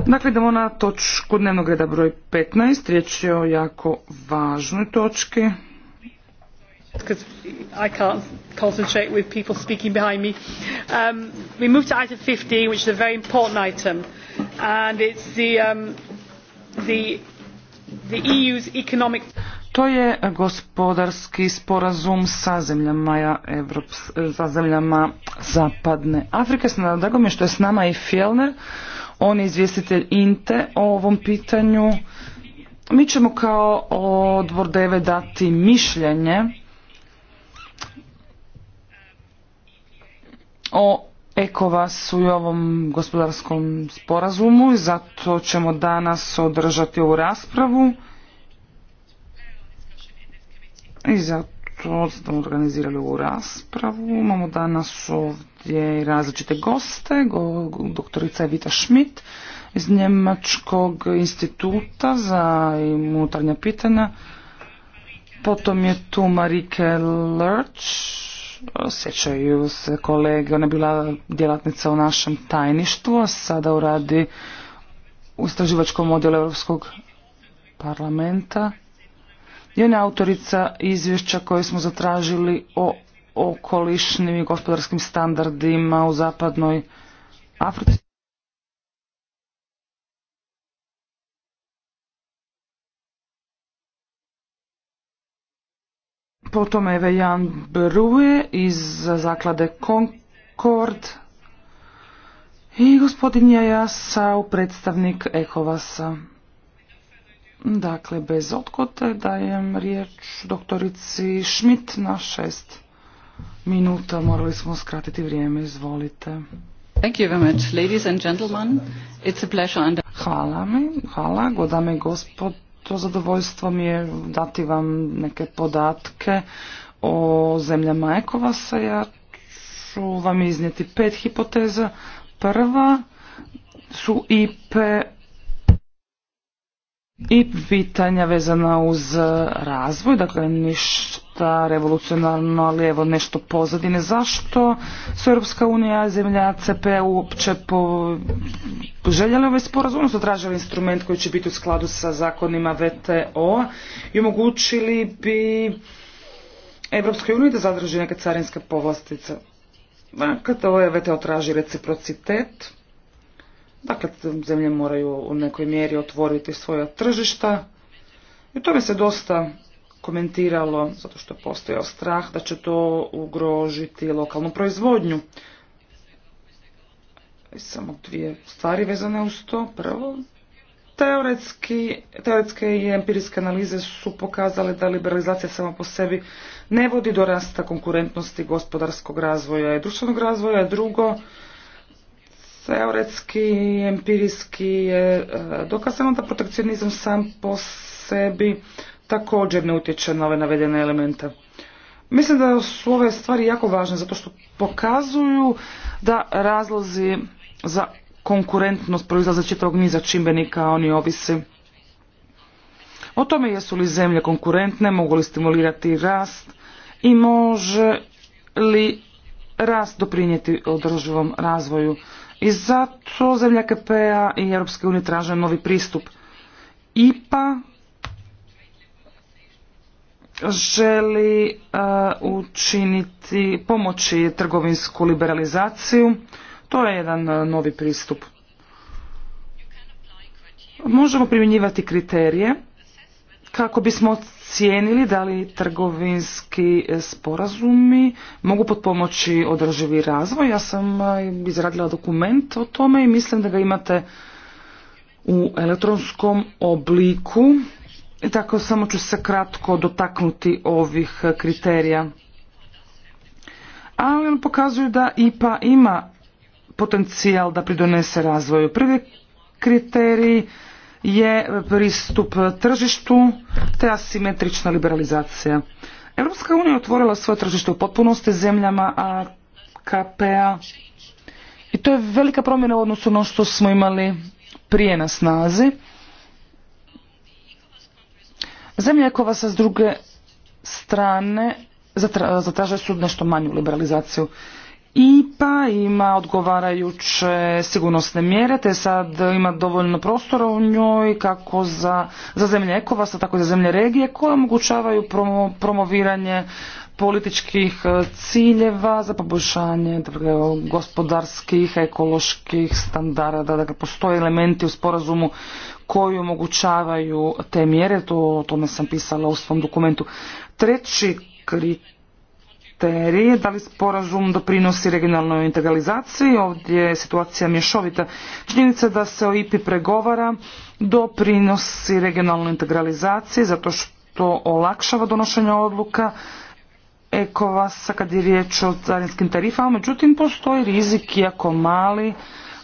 dakle, idemo na točku dnevnog reda broj 15. Riječ je o jako važnoj točki because I can't concentrate with people speaking behind me. Um, we move to item 15, which is a very important item, and it's the, um, the, the EU's economic... To je gospodarski sporazum sa zemljama, Evrops, sa zemljama Zapadne Afrike. Drago mi je što je s nama i Fjellner, on je izvjestitelj INTE o ovom pitanju. Mi ćemo kao odbor 9 e e dati mišljenje o ECOVAS-u i ovom gospodarskom sporazumu i zato ćemo danas održati ovu raspravu i zato smo organizirali ovu raspravu. Imamo danas ovdje različite goste, doktorica Evita Schmidt iz Njemačkog instituta za unutarnja pitanja. Potom je tu Marike Lurch Osjećaju se kolege, ona je bila djelatnica u našem tajništvu, a sada u radi u istraživačkom modelu Europskog parlamenta. I ona je autorica izvješća koje smo zatražili o okolišnim i gospodarskim standardima u zapadnoj Africi. Potom Eve Jan Bruje iz zaklade Concord i gospodin Jaja Sao, predstavnik Ehovasa. Dakle, bez otkote dajem riječ doktorici Schmidt na šest minuta. Morali smo skratiti vrijeme, izvolite. and Hvala mi, hvala, godame gospod to zadovoljstvo mi je dati vam neke podatke o zemljama Ekovasa. Ja ću vam iznijeti pet hipoteza. Prva su IP i pitanja vezana uz e, razvoj, dakle ništa revolucionarno, ali evo nešto pozadine. Zašto su Europska unija, zemlja CP uopće po... željeli ovaj sporazum, odnosno tražili instrument koji će biti u skladu sa zakonima VTO i omogućili bi Europskoj uniji da zadrži neke carinske povlastice. Kad ovo je VTO traži reciprocitet, Dakle, zemlje moraju u nekoj mjeri otvoriti svoja tržišta i to tome se dosta komentiralo, zato što je postojao strah da će to ugrožiti lokalnu proizvodnju. Samo dvije stvari vezane uz to. Prvo, teoretske i empiriske analize su pokazale da liberalizacija sama po sebi ne vodi do rasta konkurentnosti gospodarskog razvoja i društvenog razvoja. Drugo, teoretski, empirijski je e, dokazano da protekcionizam sam po sebi također ne utječe na ove navedene elemente. Mislim da su ove stvari jako važne zato što pokazuju da razlozi za konkurentnost proizlaze čitavog niza čimbenika, oni ovisi o tome jesu li zemlje konkurentne, mogu li stimulirati rast i može li rast doprinijeti održivom razvoju. I zato zemlja KPA i Europske unije traže novi pristup. IPA želi uh, učiniti, pomoći trgovinsku liberalizaciju. To je jedan uh, novi pristup. Možemo primjenjivati kriterije kako bismo Cijenili da li trgovinski e, sporazumi mogu potpomoći održivi razvoj. Ja sam e, izradila dokument o tome i mislim da ga imate u elektronskom obliku. I tako samo ću se kratko dotaknuti ovih kriterija. Ali on pokazuju da IPA ima potencijal da pridonese razvoju. Prvi kriteriji je pristup tržištu te asimetrična liberalizacija. Europska unija otvorila svoje tržište u potpunosti zemljama AKP-a i to je velika promjena u odnosu na ono što smo imali prije na snazi. Zemlje ekova sa s druge strane zatražaju su nešto manju liberalizaciju. IPA, ima odgovarajuće sigurnosne mjere, te sad ima dovoljno prostora u njoj kako za, za zemlje ekovasa, tako i za zemlje regije koje omogućavaju promoviranje političkih e, ciljeva za poboljšanje dakle, gospodarskih, ekoloških standarda. Dakle, postoje elementi u sporazumu koji omogućavaju te mjere, to o tome sam pisala u svom dokumentu. Treći kriterij kriterije, da li sporazum doprinosi regionalnoj integralizaciji, ovdje je situacija mješovita. Činjenica da se o IPI pregovara doprinosi regionalnoj integralizaciji zato što olakšava donošenje odluka ekovasa kad je riječ o zajednjskim tarifama, međutim postoji rizik iako mali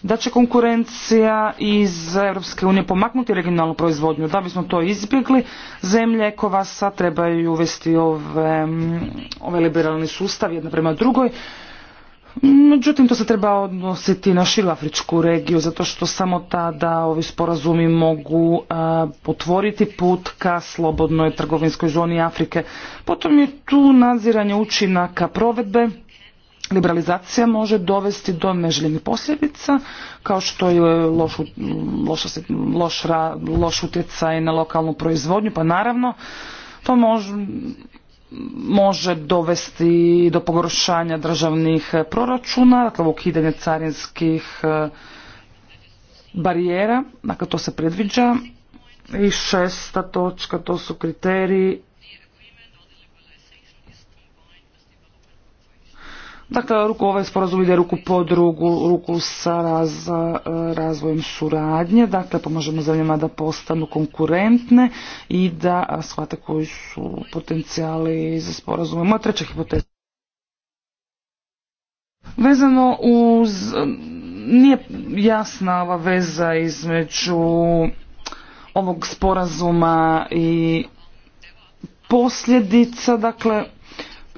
da će konkurencija iz Europske unije pomaknuti regionalnu proizvodnju. Da bismo to izbjegli, zemlje ekovasa trebaju uvesti ove, mm, ove ovaj liberalni sustav jedna prema drugoj. Međutim, to se treba odnositi na širu afričku regiju, zato što samo tada ovi sporazumi mogu e, potvoriti put ka slobodnoj trgovinskoj zoni Afrike. Potom je tu nadziranje učinaka provedbe, liberalizacija može dovesti do neželjenih posljedica, kao što je loš, loš, loš utjecaj na lokalnu proizvodnju, pa naravno to može, može dovesti do pogoršanja državnih proračuna, dakle ukidanje carinskih e, barijera, dakle to se predviđa. I šesta točka, to su kriteriji Dakle, ruku, ovaj sporazum ide ruku pod drugu ruku sa e, razvojem suradnje, dakle pomožemo zemljama da postanu konkurentne i da shvate koji su potencijali za sporazuma. Moja treća hipoteza. Vezano uz, nije jasna ova veza između ovog sporazuma i posljedica, dakle,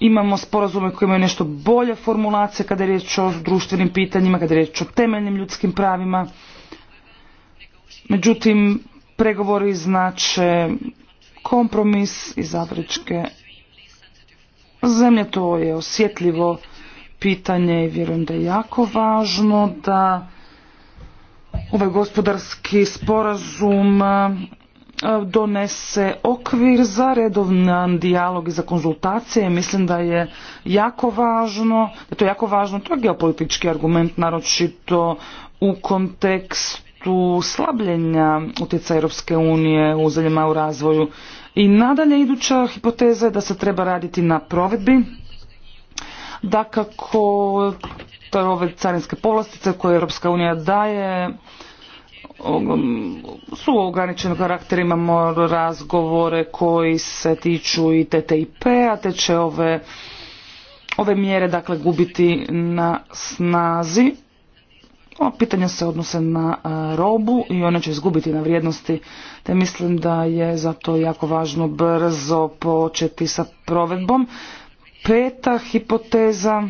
imamo sporazume koji imaju nešto bolje formulacije kada je riječ o društvenim pitanjima, kada je riječ o temeljnim ljudskim pravima. Međutim, pregovori znače kompromis iz afričke zemlje. To je osjetljivo pitanje i vjerujem da je jako važno da ovaj gospodarski sporazum donese okvir za redovnan dijalog i za konzultacije. Mislim da je jako važno, da to je jako važno, to je geopolitički argument, naročito u kontekstu slabljenja utjecaja Europske unije u zemljama u razvoju. I nadalje iduća hipoteza je da se treba raditi na provedbi, da kako to je ove carinske povlastice koje Europska unija daje su ograničenog karakter, imamo razgovore koji se tiču i TTIP-a, te će ove, ove mjere dakle gubiti na snazi. o pitanja se odnose na e, robu i ona će izgubiti na vrijednosti, te mislim da je zato jako važno brzo početi sa provedbom. Peta hipoteza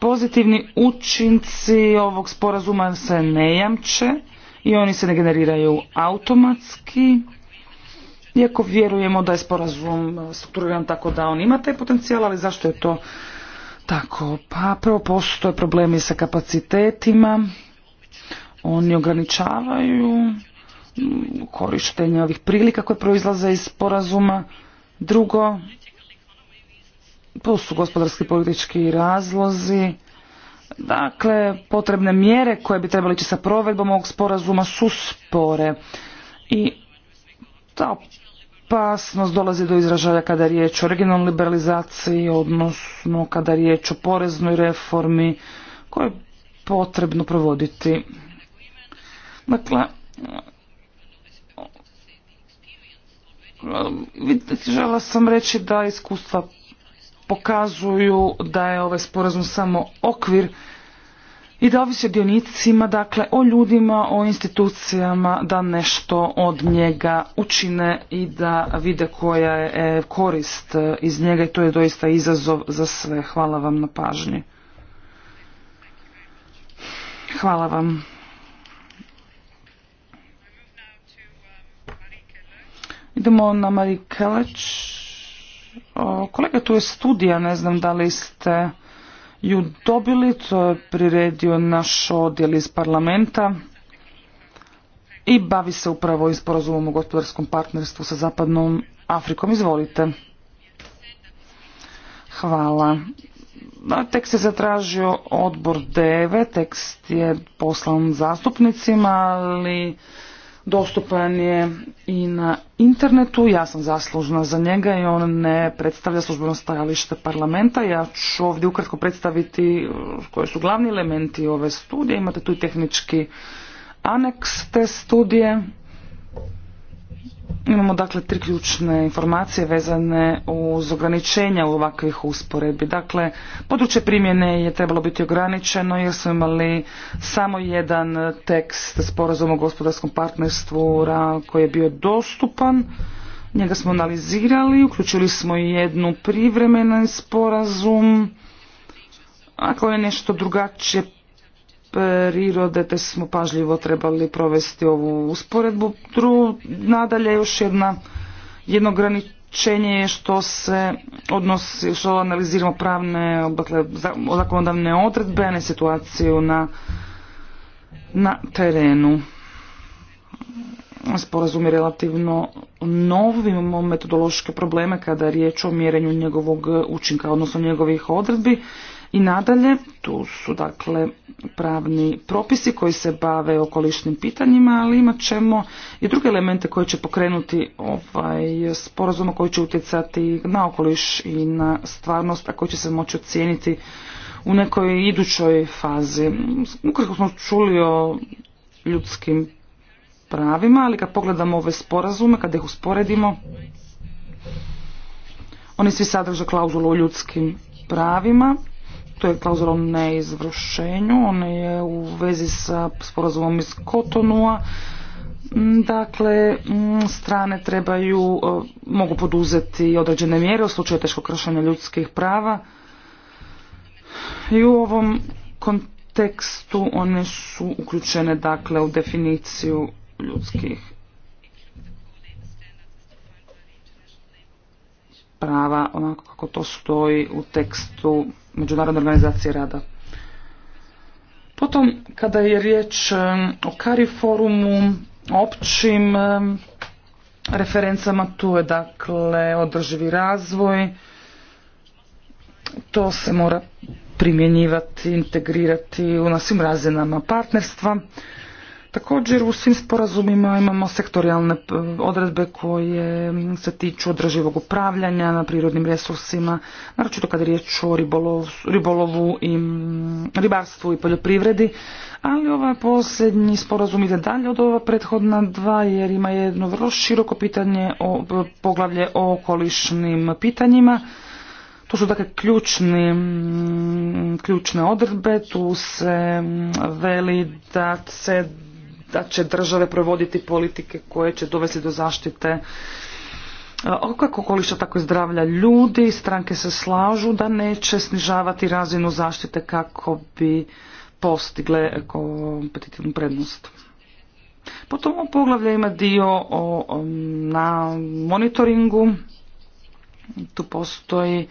Pozitivni učinci ovog sporazuma se ne jamče i oni se ne generiraju automatski. Iako vjerujemo da je sporazum strukturiran tako da on ima taj potencijal, ali zašto je to tako? Pa prvo postoje problemi sa kapacitetima, oni ograničavaju korištenje ovih prilika koje proizlaze iz sporazuma. Drugo, tu su gospodarski politički razlozi. Dakle, potrebne mjere koje bi trebali ići sa provedbom ovog sporazuma su spore. I ta opasnost dolazi do izražaja kada je riječ o regionalnoj liberalizaciji, odnosno kada je riječ o poreznoj reformi koju je potrebno provoditi. Dakle, žela sam reći da iskustva pokazuju da je ovaj sporazum samo okvir i da ovisi o dionicima, dakle o ljudima, o institucijama da nešto od njega učine i da vide koja je korist iz njega i to je doista izazov za sve. Hvala vam na pažnji. Hvala vam. Idemo na Marie Kolega, tu je studija, ne znam da li ste ju dobili, to je priredio naš odjel iz parlamenta i bavi se upravo i sporazumom o gospodarskom partnerstvu sa Zapadnom Afrikom. Izvolite. Hvala. Tekst je zatražio odbor DEVE, tekst je poslan zastupnicima, ali Dostupan je i na internetu, ja sam zaslužna za njega i on ne predstavlja službeno stajalište parlamenta. Ja ću ovdje ukratko predstaviti uh, koji su glavni elementi ove studije. Imate tu i tehnički aneks te studije. Imamo dakle tri ključne informacije vezane uz ograničenja ovakvih usporedbi. Dakle, područje primjene je trebalo biti ograničeno jer smo imali samo jedan tekst sporazuma o gospodarskom partnerstvu koji je bio dostupan. Njega smo analizirali, uključili smo i jednu privremeni sporazum. Ako je nešto drugačije prirode, te smo pažljivo trebali provesti ovu usporedbu. Dru, nadalje još jedna, jedno ograničenje je što se odnosi, što analiziramo pravne, dakle, zakonodavne odredbe, situaciju na, na terenu. Sporazum je relativno nov, imamo metodološke probleme kada je riječ o mjerenju njegovog učinka, odnosno njegovih odredbi. I nadalje, tu su dakle pravni propisi koji se bave okolišnim pitanjima, ali imat ćemo i druge elemente koje će pokrenuti ovaj sporazum koji će utjecati na okoliš i na stvarnost, a koji će se moći ocijeniti u nekoj idućoj fazi. Ukratko smo čuli o ljudskim pravima, ali kad pogledamo ove sporazume, kad ih usporedimo, oni svi sadrže klauzulu o ljudskim pravima, to je klauzula o neizvršenju, ona je u vezi sa sporazumom iz Kotonua. Mm, dakle, mm, strane trebaju, e, mogu poduzeti određene mjere u slučaju teškog kršenja ljudskih prava. I u ovom kontekstu one su uključene dakle u definiciju ljudskih prava, onako kako to stoji u tekstu Međunarodne organizacije rada. Potom, kada je riječ o Kari forumu, općim referencama, tu je dakle održivi razvoj, to se mora primjenjivati, integrirati na svim razinama partnerstva. Također u svim sporazumima imamo sektorijalne e, odredbe koje se tiču održivog upravljanja na prirodnim resursima, naročito kada je riječ o ribolovu, ribolovu i ribarstvu i poljoprivredi, ali ovaj posljednji sporazum ide dalje od ova prethodna dva jer ima jedno vrlo široko pitanje o poglavlje o okolišnim pitanjima. To su dakle ključni, ključne odredbe, tu se veli da se da će države provoditi politike koje će dovesti do zaštite e, kako okoliša, tako i zdravlja ljudi. Stranke se slažu da neće snižavati razinu zaštite kako bi postigle kompetitivnu prednost. Potom u poglavlje ima dio o, na monitoringu. Tu postoji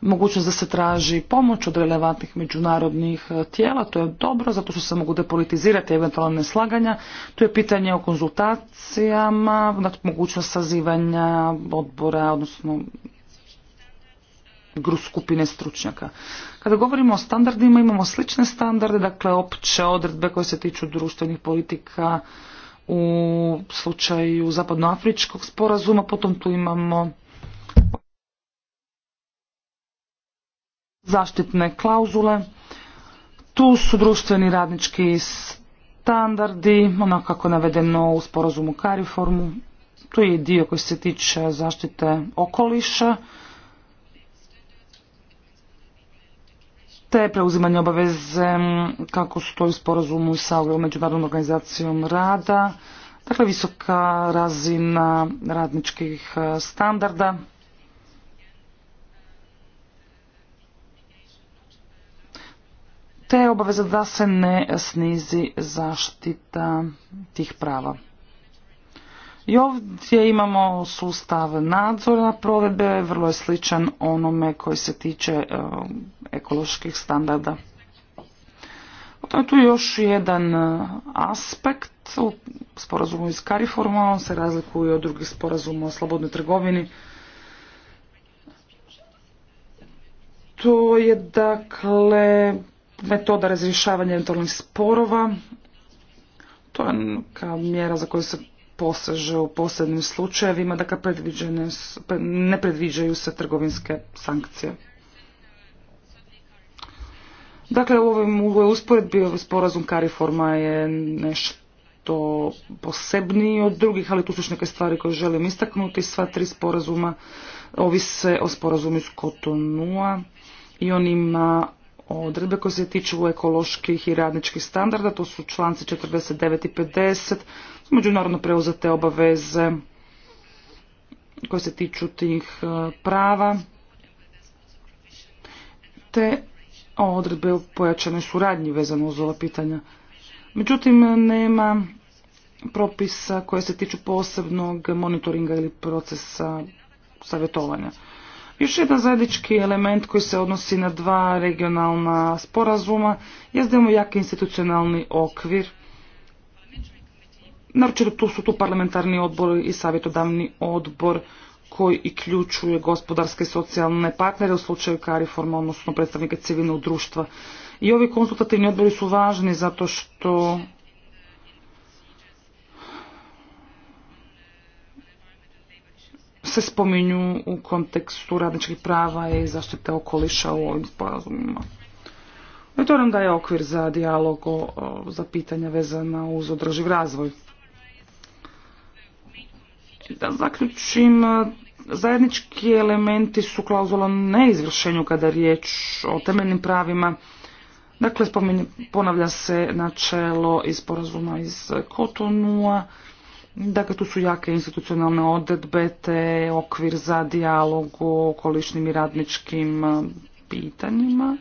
mogućnost da se traži pomoć od relevantnih međunarodnih e, tijela, to je dobro, zato što se mogu depolitizirati eventualne neslaganja. Tu je pitanje o konzultacijama, mogućnost sazivanja odbora, odnosno skupine stručnjaka. Kada govorimo o standardima, imamo slične standarde, dakle opće odredbe koje se tiču društvenih politika u slučaju zapadnoafričkog sporazuma, potom tu imamo zaštitne klauzule. Tu su društveni radnički standardi, onako kako je navedeno u sporazumu Kariformu. Tu je dio koji se tiče zaštite okoliša, te preuzimanje obaveze kako stoji u sporazumu sa Međunarodnom organizacijom rada, dakle visoka razina radničkih e, standarda. te obaveza da se ne snizi zaštita tih prava. I ovdje imamo sustav nadzora provedbe, vrlo je sličan onome koji se tiče e, ekoloških standarda. Dakle, to je tu još jedan e, aspekt u sporazumu iz Kariforma, on se razlikuje od drugih sporazuma o slobodnoj trgovini. To je dakle metoda razrješavanja eventualnih sporova. To je kao mjera za koju se poseže u posebnim slučajevima, dakle predviđene, ne predviđaju se trgovinske sankcije. Dakle, u ovoj, u usporedbi ovaj sporazum Kariforma je nešto posebniji od drugih, ali tu su neke stvari koje želim istaknuti. Sva tri sporazuma ovise o sporazumu iz Kotonua i on ima odredbe koje se tiču ekoloških i radničkih standarda, to su članci 49 i 50, međunarodno preuzete obaveze koje se tiču tih e, prava, te odredbe o pojačanoj suradnji vezano uz ova pitanja. Međutim, nema propisa koje se tiču posebnog monitoringa ili procesa savjetovanja. Još jedan zajednički element koji se odnosi na dva regionalna sporazuma je da imamo jaki institucionalni okvir. Naročito tu su tu parlamentarni odbor i savjetodavni odbor koji uključuje gospodarske i socijalne partnere u slučaju kariforma, odnosno predstavnike civilnog društva. I ovi konsultativni odbori su važni zato što se spominju u kontekstu radničkih prava i zaštite okoliša u ovim sporazumima. I to nam daje okvir za dijalog za pitanja vezana uz održiv razvoj. Da zaključim, zajednički elementi su klauzula neizvršenju kada je riječ o temeljnim pravima. Dakle, spominje, ponavlja se načelo iz sporazuma iz Kotonua, Dakle, tu su jake institucionalne odredbe te okvir za dijalog o okolišnim i radničkim e, pitanjima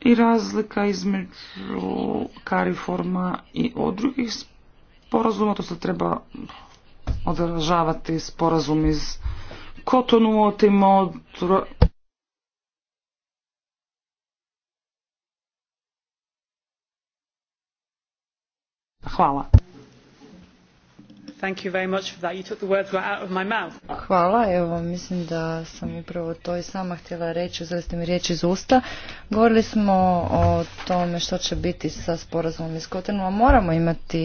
i razlika između kariforma i od drugih sporazuma, to se treba odražavati sporazum iz Kotonu o Hvala. Hvala, evo mislim da sam upravo to i sama htjela reći, uzeli ste mi riječ iz usta. Govorili smo o tome što će biti sa sporazumom iz a Moramo imati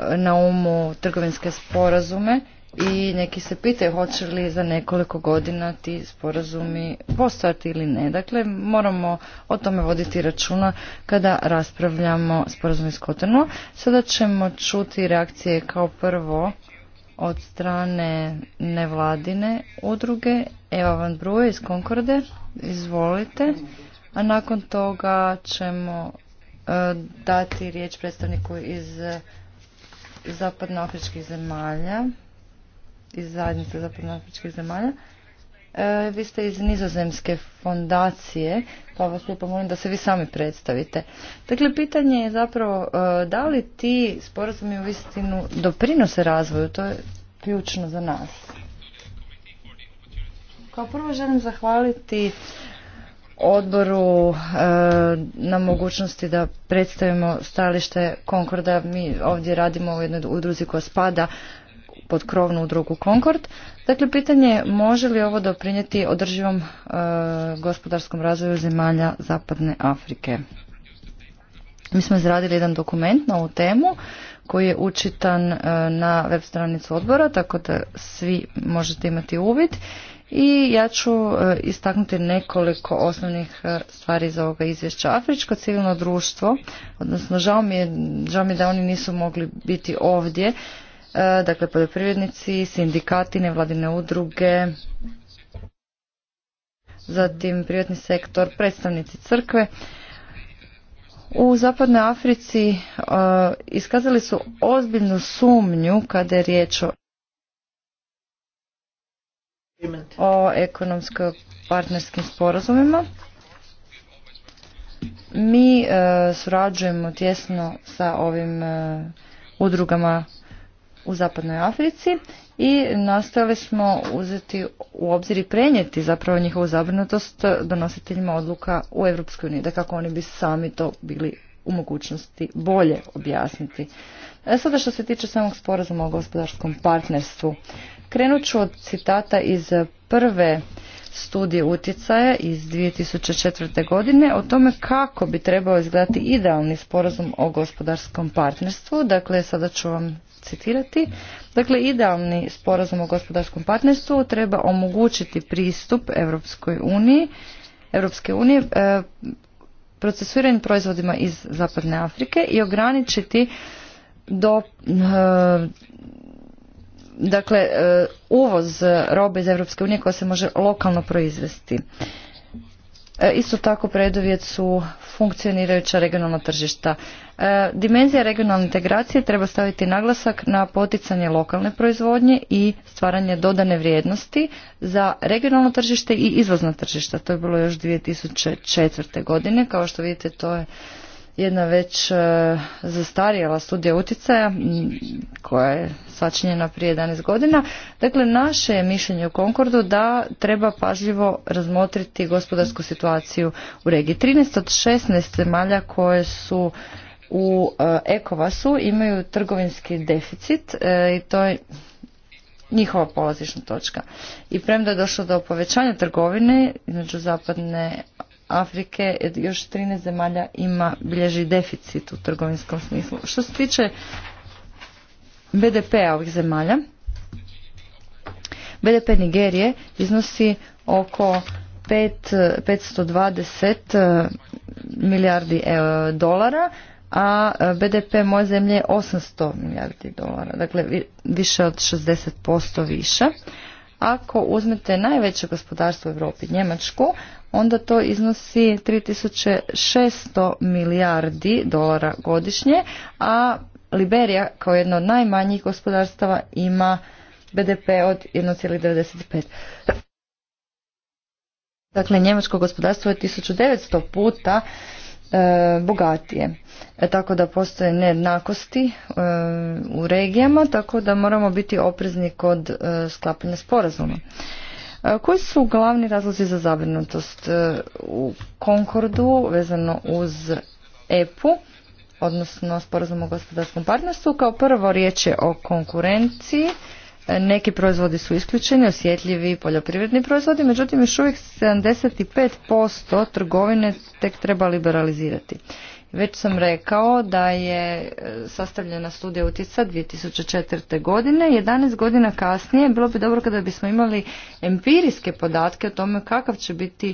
eh, na umu trgovinske sporazume i neki se pitaju hoće li za nekoliko godina ti sporazumi postojati ili ne. Dakle, moramo o tome voditi računa kada raspravljamo sporazum iz Kotonu. Sada ćemo čuti reakcije kao prvo od strane nevladine udruge Eva Van Bruje iz Konkorde. Izvolite. A nakon toga ćemo e, dati riječ predstavniku iz e, zapadnoafričkih zemalja iz zajednice zapadnoafričkih zemalja. E, vi ste iz nizozemske fondacije, pa vas lijepo molim da se vi sami predstavite. Dakle, pitanje je zapravo e, da li ti sporazumi u istinu doprinose razvoju, to je ključno za nas. Kao prvo želim zahvaliti odboru e, na mogućnosti da predstavimo stajalište Konkorda. Mi ovdje radimo u jednoj udruzi koja spada pod krovnu udrugu Concord. Dakle, pitanje je može li ovo doprinijeti održivom e, gospodarskom razvoju zemalja Zapadne Afrike. Mi smo izradili jedan dokument na ovu temu koji je učitan e, na web stranicu odbora, tako da svi možete imati uvid. I ja ću e, istaknuti nekoliko osnovnih stvari za ovoga izvješća. Afričko civilno društvo, odnosno žao mi je, žao mi je da oni nisu mogli biti ovdje, E, dakle poljoprivrednici, sindikati, nevladine udruge, zatim privatni sektor, predstavnici crkve. U Zapadnoj Africi e, iskazali su ozbiljnu sumnju kada je riječ o o ekonomsko-partnerskim sporazumima. Mi e, surađujemo tjesno sa ovim udrugama u Zapadnoj Africi i nastojali smo uzeti u obzir i prenijeti zapravo njihovu zabrinutost donositeljima odluka u EU, da kako oni bi sami to bili u mogućnosti bolje objasniti. E, sada što se tiče samog sporazuma o gospodarskom partnerstvu, krenut ću od citata iz prve studije utjecaja iz 2004. godine o tome kako bi trebao izgledati idealni sporazum o gospodarskom partnerstvu. Dakle, sada ću vam citirati. Dakle, idealni sporazum o gospodarskom partnerstvu treba omogućiti pristup Europskoj uniji, Europske unije e, procesuiranim proizvodima iz Zapadne Afrike i ograničiti do e, dakle e, uvoz robe iz Europske unije koja se može lokalno proizvesti. E, isto tako preduvjet su funkcionirajuća regionalna tržišta. E, dimenzija regionalne integracije treba staviti naglasak na poticanje lokalne proizvodnje i stvaranje dodane vrijednosti za regionalno tržište i izvozna tržišta. To je bilo još 2004. godine. Kao što vidite, to je jedna već e, zastarijela studija utjecaja koja je sačinjena prije 11 godina. Dakle, naše je mišljenje u Konkordu da treba pažljivo razmotriti gospodarsku situaciju u regiji. 13 od 16 zemalja koje su u Ekovasu imaju trgovinski deficit e, i to je njihova polazišna točka. I premda je došlo do povećanja trgovine između zapadne Afrike još 13 zemalja ima bilježi deficit u trgovinskom smislu. Što se tiče BDP-a ovih zemalja, BDP Nigerije iznosi oko 5, 520 e, milijardi e, dolara, a e, BDP moje zemlje je 800 milijardi dolara, dakle više od 60% više. Ako uzmete najveće gospodarstvo u Europi, Njemačku, onda to iznosi 3600 milijardi dolara godišnje, a Liberija kao jedno od najmanjih gospodarstava ima BDP od 1,95. Dakle, njemačko gospodarstvo je 1900 puta e, bogatije. E, tako da postoje nejednakosti e, u regijama, tako da moramo biti oprezni kod sklapanja sporazuma. E, koji su glavni razlozi za zabrinutost e, u Konkordu vezano uz EPU, odnosno sporazum o gospodarskom partnerstvu? Kao prvo riječ je o konkurenciji. E, neki proizvodi su isključeni, osjetljivi poljoprivredni proizvodi, međutim još uvijek 75% trgovine tek treba liberalizirati. Već sam rekao da je e, sastavljena studija utjeca 2004. godine. 11 godina kasnije bilo bi dobro kada bismo imali empirijske podatke o tome kakav će biti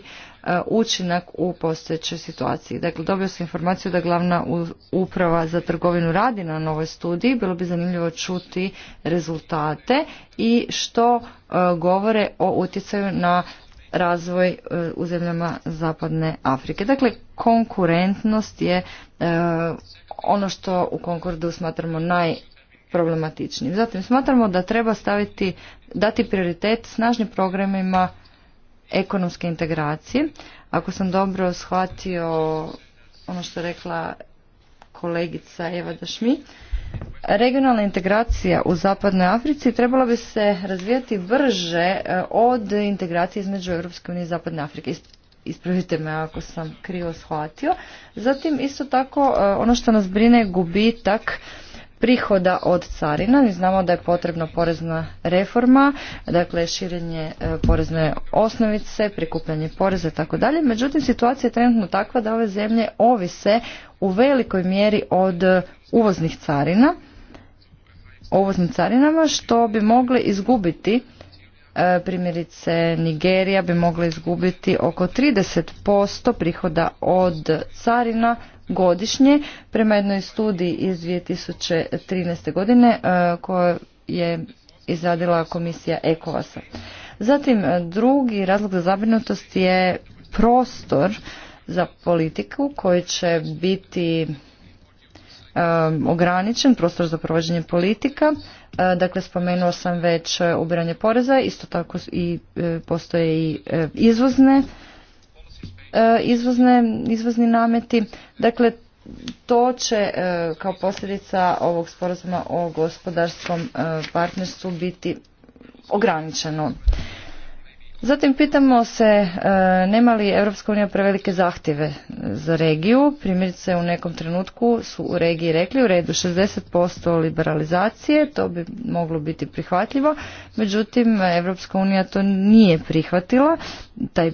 e, učinak u postojećoj situaciji. Dakle, dobio sam informaciju da glavna uprava za trgovinu radi na novoj studiji. Bilo bi zanimljivo čuti rezultate i što e, govore o utjecaju na razvoj e, u zemljama zapadne Afrike. Dakle, konkurentnost je e, ono što u Konkordu smatramo najproblematičnijim. Zatim smatramo da treba staviti, dati prioritet snažnim programima ekonomske integracije. Ako sam dobro shvatio ono što rekla kolegica Eva Dašmi, Regionalna integracija u Zapadnoj Africi trebala bi se razvijati brže e, od integracije između Europske unije i Zapadne Afrike. Ispravite me ako sam krivo shvatio. Zatim isto tako e, ono što nas brine je gubitak prihoda od carina. Mi znamo da je potrebna porezna reforma, dakle širenje e, porezne osnovice, prikupljanje poreza i tako dalje. Međutim, situacija je trenutno takva da ove zemlje ovise u velikoj mjeri od e, uvoznih carina, uvoznim carinama, što bi mogli izgubiti, e, primjerice Nigerija bi mogla izgubiti oko 30% prihoda od carina godišnje, prema jednoj studiji iz 2013. godine e, koju je izradila komisija ecowas Zatim, drugi razlog za zabrinutost je prostor za politiku koji će biti um, ograničen prostor za provođenje politika. Uh, dakle, spomenuo sam već uh, ubiranje poreza, isto tako i uh, postoje i izvozne, izvozne, izvozni nameti. Dakle, to će kao posljedica ovog sporazuma o gospodarskom partnerstvu biti ograničeno. Zatim pitamo se e, nema li unija prevelike zahtjeve za regiju. Primjerice u nekom trenutku su u regiji rekli u redu 60% liberalizacije, to bi moglo biti prihvatljivo. Međutim, unija to nije prihvatila, taj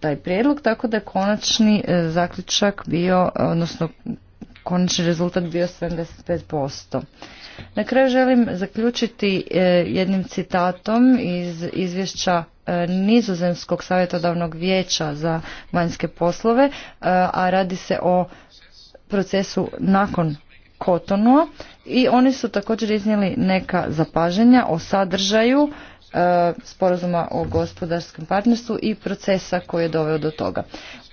taj prijedlog, tako da je konačni e, zaključak bio, odnosno konačni rezultat bio 75%. Na kraju želim zaključiti e, jednim citatom iz izvješća e, Nizozemskog savjetodavnog vijeća za vanjske poslove, e, a radi se o procesu nakon Kotonua i oni su također iznijeli neka zapaženja o sadržaju sporazuma o gospodarskom partnerstvu i procesa koji je doveo do toga.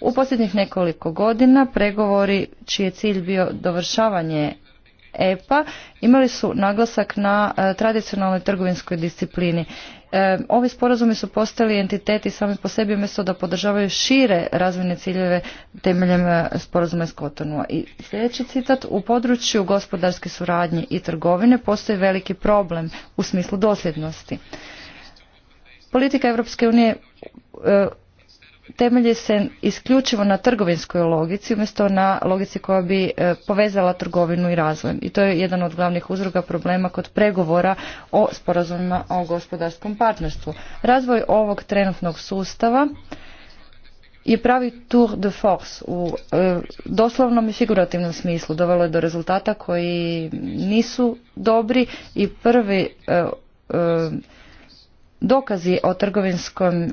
U posljednjih nekoliko godina pregovori čiji je cilj bio dovršavanje EPA imali su naglasak na e, tradicionalnoj trgovinskoj disciplini. E, ovi sporazumi su postali entiteti sami po sebi umjesto da podržavaju šire razvojne ciljeve temeljem e, sporazuma iz Kotonua. I sljedeći citat, u području gospodarske suradnje i trgovine postoji veliki problem u smislu dosljednosti. Politika Europske unije temelji se isključivo na trgovinskoj logici umjesto na logici koja bi e, povezala trgovinu i razvoj. I to je jedan od glavnih uzroka problema kod pregovora o sporazumima o gospodarskom partnerstvu. Razvoj ovog trenutnog sustava je pravi tour de force u e, doslovnom i figurativnom smislu. Dovelo je do rezultata koji nisu dobri i prvi e, dokazi o trgovinskom e,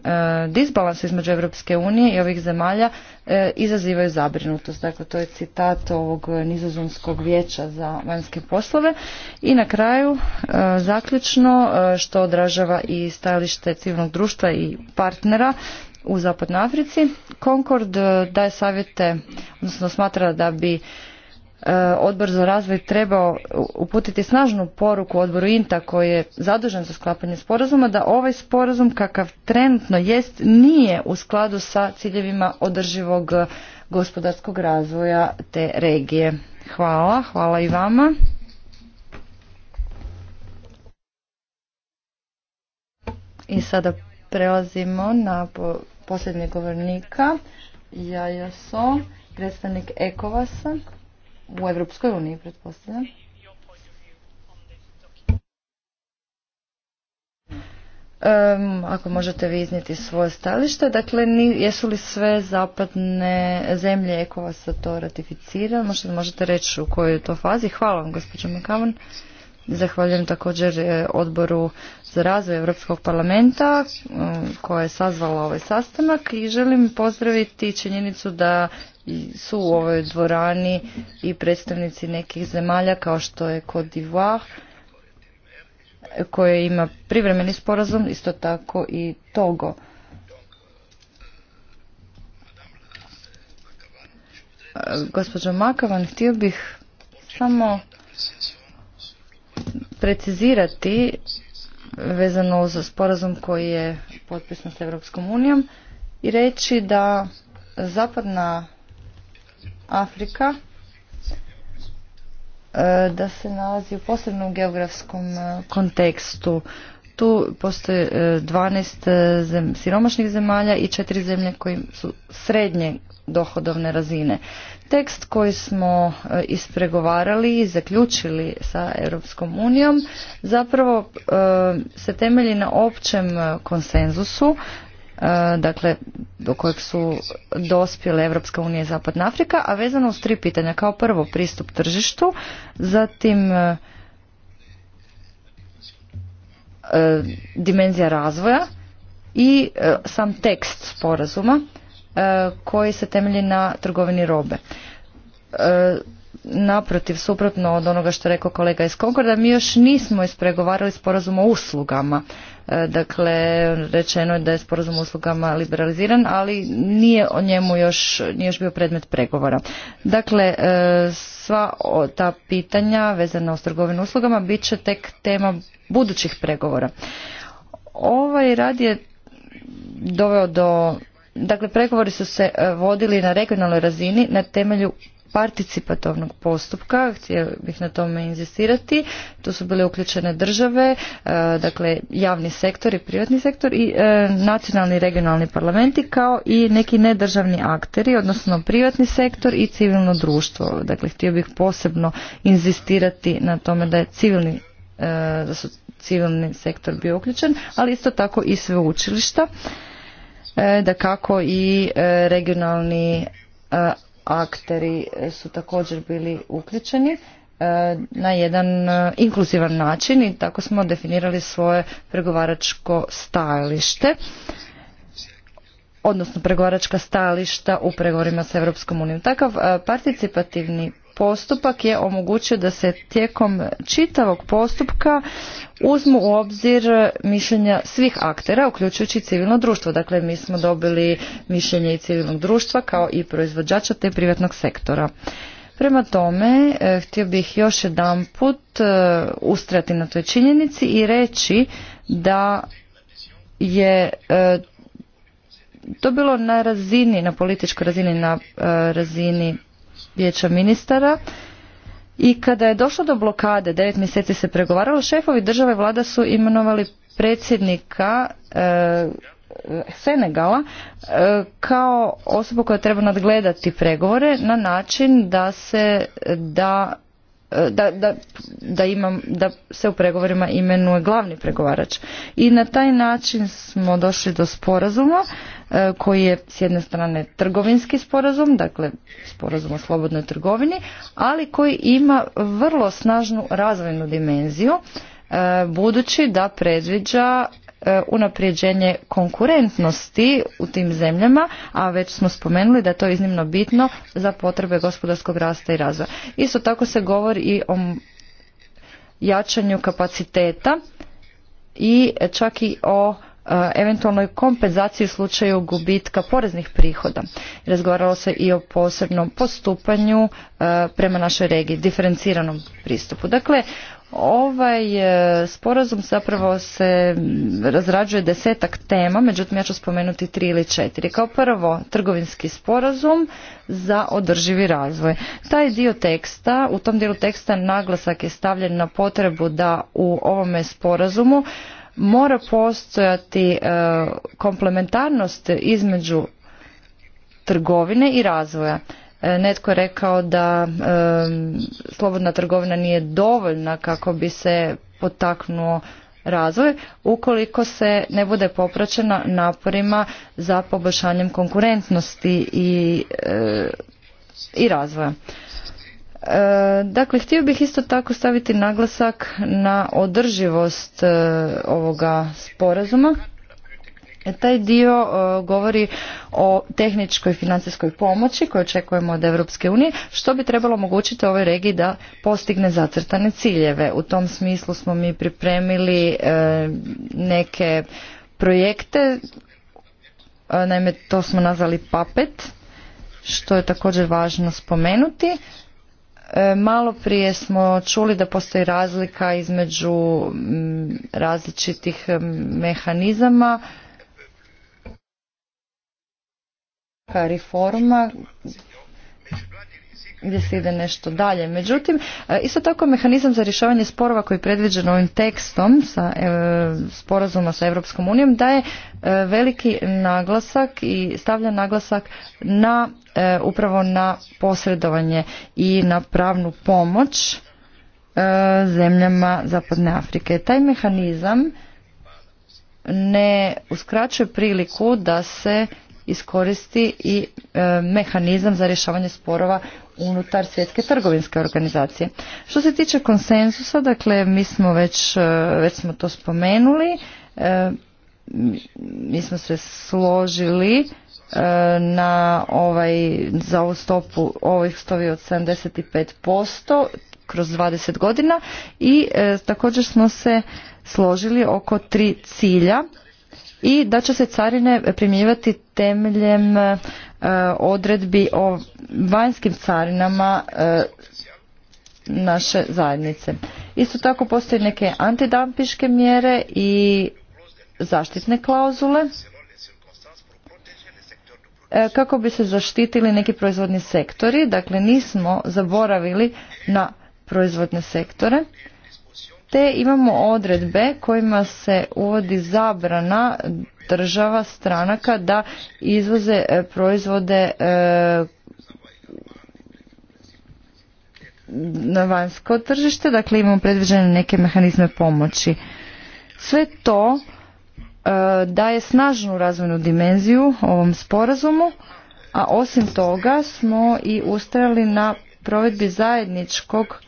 disbalansu između Europske unije i ovih zemalja e, izazivaju zabrinutost. Dakle, to je citat ovog nizozemskog vijeća za vanjske poslove. I na kraju, e, zaključno, što odražava i stajalište civilnog društva i partnera u Zapadnoj Africi, Concord daje savjete, odnosno smatra da bi E, odbor za razvoj trebao uputiti snažnu poruku odboru INTA koji je zadužen za sklapanje sporazuma da ovaj sporazum kakav trenutno jest nije u skladu sa ciljevima održivog gospodarskog razvoja te regije. Hvala, hvala i vama. I sada prelazimo na posljednjeg govornika, Jajaso, predstavnik Ekovasa u Europskoj uniji, pretpostavljam. ako možete vi iznijeti svoje stalište, dakle jesu li sve zapadne zemlje ekova to ratificira? možda možete reći u kojoj je to fazi. Hvala vam gospođo Makavan. Zahvaljujem također e, odboru za razvoj Europskog parlamenta e, koja je sazvala ovaj sastanak i želim pozdraviti činjenicu da su u ovoj dvorani i predstavnici nekih zemalja kao što je Côte d'Ivoire koje ima privremeni sporazum, isto tako i Togo. Gospođo Makavan, htio bih samo precizirati vezano za sporazum koji je potpisan s Europskom unijom i reći da zapadna Afrika e, da se nalazi u posebnom geografskom e, kontekstu. Tu postoje 12 e, siromašnih zemalja i četiri zemlje koje su srednje dohodovne razine. Tekst koji smo ispregovarali i zaključili sa Europskom unijom zapravo se temelji na općem konsenzusu E, dakle do kojeg su dospjele Evropska unija i Zapadna Afrika, a vezano uz tri pitanja. Kao prvo pristup tržištu, zatim e, e, dimenzija razvoja i sam tekst sporazuma koji se temelji na trgovini robe naprotiv, suprotno od onoga što je rekao kolega iz Konkorda, mi još nismo ispregovarali sporazum o uslugama. E, dakle, rečeno je da je sporazum o uslugama liberaliziran, ali nije o njemu još, nije još bio predmet pregovora. Dakle, e, sva ta pitanja vezana uz trgovinu uslugama bit će tek tema budućih pregovora. Ovaj rad je doveo do Dakle, pregovori su se e, vodili na regionalnoj razini na temelju participativnog postupka, htio bih na tome inzistirati. Tu su bile uključene države, e, dakle javni sektor i privatni sektor i e, nacionalni i regionalni parlamenti kao i neki nedržavni akteri, odnosno privatni sektor i civilno društvo. Dakle, htio bih posebno inzistirati na tome da je civilni e, da su civilni sektor bio uključen, ali isto tako i sveučilišta, da kako i regionalni akteri e, su također bili uključeni e, na jedan e, inkluzivan način i tako smo definirali svoje pregovaračko stajalište odnosno pregovaračka stajališta u pregovorima s Europskom unijom. Takav participativni postupak je omogućio da se tijekom čitavog postupka uzmu u obzir mišljenja svih aktera, uključujući civilno društvo. Dakle, mi smo dobili mišljenje i civilnog društva kao i proizvođača te privatnog sektora. Prema tome, e, htio bih još jedan put e, ustrati na toj činjenici i reći da je e, to bilo na razini, na političkoj razini, na razini vijeća ministara i kada je došlo do blokade, devet mjeseci se pregovaralo, šefovi države vlada su imenovali predsjednika e, Senegala e, kao osobu koja treba nadgledati pregovore na način da se da e, da, da, da, imam, da se u pregovorima imenuje glavni pregovarač. I na taj način smo došli do sporazuma E, koji je s jedne strane trgovinski sporazum, dakle sporazum o slobodnoj trgovini, ali koji ima vrlo snažnu razvojnu dimenziju e, budući da predviđa e, unaprijeđenje konkurentnosti u tim zemljama, a već smo spomenuli da je to iznimno bitno za potrebe gospodarskog rasta i razvoja. Isto tako se govori i o jačanju kapaciteta i čak i o E, eventualnoj kompenzaciji u slučaju gubitka poreznih prihoda. Razgovaralo se i o posebnom postupanju e, prema našoj regiji, diferenciranom pristupu. Dakle, Ovaj e, sporazum zapravo se razrađuje desetak tema, međutim ja ću spomenuti tri ili četiri. Kao prvo, trgovinski sporazum za održivi razvoj. Taj dio teksta, u tom dijelu teksta naglasak je stavljen na potrebu da u ovome sporazumu mora postojati e, komplementarnost između trgovine i razvoja. E, netko je rekao da e, slobodna trgovina nije dovoljna kako bi se potaknuo razvoj ukoliko se ne bude popraćena naporima za poboljšanjem konkurentnosti i, i razvoja. E, dakle, htio bih isto tako staviti naglasak na održivost e, ovoga sporazuma. E, taj dio govori o tehničkoj financijskoj pomoći koju očekujemo od Europske unije, što bi trebalo omogućiti ovoj regiji da postigne zacrtane ciljeve. U tom smislu smo mi pripremili neke projekte, naime to smo nazvali PAPET, što je također važno spomenuti. E, malo prije smo čuli da postoji razlika između različitih mehanizama reforma gdje se ide nešto dalje. Međutim, e, isto tako mehanizam za rješavanje sporova koji je predviđen ovim tekstom sa e, sporazuma sa Europskom unijom daje e, veliki naglasak i stavlja naglasak na e, upravo na posredovanje i na pravnu pomoć zemljama Zapadne Afrike. Taj mehanizam ne uskraćuje priliku da se iskoristi i e, mehanizam za rješavanje sporova unutar svjetske trgovinske organizacije. Što se tiče konsenzusa, dakle mi smo već, e, već smo to spomenuli, e, mi smo se složili na ovaj, za ovu stopu ovih stovi od 75% kroz 20 godina i također smo se složili oko tri cilja i da će se carine primjenjivati temeljem e, odredbi o vanjskim carinama e, naše zajednice. Isto tako postoje neke antidampiške mjere i zaštitne klauzule e, kako bi se zaštitili neki proizvodni sektori. Dakle, nismo zaboravili na proizvodne sektore te imamo odredbe kojima se uvodi zabrana država stranaka da izvoze e, proizvode e, na vanjsko tržište, dakle imamo predviđene neke mehanizme pomoći. Sve to e, daje snažnu razvojnu dimenziju ovom sporazumu, a osim toga smo i ustrali na provedbi zajedničkog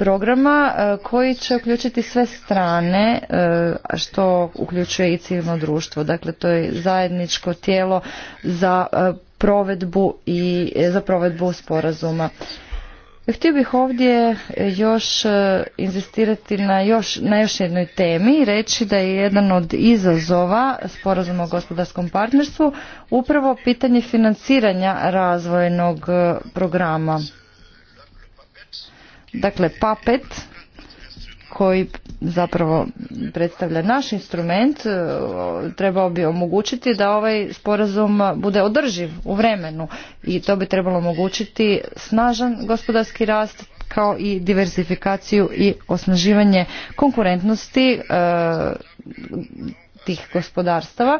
programa e, koji će uključiti sve strane, e, što uključuje i civilno društvo. Dakle, to je zajedničko tijelo za e, provedbu i za provedbu sporazuma. Htio bih ovdje još inzistirati na još, na još jednoj temi i reći da je jedan od izazova sporazuma o gospodarskom partnerstvu upravo pitanje financiranja razvojnog programa Dakle, PAPET koji zapravo predstavlja naš instrument e, trebao bi omogućiti da ovaj sporazum bude održiv u vremenu i to bi trebalo omogućiti snažan gospodarski rast kao i diversifikaciju i osnaživanje konkurentnosti e, tih gospodarstava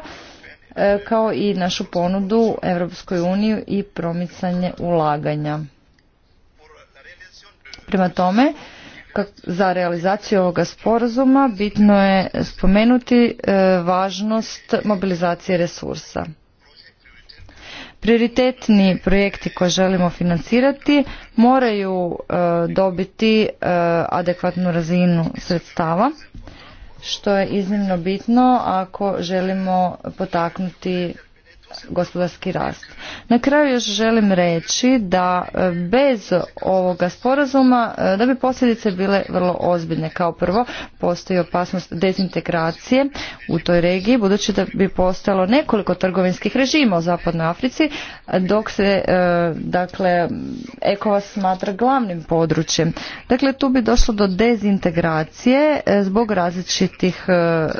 e, kao i našu ponudu Europskoj uniji i promicanje ulaganja. Prema tome, za realizaciju ovoga sporazuma bitno je spomenuti e, važnost mobilizacije resursa. Prioritetni projekti koje želimo financirati moraju e, dobiti e, adekvatnu razinu sredstava što je iznimno bitno ako želimo potaknuti gospodarski rast. Na kraju još želim reći da e, bez ovoga sporazuma e, da bi posljedice bile vrlo ozbiljne. Kao prvo postoji opasnost dezintegracije u toj regiji budući da bi postojalo nekoliko trgovinskih režima u Zapadnoj Africi dok se e, dakle ekova smatra glavnim područjem. Dakle tu bi došlo do dezintegracije zbog različitih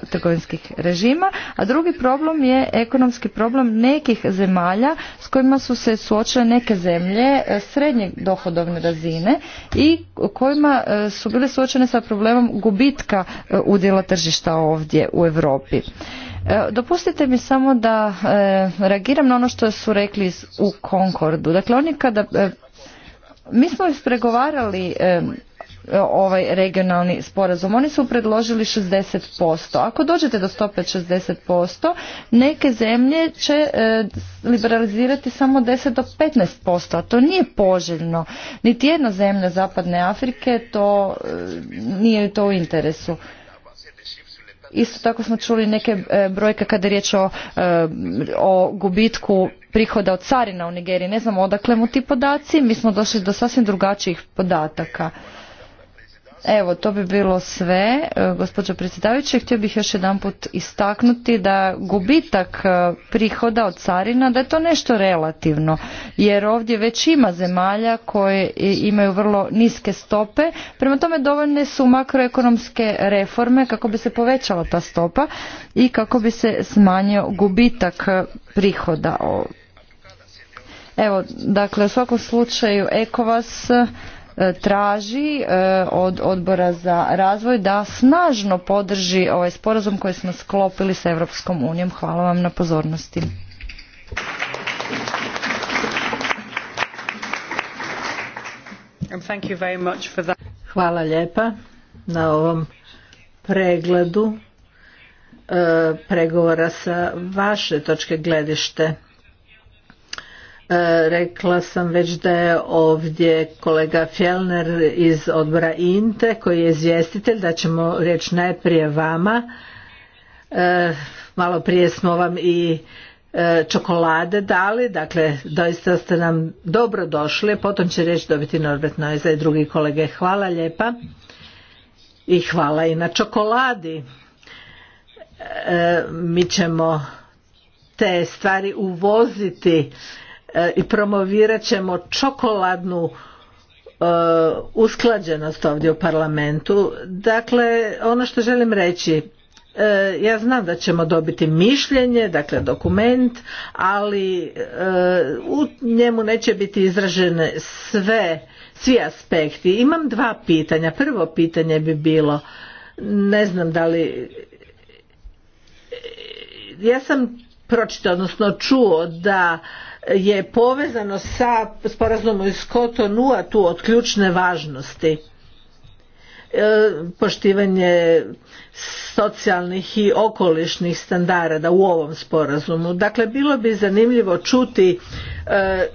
trgovinskih režima, a drugi problem je ekonomski problem nekih zemalja s kojima su se suočile neke zemlje e, srednje dohodovne razine i kojima e, su bile suočene sa problemom gubitka e, udjela tržišta ovdje u Europi. Dopustite mi samo da reagiram na ono što su rekli u Concordu. Dakle, oni kada mi smo ispregovarali E, ovaj regionalni sporazum. Oni su predložili 60%. Ako dođete do stope 60%, neke zemlje će e, liberalizirati samo 10 do 15%, a to nije poželjno. Niti jedna zemlja Zapadne Afrike to e, nije to u interesu. Isto tako smo čuli neke brojke kada je riječ o, o gubitku prihoda od carina u Nigeriji. Ne znamo odakle mu ti podaci, mi smo došli do sasvim drugačijih podataka. Evo, to bi bilo sve. E, gospođo predsjedavajući. htio bih još jedanput istaknuti da gubitak e, prihoda od carina, da je to nešto relativno, jer ovdje već ima zemalja koje imaju vrlo niske stope, prema tome dovoljne su makroekonomske reforme kako bi se povećala ta stopa i kako bi se smanjio gubitak e, prihoda. Evo, dakle, u svakom slučaju ECOVAS E, traži e, od odbora za razvoj da snažno podrži ovaj sporazum koji smo sklopili sa Europskom unijom. Hvala vam na pozornosti. Hvala lijepa na ovom pregledu e, pregovora sa vaše točke gledište. E, rekla sam već da je ovdje kolega Fjellner iz odbora INTE koji je izvjestitelj da ćemo reći najprije vama. E, malo prije smo vam i e, čokolade dali, dakle doista ste nam dobro došli, potom će riječ dobiti Norbert Noiza i drugi kolege. Hvala lijepa i hvala i na čokoladi. mi ćemo te stvari uvoziti E, i promovirat ćemo čokoladnu e, usklađenost ovdje u parlamentu. Dakle, ono što želim reći, e, ja znam da ćemo dobiti mišljenje, dakle dokument, ali u njemu neće biti izražene sve, svi aspekti. Imam dva pitanja. Prvo pitanje bi bilo, ne znam da li... Ja sam pročitao, odnosno čuo da je povezano sa sporazumom iz Kotonua tu od ključne važnosti e, poštivanje socijalnih i okolišnih standarda u ovom sporazumu. Dakle, bilo bi zanimljivo čuti e,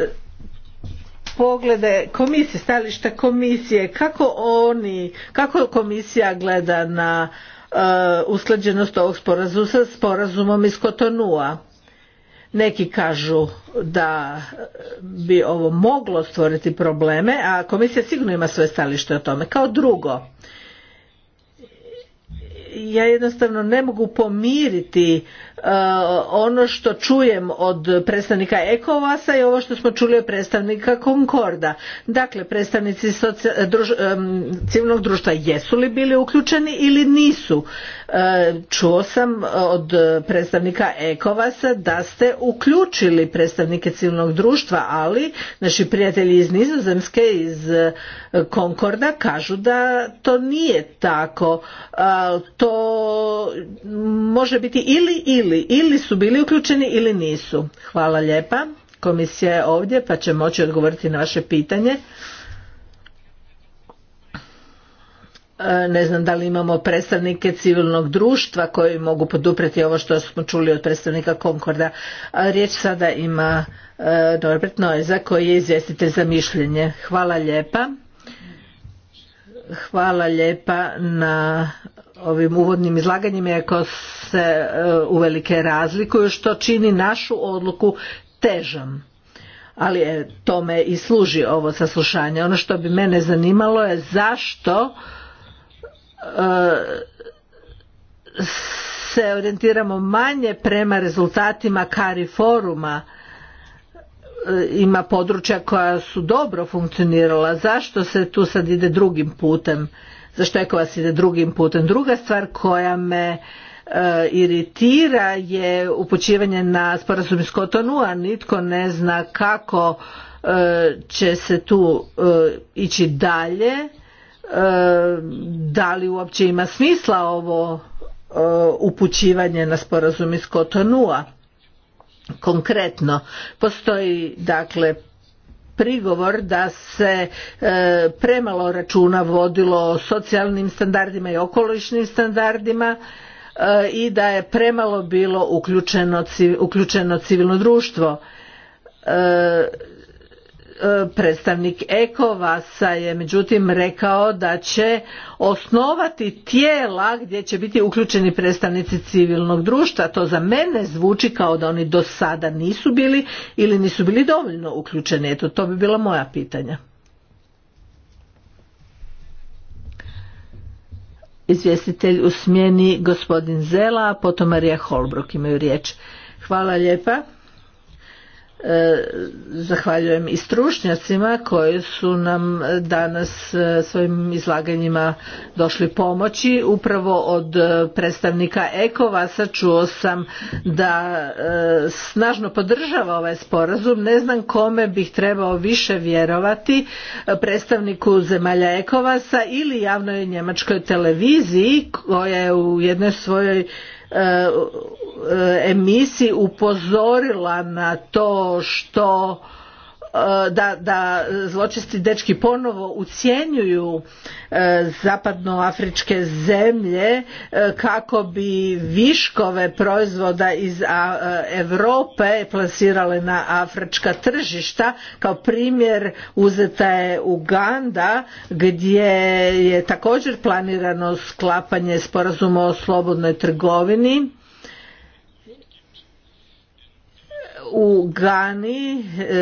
poglede komisije, stališta komisije, kako oni, kako komisija gleda na e, usklađenost ovog sporazuma sa sporazumom iz Kotonua neki kažu da bi ovo moglo stvoriti probleme, a komisija sigurno ima svoje stalište o tome. Kao drugo, ja jednostavno ne mogu pomiriti e, ono što čujem od predstavnika Ekovasa i ovo što smo čuli od predstavnika Konkorda. Dakle, predstavnici civilnog društva jesu li bili uključeni ili nisu? E, čuo sam e, od predstavnika Ekovasa da ste uključili predstavnike civilnog društva, ali naši prijatelji iz Nizozemske, iz Konkorda e, kažu da to nije tako. To može biti ili ili, ili su bili uključeni ili nisu. Hvala lijepa. Komisija je ovdje pa će moći odgovoriti na vaše pitanje. E, ne znam da li imamo predstavnike civilnog društva koji mogu poduprijeti ovo što smo čuli od predstavnika Konkorda. riječ sada ima e, Norbert Noiza koji je izvjestitelj za mišljenje. Hvala lijepa. Hvala lijepa na ovim uvodnim izlaganjima iako se e, uvelike razlikuju što čini našu odluku težom ali tome i služi ovo saslušanje. Ono što bi mene zanimalo je zašto E, se orijentiramo manje prema rezultatima kari foruma e, ima područja koja su dobro funkcionirala zašto se tu sad ide drugim putem zašto vas ide drugim putem druga stvar koja me e, iritira je upućivanje na sporazum iz a nitko ne zna kako će se tu ići dalje da li uopće ima smisla ovo e, upućivanje na sporazum iz Kotonua. Konkretno, postoji dakle prigovor da se e, premalo računa vodilo o socijalnim standardima i okolišnim standardima e, i da je premalo bilo uključeno, uključeno civilno društvo. E, E, predstavnik Ekovasa je međutim rekao da će osnovati tijela gdje će biti uključeni predstavnici civilnog društva. To za mene zvuči kao da oni do sada nisu bili ili nisu bili dovoljno uključeni. Eto, to bi bila moja pitanja. Izvjestitelj u smjeni gospodin Zela, potom Marija Holbrok imaju riječ. Hvala lijepa. E, zahvaljujem i stručnjacima koji su nam danas e, svojim izlaganjima došli pomoći. Upravo od e, predstavnika Ekovasa čuo sam da snažno podržava ovaj sporazum. Ne znam kome bih trebao više vjerovati predstavniku zemalja Ekovasa ili javnoj njemačkoj televiziji koja je u jednoj svojoj E, e, emisiji upozorila na to što Eh, da, da dečki ponovo ucijenjuju eh, zapadnoafričke zemlje eh, kako bi viškove proizvoda iz Europe plasirale na afrička tržišta. Kao primjer uzeta je Uganda gdje je također planirano sklapanje sporazuma o slobodnoj trgovini u Gani e,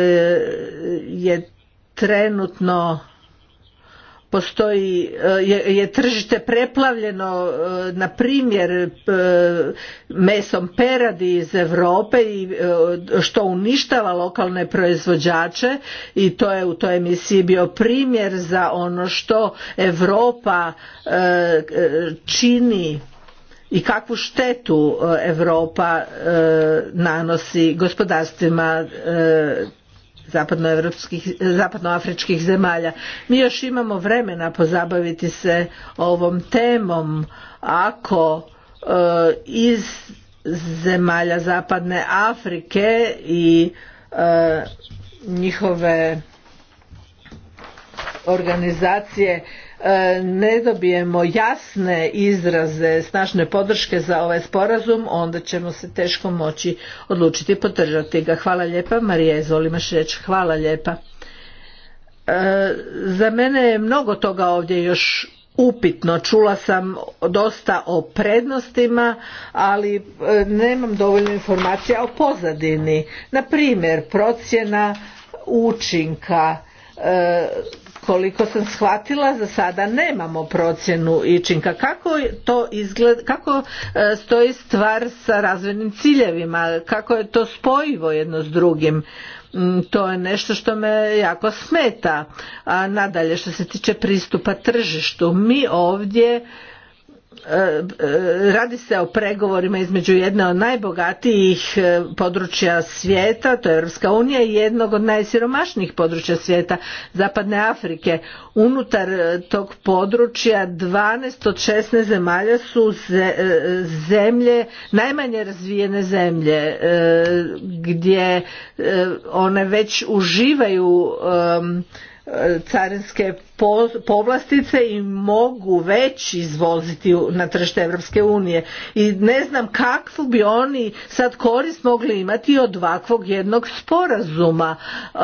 je trenutno postoji e, je, je tržište preplavljeno e, na primjer mesom peradi iz Europe i što uništava lokalne proizvođače i to je u toj emisiji bio primjer za ono što Europa čini i kakvu štetu Europa e, nanosi gospodarstvima e, zapadnoafričkih zemalja. Mi još imamo vremena pozabaviti se ovom temom ako e, iz zemalja zapadne Afrike i njihove organizacije E, ne dobijemo jasne izraze snažne podrške za ovaj sporazum, onda ćemo se teško moći odlučiti podržati ga. Hvala lijepa. Marija, izvolimaš reći. Hvala lijepa. E, za mene je mnogo toga ovdje još upitno. Čula sam dosta o prednostima, ali e, nemam dovoljno informacija o pozadini. Na primjer, procjena učinka koliko sam shvatila za sada nemamo procjenu ičinka. kako to izgleda kako e, stoji stvar sa razvojnim ciljevima kako je to spojivo jedno s drugim mm, to je nešto što me jako smeta a nadalje što se tiče pristupa tržištu mi ovdje E, e, radi se o pregovorima između jedne od najbogatijih e, područja svijeta, to je Europska unija i jednog od najsiromašnijih područja svijeta, Zapadne Afrike. Unutar tog područja 12 od 16 zemalja su zemlje, najmanje razvijene zemlje, gdje one već uživaju carinske povlastice i mogu već izvoziti na tržište Europske unije i ne znam kakvu bi oni sad korist mogli imati od ovakvog jednog sporazuma e,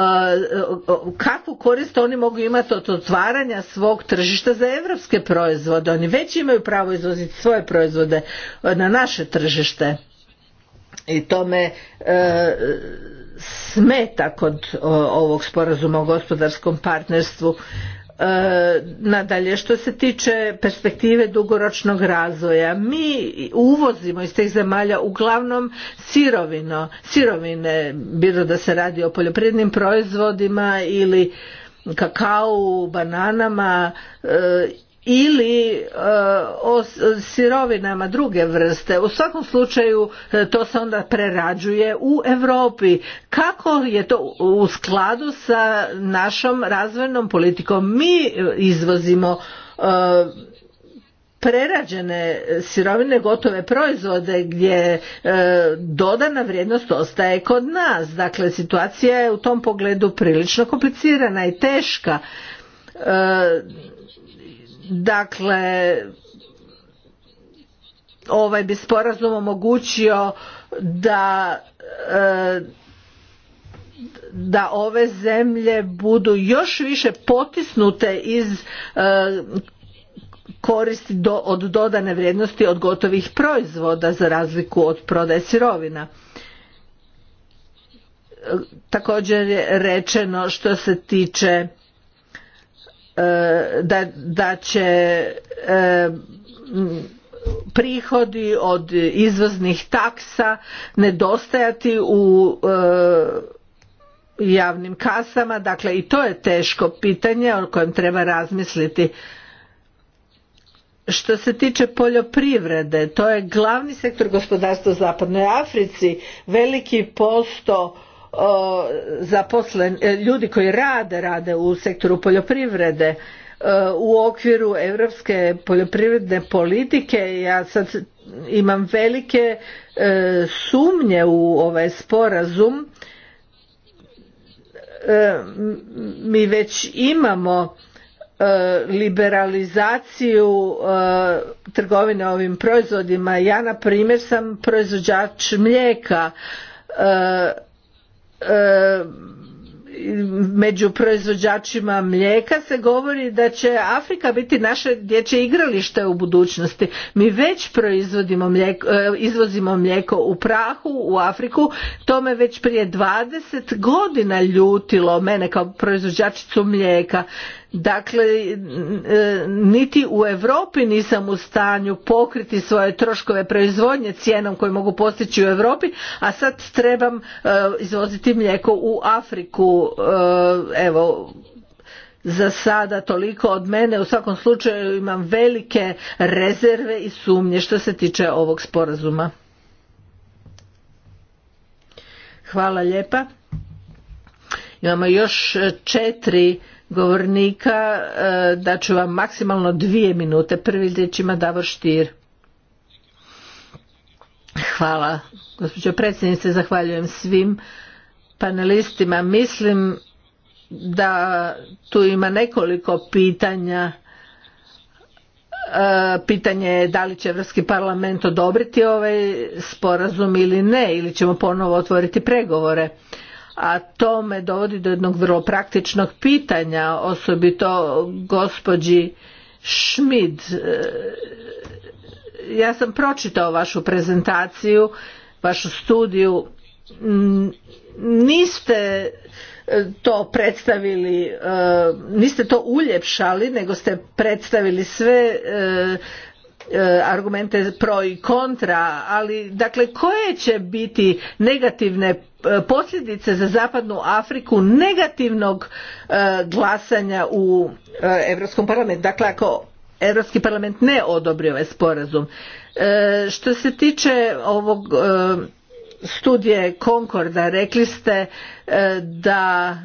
kakvu korist oni mogu imati od otvaranja svog tržišta za europske proizvode oni već imaju pravo izvoziti svoje proizvode na naše tržište i to me e, smeta kod ovog sporazuma o gospodarskom partnerstvu e, nadalje što se tiče perspektive dugoročnog razvoja mi uvozimo iz tih zemalja uglavnom sirovino, sirovine bilo da se radi o poljoprivrednim proizvodima ili kakao, bananama e, ili eh, o sirovinama druge vrste. U svakom slučaju eh, to se onda prerađuje u Europi. Kako je to u skladu sa našom razvojnom politikom? Mi eh, izvozimo prerađene sirovine gotove proizvode gdje dodana vrijednost ostaje kod nas. Dakle, situacija je u tom pogledu prilično komplicirana i teška Dakle, ovaj bi sporazum omogućio da e, da ove zemlje budu još više potisnute iz e, koristi od dodane vrijednosti od gotovih proizvoda za razliku od prodaje sirovina e, također je rečeno što se tiče E, da, da će e, prihodi od izvoznih taksa nedostajati u e, javnim kasama dakle i to je teško pitanje o kojem treba razmisliti što se tiče poljoprivrede to je glavni sektor gospodarstva u zapadnoj africi veliki posto zaposlen, e, ljudi koji rade, rade u sektoru poljoprivrede e, u okviru europske poljoprivredne politike ja sad imam velike e, sumnje u ovaj sporazum mi već imamo liberalizaciju trgovine ovim proizvodima ja na primjer sam proizvođač mlijeka E, među proizvođačima mlijeka se govori da će Afrika biti naše dječje igralište u budućnosti. Mi već proizvodimo mlijeko, e, izvozimo mlijeko u prahu u Afriku. To me već prije 20 godina ljutilo mene kao proizvođačicu mlijeka. Dakle, niti u Europi nisam u stanju pokriti svoje troškove proizvodnje cijenom koju mogu postići u Europi, a sad trebam e, izvoziti mlijeko u Afriku. E, evo, za sada toliko od mene. U svakom slučaju imam velike rezerve i sumnje što se tiče ovog sporazuma. Hvala lijepa. Imamo još četiri govornika e, da ću vam maksimalno dvije minute. Prvi riječ ima Davor Štir. Hvala. Gospođo predsjednice, zahvaljujem svim panelistima. Mislim da tu ima nekoliko pitanja. E, pitanje je da li će Evropski parlament odobriti ovaj sporazum ili ne, ili ćemo ponovo otvoriti pregovore a to me dovodi do jednog vrlo praktičnog pitanja, osobito gospođi Šmid. E, ja sam pročitao vašu prezentaciju, vašu studiju. Niste e, to predstavili, e, niste to uljepšali, nego ste predstavili sve E, argumente pro i kontra, ali dakle koje će biti negativne e, posljedice za zapadnu Afriku negativnog e, glasanja u Europskom parlamentu. Dakle ako Europski parlament ne odobri ovaj sporazum. Što se tiče ovog studije konkorda rekli ste da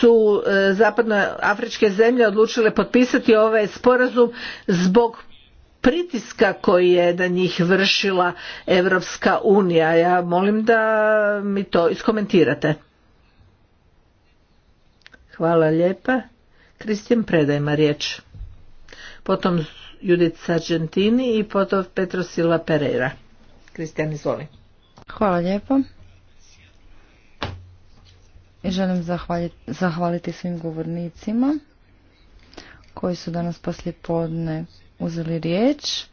su e, zapadnoafričke zemlje odlučile potpisati ovaj sporazum zbog pritiska koji je na njih vršila Europska unija. Ja molim da mi to iskomentirate. Hvala lijepa. Kristijan predajma riječ. Potom Judith Sargentini i potom Petro Silva Pereira. Kristijan, izvoli. Hvala lijepo. Želim zahvaliti svim govornicima koji su danas poslije podne uzeli riječ.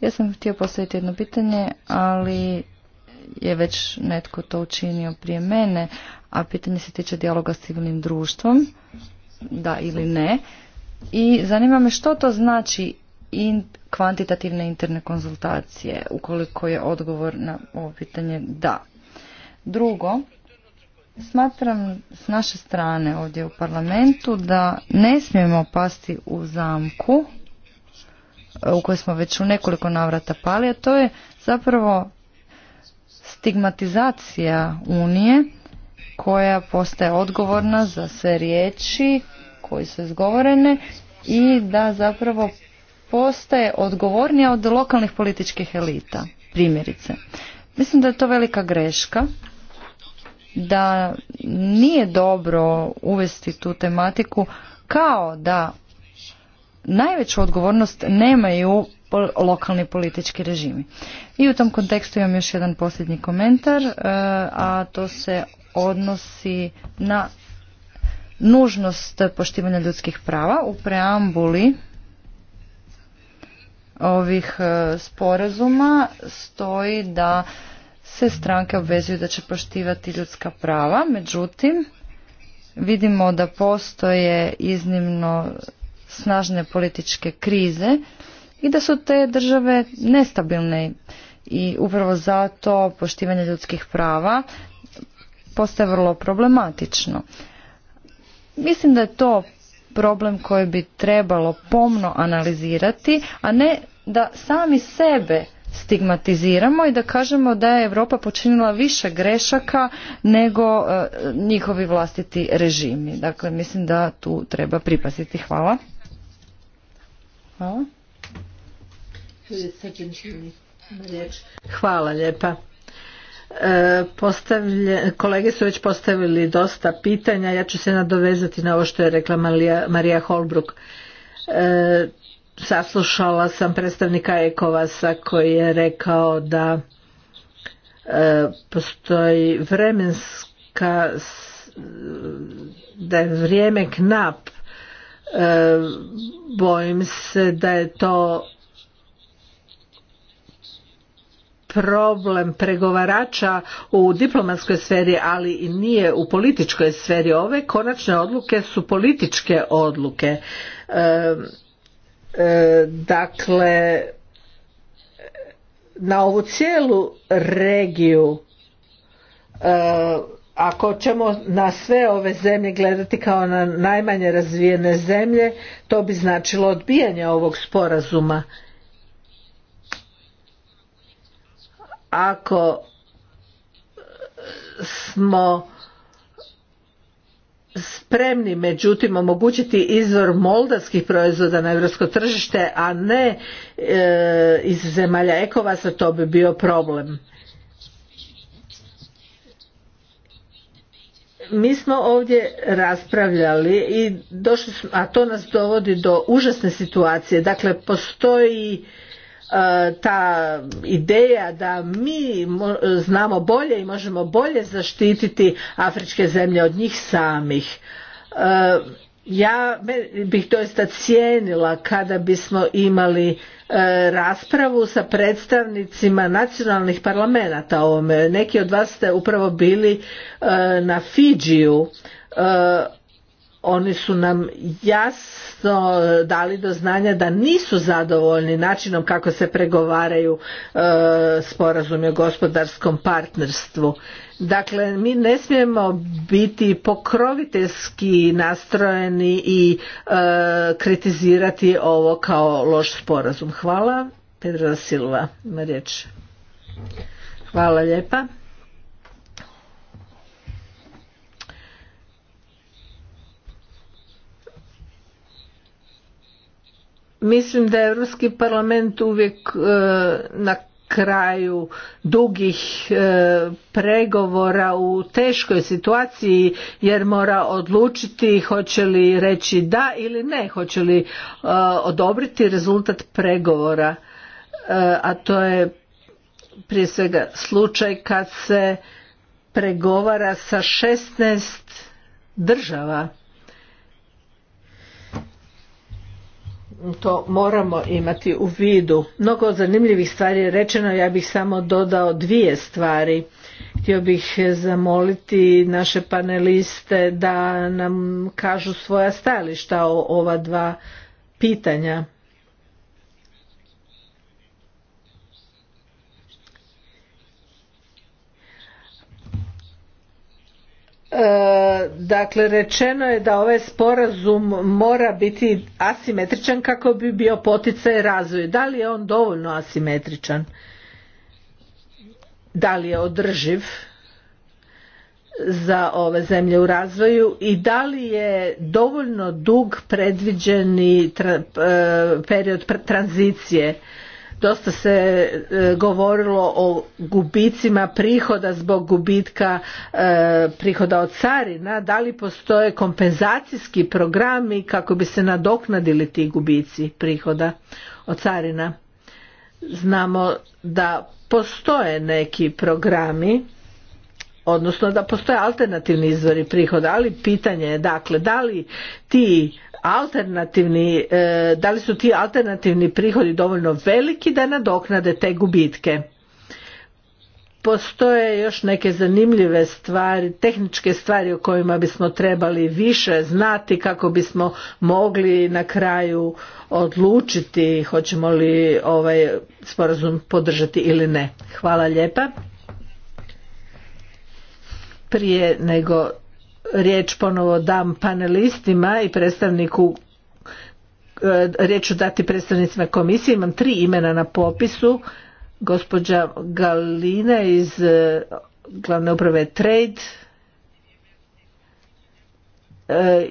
Ja sam htio postaviti jedno pitanje, ali je već netko to učinio prije mene, a pitanje se tiče dijaloga s civilnim društvom, da ili ne. I zanima me što to znači in kvantitativne interne konzultacije, ukoliko je odgovor na ovo pitanje da. Drugo, Smatram s naše strane ovdje u parlamentu da ne smijemo pasti u zamku e, u kojoj smo već u nekoliko navrata pali, a to je zapravo stigmatizacija Unije koja postaje odgovorna za sve riječi koji su izgovorene i da zapravo postaje odgovornija od lokalnih političkih elita, primjerice. Mislim da je to velika greška da nije dobro uvesti tu tematiku kao da najveću odgovornost nemaju lokalni politički režimi. I u tom kontekstu imam još jedan posljednji komentar, e, a to se odnosi na nužnost poštivanja ljudskih prava u preambuli ovih e, sporazuma stoji da se stranke obvezuju da će poštivati ljudska prava, međutim vidimo da postoje iznimno snažne političke krize i da su te države nestabilne i upravo zato poštivanje ljudskih prava postaje vrlo problematično. Mislim da je to problem koji bi trebalo pomno analizirati, a ne da sami sebe stigmatiziramo i da kažemo da je Europa počinila više grešaka nego e, njihovi vlastiti režimi. Dakle, mislim da tu treba pripaziti. Hvala. Hvala. Hvala lijepa. E, kolege su već postavili dosta pitanja, ja ću se nadovezati na ovo što je rekla Marija Holbruk. E, saslušala sam predstavnika Ekovasa koji je rekao da e, postoji vremenska da je vrijeme knap e, bojim se da je to problem pregovarača u diplomatskoj sferi, ali i nije u političkoj sferi. Ove konačne odluke su političke odluke. E, E, dakle na ovu cijelu regiju e, ako ćemo na sve ove zemlje gledati kao na najmanje razvijene zemlje to bi značilo odbijanje ovog sporazuma ako smo spremni međutim omogućiti izvor moldavskih proizvoda na europsko tržište a ne e, iz zemalja ekovasa to bi bio problem mi smo ovdje raspravljali i došli smo, a to nas dovodi do užasne situacije dakle postoji E, ta ideja da mi znamo bolje i možemo bolje zaštititi afričke zemlje od njih samih. E, ja bih doista cijenila kada bismo imali e, raspravu sa predstavnicima nacionalnih parlamenta o ovome. Neki od vas ste upravo bili na Fidžiju oni su nam jasno dali do znanja da nisu zadovoljni načinom kako se pregovaraju e, sporazumi o gospodarskom partnerstvu. Dakle, mi ne smijemo biti pokroviteljski nastrojeni i e, kritizirati ovo kao loš sporazum. Hvala. Pedro Silva, na riječ. Hvala lijepa. Mislim da je Europski parlament uvijek e, na kraju dugih e, pregovora u teškoj situaciji jer mora odlučiti hoće li reći da ili ne, hoće li e, odobriti rezultat pregovora, a to je prije svega slučaj kad se pregovara sa 16 država to moramo imati u vidu. Mnogo zanimljivih stvari je rečeno, ja bih samo dodao dvije stvari. Htio bih zamoliti naše paneliste da nam kažu svoja stajališta o ova dva pitanja. E, dakle rečeno je da ovaj sporazum mora biti asimetričan kako bi bio poticaj razvoju. Da li je on dovoljno asimetričan? Da li je održiv za ove zemlje u razvoju i da li je dovoljno dug predviđeni e, period tranzicije? dosta se e, govorilo o gubicima prihoda zbog gubitka e, prihoda od carina da li postoje kompenzacijski programi kako bi se nadoknadili ti gubici prihoda od carina znamo da postoje neki programi odnosno da postoje alternativni izvori prihoda, ali pitanje je dakle da li ti alternativni, e, da li su ti alternativni prihodi dovoljno veliki da nadoknade te gubitke. Postoje još neke zanimljive stvari, tehničke stvari o kojima bismo trebali više znati kako bismo mogli na kraju odlučiti hoćemo li ovaj sporazum podržati ili ne. Hvala lijepa. Prije nego riječ ponovo dam panelistima i predstavniku e, riječ ću dati predstavnicima komisije. Imam tri imena na popisu. Gospođa Galina iz e, glavne uprave Trade. E,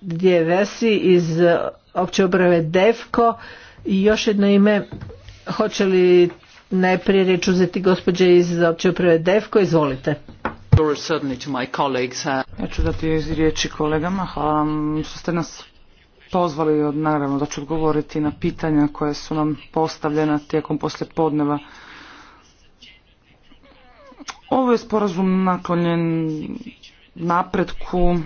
gdje Vesi iz opće uprave Defko. I još jedno ime. Hoće li Najprije riječ uzeti gospođe iz opće uprave DEFKO, izvolite. Uh, ja ću dati riječi kolegama, hvala vam što ste nas pozvali, naravno da ću odgovoriti na pitanja koje su nam postavljena tijekom poslje podneva. Ovo je sporazum naklonjen napretku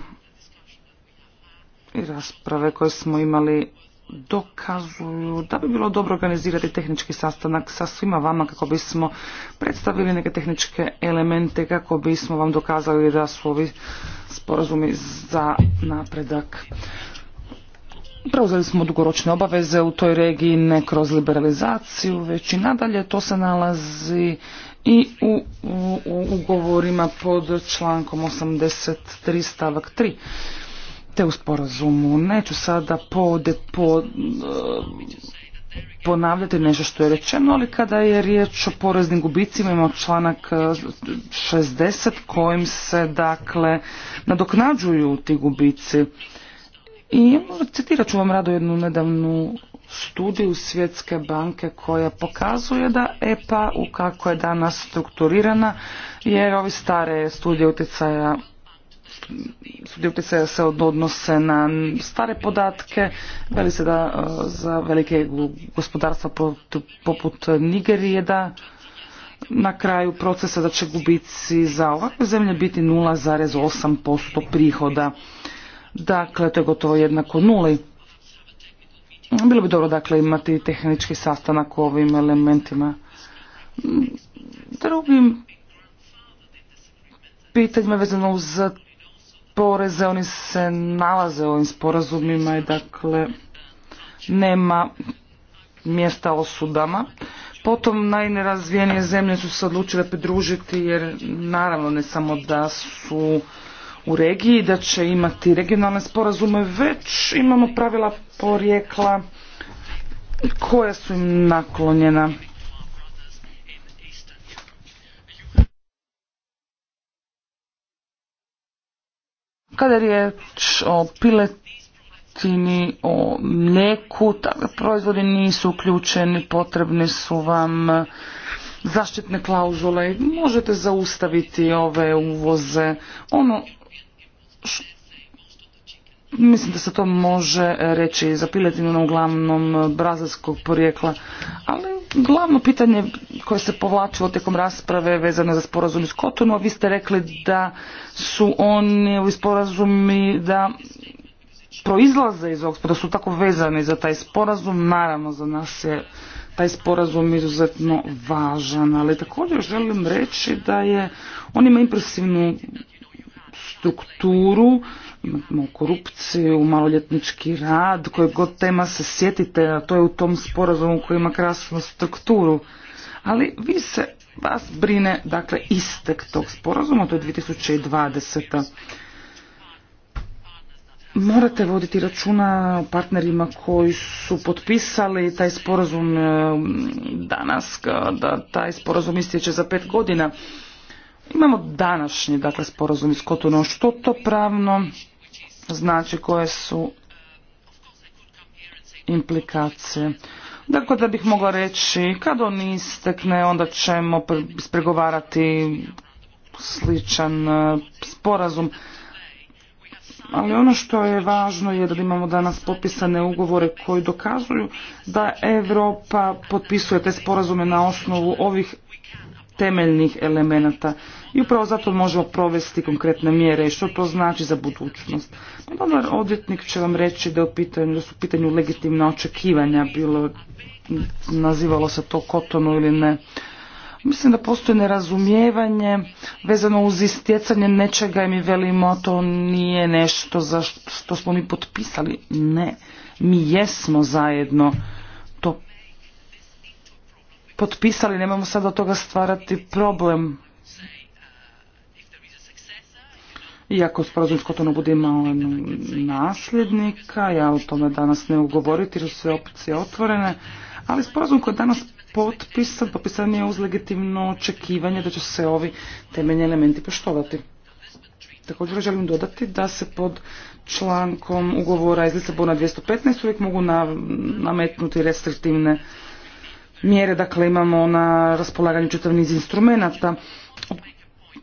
i rasprave koje smo imali dokazuju da bi bilo dobro organizirati tehnički sastanak sa svima vama kako bismo predstavili neke tehničke elemente kako bismo vam dokazali da su ovi sporazumi za napredak. Preuzeli smo dugoročne obaveze u toj regiji ne kroz liberalizaciju, već i nadalje to se nalazi i u, u, u ugovorima pod člankom 83 stavak 3 te u sporazumu. Neću sada po, eh, ponavljati nešto što je rečeno, ali kada je riječ o poreznim gubicima imamo članak 60 eh, kojim se dakle nadoknađuju ti gubici. I citirat ću vam rado jednu nedavnu studiju Svjetske banke koja pokazuje da EPA u kako je danas strukturirana jer ovi stare studije utjecaja se se odnose na stare podatke, veli se da e, za velike gospodarstva poput Nigerije da na kraju procesa da će gubici za ovakve zemlje biti 0,8% prihoda. Dakle, to je gotovo jednako nuli. Bilo bi dobro dakle imati tehnički sastanak u ovim elementima. Drugim pitanjima vezano uz poreze, oni se nalaze u ovim sporazumima i dakle nema mjesta osudama. Potom najnerazvijenije zemlje su se odlučile pridružiti jer naravno ne samo da su u regiji, da će imati regionalne sporazume, već imamo pravila porijekla koja su im naklonjena. Kada je riječ o piletini, o mlijeku, proizvodi nisu uključeni, potrebne su vam zaštitne klauzule možete zaustaviti ove uvoze. Ono Mislim da se to može reći za piletinu uglavnom brazilskog porijekla, ali glavno pitanje koje se povlačilo tijekom rasprave vezano za sporazum iz Kotonu, a vi ste rekli da su oni u sporazumi da proizlaze iz ovog da su tako vezani za taj sporazum, naravno za nas je taj sporazum izuzetno važan, ali također želim reći da je on ima impresivnu strukturu imamo korupciju, maloljetnički rad, koje god tema se sjetite, a to je u tom sporazumu koji ima krasnu strukturu. Ali vi se, vas brine, dakle, istek tog sporazuma, to je 2020. Morate voditi računa o partnerima koji su potpisali taj sporazum eh, danas, da taj sporazum istječe za pet godina. Imamo današnji dakle, sporazum iz Kotona. Što to pravno znači koje su implikacije. Dakle, da bih mogla reći, kad on istekne, onda ćemo spregovarati sličan e, sporazum. Ali ono što je važno je da imamo danas popisane ugovore koji dokazuju da Europa potpisuje te sporazume na osnovu ovih temeljnih elemenata i upravo zato možemo provesti konkretne mjere i što to znači za budućnost. Dobar odvjetnik će vam reći da, da su u pitanju legitimna očekivanja, bilo nazivalo se to kotonu ili ne. Mislim da postoji nerazumijevanje vezano uz istjecanje nečega i mi velimo to nije nešto za što smo mi potpisali. Ne, mi jesmo zajedno to potpisali, nemamo sada od toga stvarati problem. Iako sporazum s to bude imao nasljednika, ja o tome danas ne ugovoriti jer su sve opcije otvorene, ali sporazum koji je danas potpisan, potpisan je uz legitimno očekivanje da će se ovi temeljni elementi poštovati. Također želim dodati da se pod člankom ugovora iz Lisabona 215 uvijek mogu nametnuti restriktivne mjere, dakle imamo na raspolaganju čitav niz instrumenta.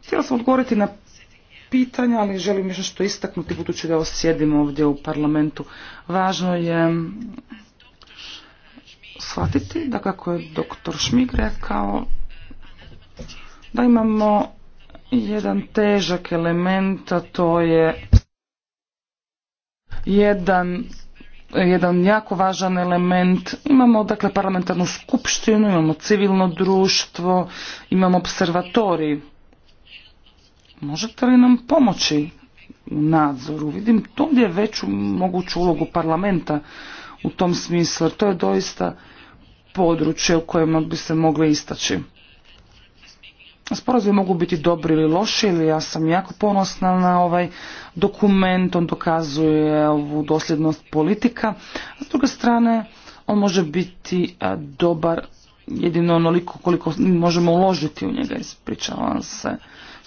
Htjela sam odgovoriti na pitanja, ali želim još nešto istaknuti budući da sjedimo ovdje u parlamentu. Važno je shvatiti da kako je doktor Šmig rekao da imamo jedan težak element, a to je jedan jedan jako važan element. Imamo dakle parlamentarnu skupštinu, imamo civilno društvo, imamo observatori Možete li nam pomoći u nadzoru? Vidim to je veću moguću ulogu parlamenta u tom smislu. Jer To je doista područje u kojem bi se mogli istaći. Sporazumi mogu biti dobri ili loši, ili ja sam jako ponosna na ovaj dokument, on dokazuje ovu dosljednost politika. s druge strane, on može biti dobar jedino onoliko koliko možemo uložiti u njega, ispričavam se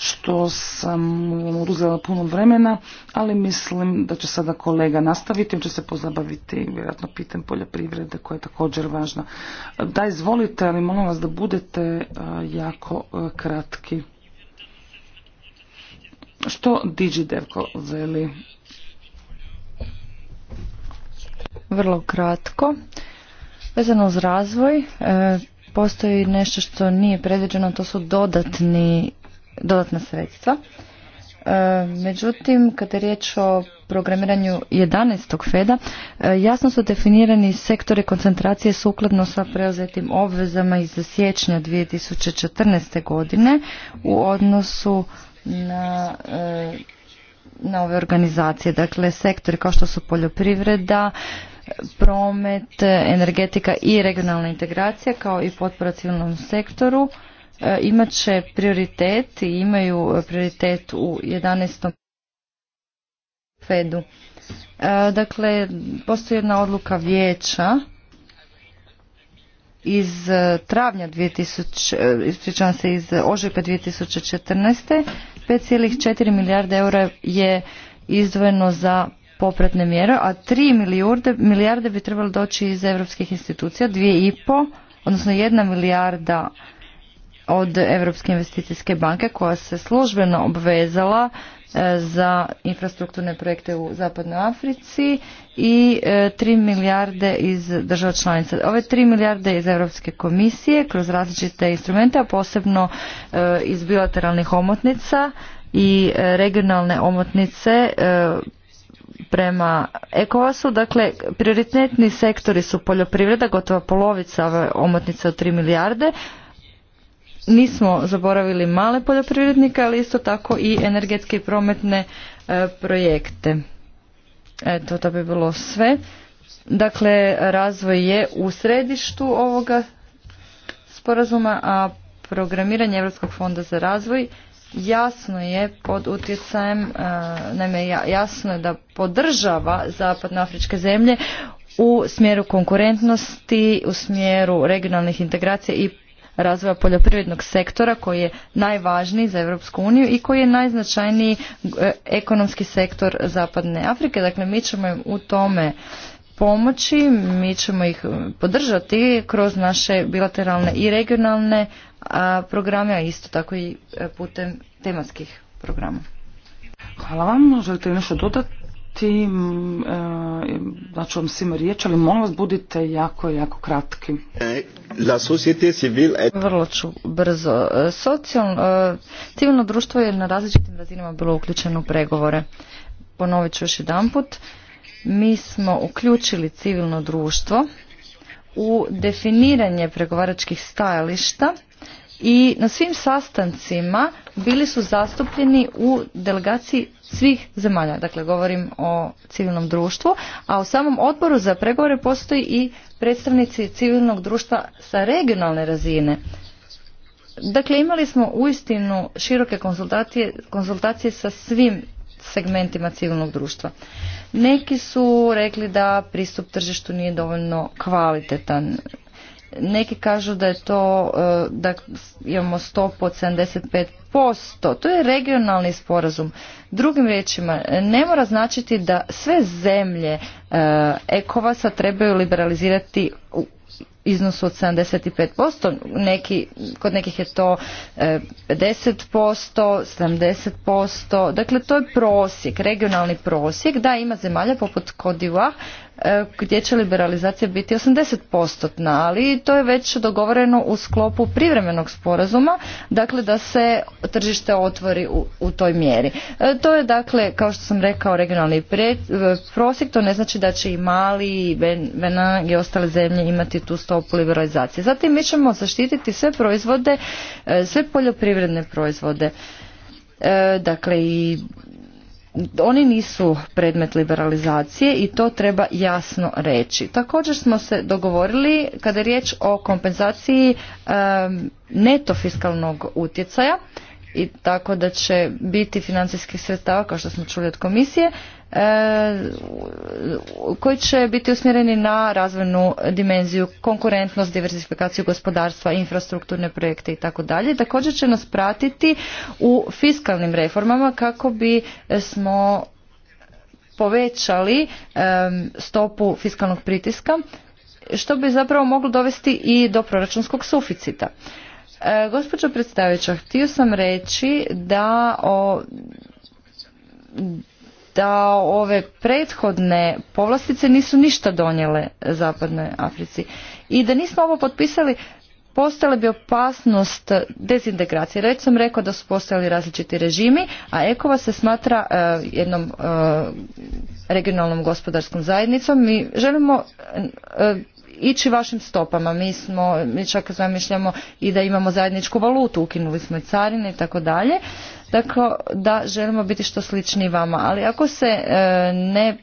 što sam vam oduzela puno vremena, ali mislim da će sada kolega nastaviti, on će se pozabaviti vjerojatno pitem poljoprivrede koja je također važna. Da, izvolite, ali molim vas da budete e, jako e, kratki. Što DigiDevko zeli? Vrlo kratko. Vezano uz razvoj, e, postoji nešto što nije predviđeno, to su dodatni dodatna sredstva. E, međutim, kada je riječ o programiranju 11. FEDA, e, jasno su definirani sektori koncentracije sukladno sa preuzetim obvezama iz siječnja 2014. godine u odnosu na e, na ove organizacije. Dakle, sektori kao što su poljoprivreda, promet, energetika i regionalna integracija kao i potpora civilnom sektoru E, imat će prioritet i imaju prioritet u 11. Fedu. E, dakle, postoji jedna odluka vijeća iz e, travnja 2000, ispričavam se, iz ožujka 2014. 5,4 milijarde eura je izdvojeno za popretne mjere, a 3 milijarde, bi trebalo doći iz europskih institucija, 2,5, odnosno 1 milijarda eura od Europske investicijske banke koja se službeno obvezala e, za infrastrukturne projekte u Zapadnoj Africi i 3 e, milijarde iz država članica. Ove 3 milijarde iz Europske komisije kroz različite instrumente, a posebno e, iz bilateralnih omotnica i regionalne omotnice prema ECOWAS-u. Dakle, prioritetni sektori su poljoprivreda, gotova polovica ove omotnice od 3 milijarde, nismo zaboravili male poljoprivrednike, ali isto tako i energetske i prometne e, projekte. Eto, to bi bilo sve. Dakle, razvoj je u središtu ovoga sporazuma, a programiranje Europskog fonda za razvoj jasno je pod utjecajem, e, naime jasno je da podržava zapadnoafričke zemlje u smjeru konkurentnosti, u smjeru regionalnih integracija i razvoja poljoprivrednog sektora koji je najvažniji za Europsku uniju i koji je najznačajniji e, ekonomski sektor Zapadne Afrike. Dakle, mi ćemo im u tome pomoći, mi ćemo ih e, podržati kroz naše bilateralne i regionalne programe, a isto tako i e, putem tematskih programa. Hvala vam. Želite nešto dodati? tim, e, znači vam svima riječ, ali molim vas budite jako, jako kratki. Vrlo ću brzo. E, socijalno, e, civilno društvo je na različitim razinama bilo uključeno u pregovore. Ponovit ću još jedan put. Mi smo uključili civilno društvo u definiranje pregovaračkih stajališta i na svim sastancima bili su zastupljeni u delegaciji svih zemalja. Dakle, govorim o civilnom društvu, a u samom odboru za pregovore postoji i predstavnici civilnog društva sa regionalne razine. Dakle, imali smo uistinu široke konzultacije, konzultacije sa svim segmentima civilnog društva. Neki su rekli da pristup tržištu nije dovoljno kvalitetan. Neki kažu da je to, e, da imamo stopu od 75%. To je regionalni sporazum. Drugim riječima, ne mora značiti da sve zemlje ekovasa trebaju liberalizirati u iznosu od 75%. Neki, kod nekih je to 50%, e, 70%. Dakle, to je prosjek, regionalni prosjek. Da, ima zemalja poput Kodiva E, gdje će liberalizacija biti 80%, ali to je već dogovoreno u sklopu privremenog sporazuma, dakle da se tržište otvori u, toj mjeri. E, to je dakle, kao što sam rekao, regionalni e, prosjek, to ne znači da će i mali i Bena i ostale zemlje imati tu stopu liberalizacije. Zatim mi ćemo zaštititi sve proizvode, sve poljoprivredne proizvode, dakle i oni nisu predmet liberalizacije i to treba jasno reći. Također smo se dogovorili kada je riječ o kompenzaciji neto fiskalnog utjecaja i tako da će biti financijskih sredstava kao što smo čuli od komisije E, koji će biti usmjereni na razvojnu dimenziju, konkurentnost, diversifikaciju gospodarstva, infrastrukturne projekte i tako dalje. Također će nas pratiti u fiskalnim reformama kako bi smo povećali e, stopu fiskalnog pritiska što bi zapravo moglo dovesti i do proračunskog suficita. E, gospođo predstavića, htio sam reći da o da ove prethodne povlastice nisu ništa donijele Zapadnoj Africi i da nismo ovo potpisali postala bi opasnost dezintegracije. Već sam rekao da su postojali različiti režimi, a Ekova se smatra e, jednom e, regionalnom gospodarskom zajednicom. Mi želimo e, ići vašim stopama. Mi smo, mi čak zamišljamo i da imamo zajedničku valutu, ukinuli smo i carine i tako dalje dakle da želimo biti što slični vama. Ali ako se e, ne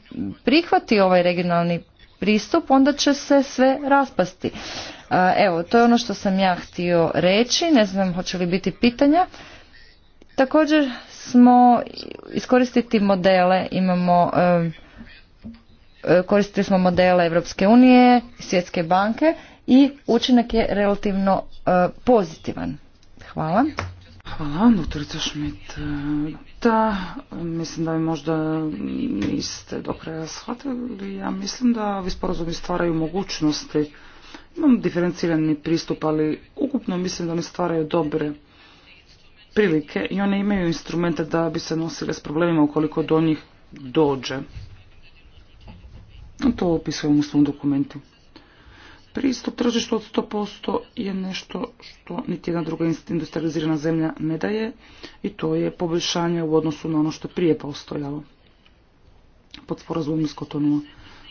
prihvati ovaj regionalni pristup, onda će se sve raspasti. E, evo, to je ono što sam ja htio reći, ne znam hoće li biti pitanja. Također smo iskoristiti modele, imamo e, koristili smo modele Europske unije, Svjetske banke i učinak je relativno pozitivan. Hvala. Hvala, doktorica Šmit. E, da, mislim da vi možda niste do kraja shvatili. Ja mislim da ovi sporazumi stvaraju mogućnosti. Imam diferencirani pristup, ali ukupno mislim da oni stvaraju dobre prilike i one imaju instrumente da bi se nosile s problemima ukoliko do njih dođe. To opisujem u svom dokumentu. Pristup tržištu od 100% je nešto što niti jedna druga industrializirana zemlja ne daje i to je poboljšanje u odnosu na ono što je prije postojalo pod sporazumom iz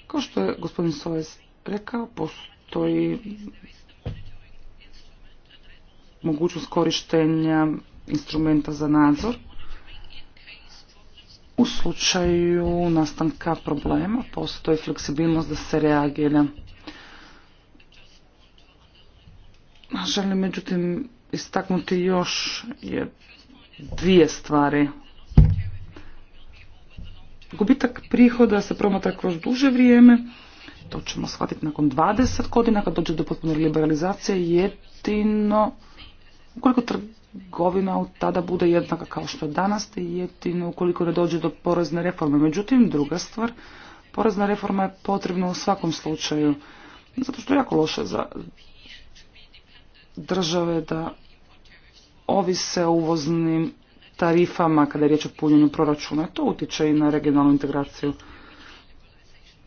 Kao što je gospodin Soves rekao, postoji mogućnost korištenja instrumenta za nadzor u slučaju nastanka problema postoji fleksibilnost da se reagira Želim međutim istaknuti još je dvije stvari. Gubitak prihoda se promatra kroz duže vrijeme, to ćemo shvatiti nakon 20 godina kad dođe do potpune liberalizacije, jedino ukoliko trgovina tada bude jednaka kao što je danas, te jedino ukoliko ne dođe do porezne reforme. Međutim, druga stvar, porezna reforma je potrebna u svakom slučaju, zato što je jako loše za države da ovise o uvoznim tarifama kada je riječ o punjenju proračuna. To utječe i na regionalnu integraciju.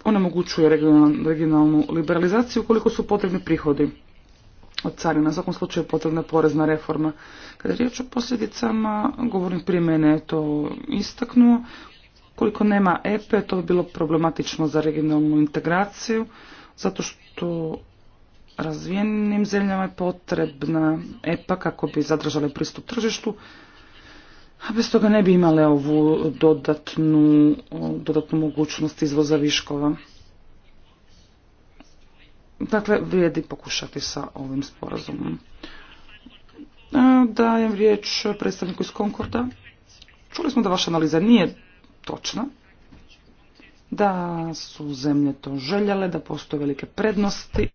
Onemogućuje regionalnu liberalizaciju ukoliko su potrebni prihodi od carina. Na svakom slučaju je potrebna porezna reforma. Kada je riječ o posljedicama, govornik prije mene je to istaknuo. Koliko nema EPE, to bi bilo problematično za regionalnu integraciju, zato što razvijenim zemljama je potrebna EPA kako bi zadržali pristup tržištu, a bez toga ne bi imale ovu dodatnu, dodatnu mogućnost izvoza viškova. Dakle, vrijedi pokušati sa ovim sporazumom. E, dajem riječ predstavniku iz Konkorda. Čuli smo da vaša analiza nije točna, da su zemlje to željele, da postoje velike prednosti.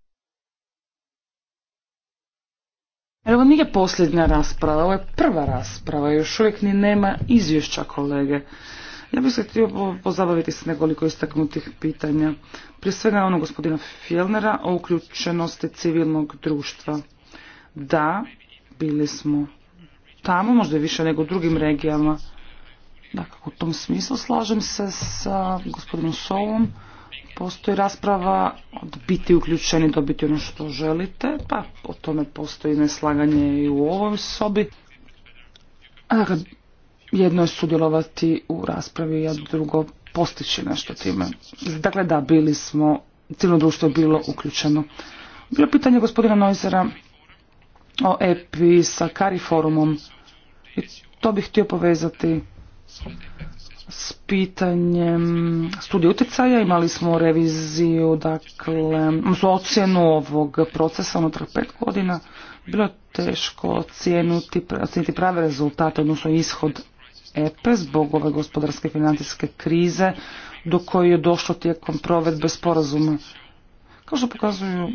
Evo nije posljednja rasprava, ovo je prva rasprava, još uvijek ni nema izvješća kolege. Ja bih se htio pozabaviti s nekoliko istaknutih pitanja. Prije svega ono gospodina Fjellnera o uključenosti civilnog društva. Da, bili smo tamo, možda više nego u drugim regijama. Dakle, u tom smislu slažem se sa gospodinom Solom postoji rasprava od biti uključeni, dobiti ono što želite, pa o tome postoji neslaganje i u ovoj sobi. Dakle, jedno je sudjelovati u raspravi, a drugo postići nešto time. Dakle, da, bili smo, cilno društvo je bilo uključeno. Bilo pitanje gospodina Noizera o EPI sa Kari forumom. I to bih htio povezati s pitanjem studije utjecaja. Imali smo reviziju, dakle, su ocjenu ovog procesa unutar pet godina. Bilo je teško ocijeniti ocijeniti prave rezultate, odnosno ishod EPE e zbog ove gospodarske financijske krize do koje je došlo tijekom provedbe sporazuma. Kao što pokazuju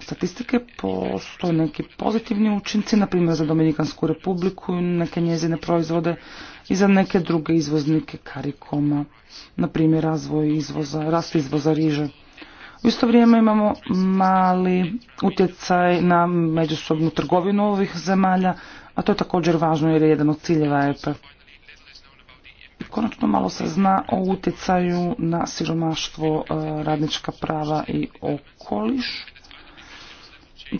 statistike postoje neki pozitivni učinci, na primjer za Dominikansku republiku, neke njezine proizvode i za neke druge izvoznike karikoma, na primjer razvoj izvoza, rast izvoza riže. U isto vrijeme imamo mali utjecaj na međusobnu trgovinu ovih zemalja, a to je također važno jer je jedan od ciljeva e I Konačno malo se zna o utjecaju na siromaštvo e, radnička prava i okoliš.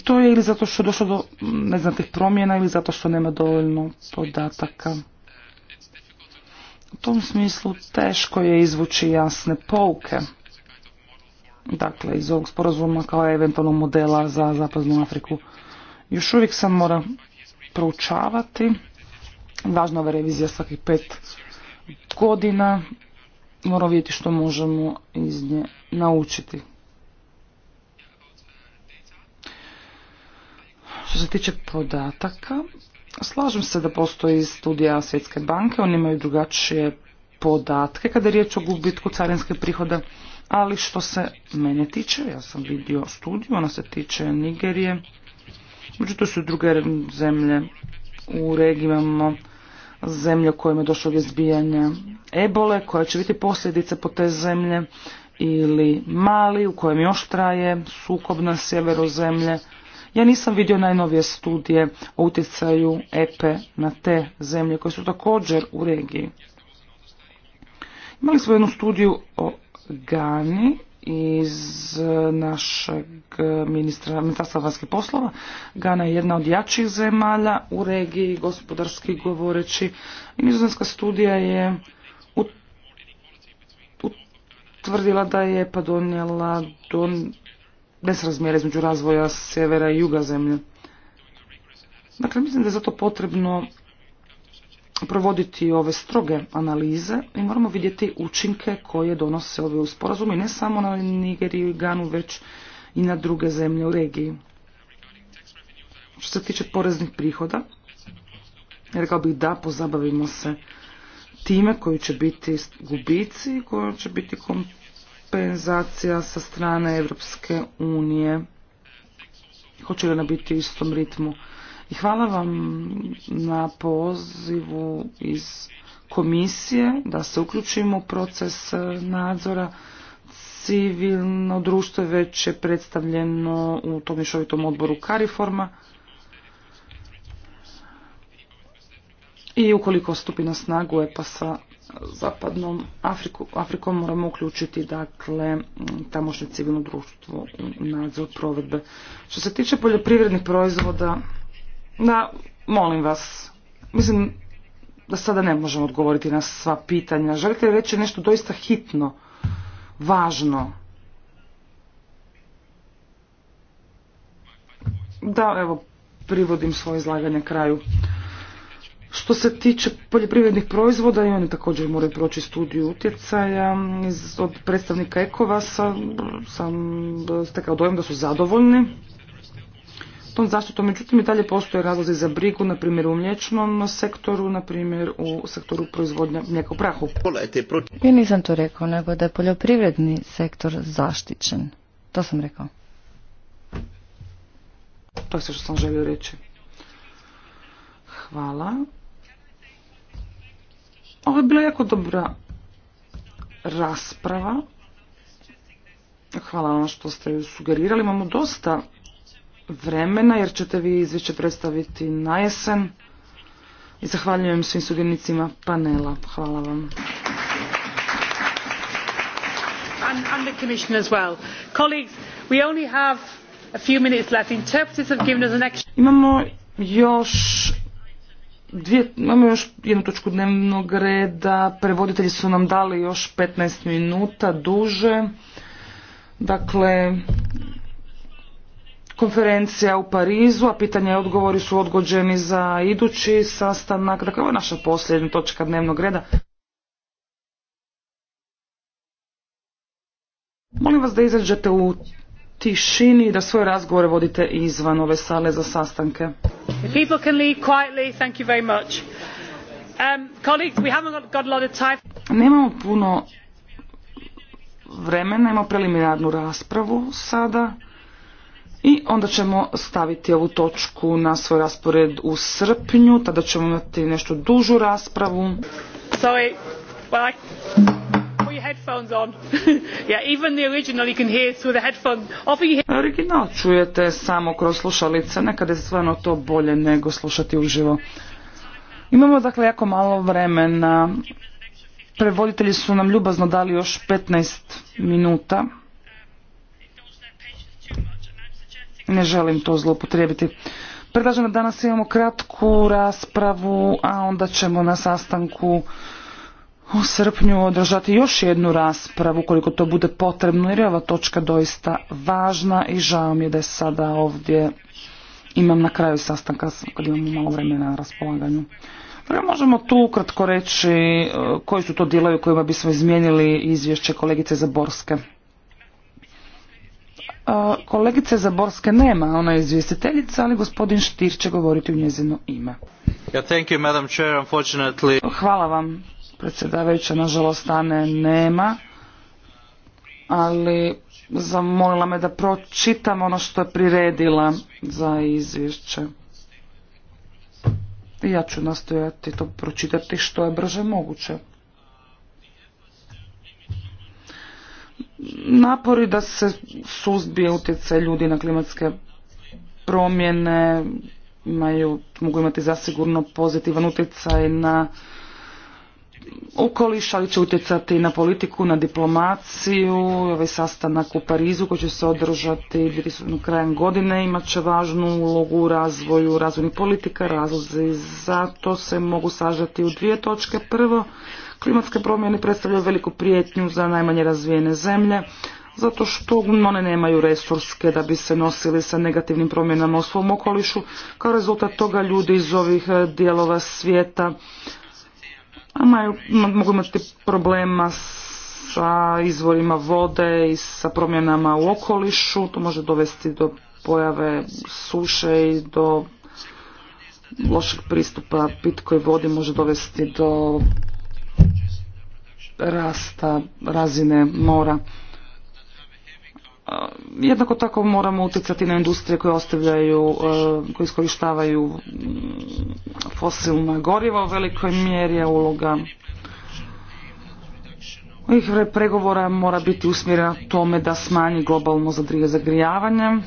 To je ili zato što je došlo do neznatih promjena ili zato što nema dovoljno podataka. U tom smislu teško je izvući jasne pouke. Dakle, iz ovog sporazuma kao eventualnog modela za zapadnu Afriku. Još uvijek sam mora proučavati. Važna je revizija svakih pet godina. Moramo vidjeti što možemo iz nje naučiti. Što se tiče podataka, slažem se da postoji studija Svjetske banke, oni imaju drugačije podatke kada je riječ o gubitku carinske prihoda, ali što se mene tiče, ja sam vidio studiju, ona se tiče Nigerije, međutim su druge zemlje u regijama, zemlje kojima je došlo do izbijanja ebole, koja će biti posljedice po te zemlje, ili Mali u kojem još traje sukob na zemlje, ja nisam vidio najnovije studije o utjecaju EPE na te zemlje koje su također u regiji. Imali smo jednu studiju o Gani iz našeg ministra, ministarstva vanjskih poslova. Gana je jedna od jačih zemalja u regiji, gospodarski govoreći. I nizozemska studija je utvrdila da je pa donijela do nesrazmjera između razvoja sjevera i juga zemlje. Dakle, mislim da je zato potrebno provoditi ove stroge analize i moramo vidjeti učinke koje donose ove sporazumi, ne samo na Nigeriju i Ganu, već i na druge zemlje u regiji. Što se tiče poreznih prihoda, rekao bih da, pozabavimo se time koji će biti gubici i koji će biti kompenzacija sa strane Europske unije. Hoće li ona biti u istom ritmu? I hvala vam na pozivu iz komisije da se uključimo u proces nadzora. Civilno društvo je već je predstavljeno u tom išovitom odboru Kariforma. I ukoliko stupi na snagu EPAS-a, zapadnom Afriku, Afrikom moramo uključiti dakle tamošnje civilno društvo u nadzor provedbe. Što se tiče poljoprivrednih proizvoda, da, molim vas, mislim da sada ne možemo odgovoriti na sva pitanja. Želite li reći nešto doista hitno, važno? Da, evo, privodim svoje izlaganje kraju. Što se tiče poljoprivrednih proizvoda i oni također moraju proći studiju utjecaja od predstavnika Ekovasa sam stekao dojem da su zadovoljni tom zaštitom. Međutim, i dalje postoje razlozi za brigu, na primjer u mliječnom sektoru, na primjer u sektoru proizvodnja mlijeka u prahu. Ja nisam to rekao, nego da je poljoprivredni sektor zaštićen. To sam rekao. To je sve što sam želio reći. Hvala. Ovo je bila jako dobra rasprava. Hvala vam što ste ju sugerirali. Imamo dosta vremena jer ćete vi izvješće predstaviti na jesen. I zahvaljujem svim sudionicima panela. Hvala vam. And, and the commission as well. Colleagues, we only have a few minutes left. Interpreters have given us an extra... Imamo još Dvije, imamo još jednu točku dnevnog reda, prevoditelji su nam dali još 15 minuta duže. Dakle, konferencija u Parizu, a pitanja i odgovori su odgođeni za idući sastanak. Dakle, ovo je naša posljednja točka dnevnog reda. Molim vas da izađete u tišini i da svoje razgovore vodite izvan ove sale za sastanke. Nemamo puno vremena, imamo preliminarnu raspravu sada i onda ćemo staviti ovu točku na svoj raspored u srpnju, tada ćemo imati nešto dužu raspravu. Sorry. Bye original čujete samo kroz slušalice, nekad je stvarno to bolje nego slušati uživo. Imamo dakle jako malo vremena. Prevoditelji su nam ljubazno dali još 15 minuta. Ne želim to zloupotrijebiti. Predlažem da danas imamo kratku raspravu, a onda ćemo na sastanku u srpnju održati još jednu raspravu koliko to bude potrebno jer je ova točka doista važna i žao mi je da je sada ovdje imam na kraju sastanka kad imamo malo vremena na raspolaganju. Prvo dakle, možemo tu ukratko reći e, koji su to dijelovi kojima bismo izmijenili izvješće kolegice Zaborske. E, kolegice Zaborske nema, ona je izvjestiteljica, ali gospodin Štir će govoriti u njezino ime. Hvala vam. Predsjedavajuća, nažalost, stane nema, ali zamolila me da pročitam ono što je priredila za izvješće. I ja ću nastojati to pročitati što je brže moguće. Napori da se suzbije utjecaj ljudi na klimatske promjene imaju, mogu imati zasigurno pozitivan utjecaj na okoliš, ali će utjecati na politiku, na diplomaciju. Ovaj sastanak u Parizu koji će se održati krajem godine imat će važnu ulogu u razvoju razvojnih politika, razlozi za to se mogu sažati u dvije točke. Prvo, klimatske promjene predstavljaju veliku prijetnju za najmanje razvijene zemlje, zato što one nemaju resurske da bi se nosili sa negativnim promjenama u svom okolišu. Kao rezultat toga ljudi iz ovih dijelova svijeta mogu imati problema sa izvorima vode i sa promjenama u okolišu. To može dovesti do pojave suše i do lošeg pristupa pitkoj vodi može dovesti do rasta razine mora. Jednako tako moramo utjecati na industrije koje ostavljaju, e, koje iskorištavaju fosilna goriva u velikoj mjeri je uloga ovih pregovora mora biti usmjerena tome da smanji globalno zagrijavanje.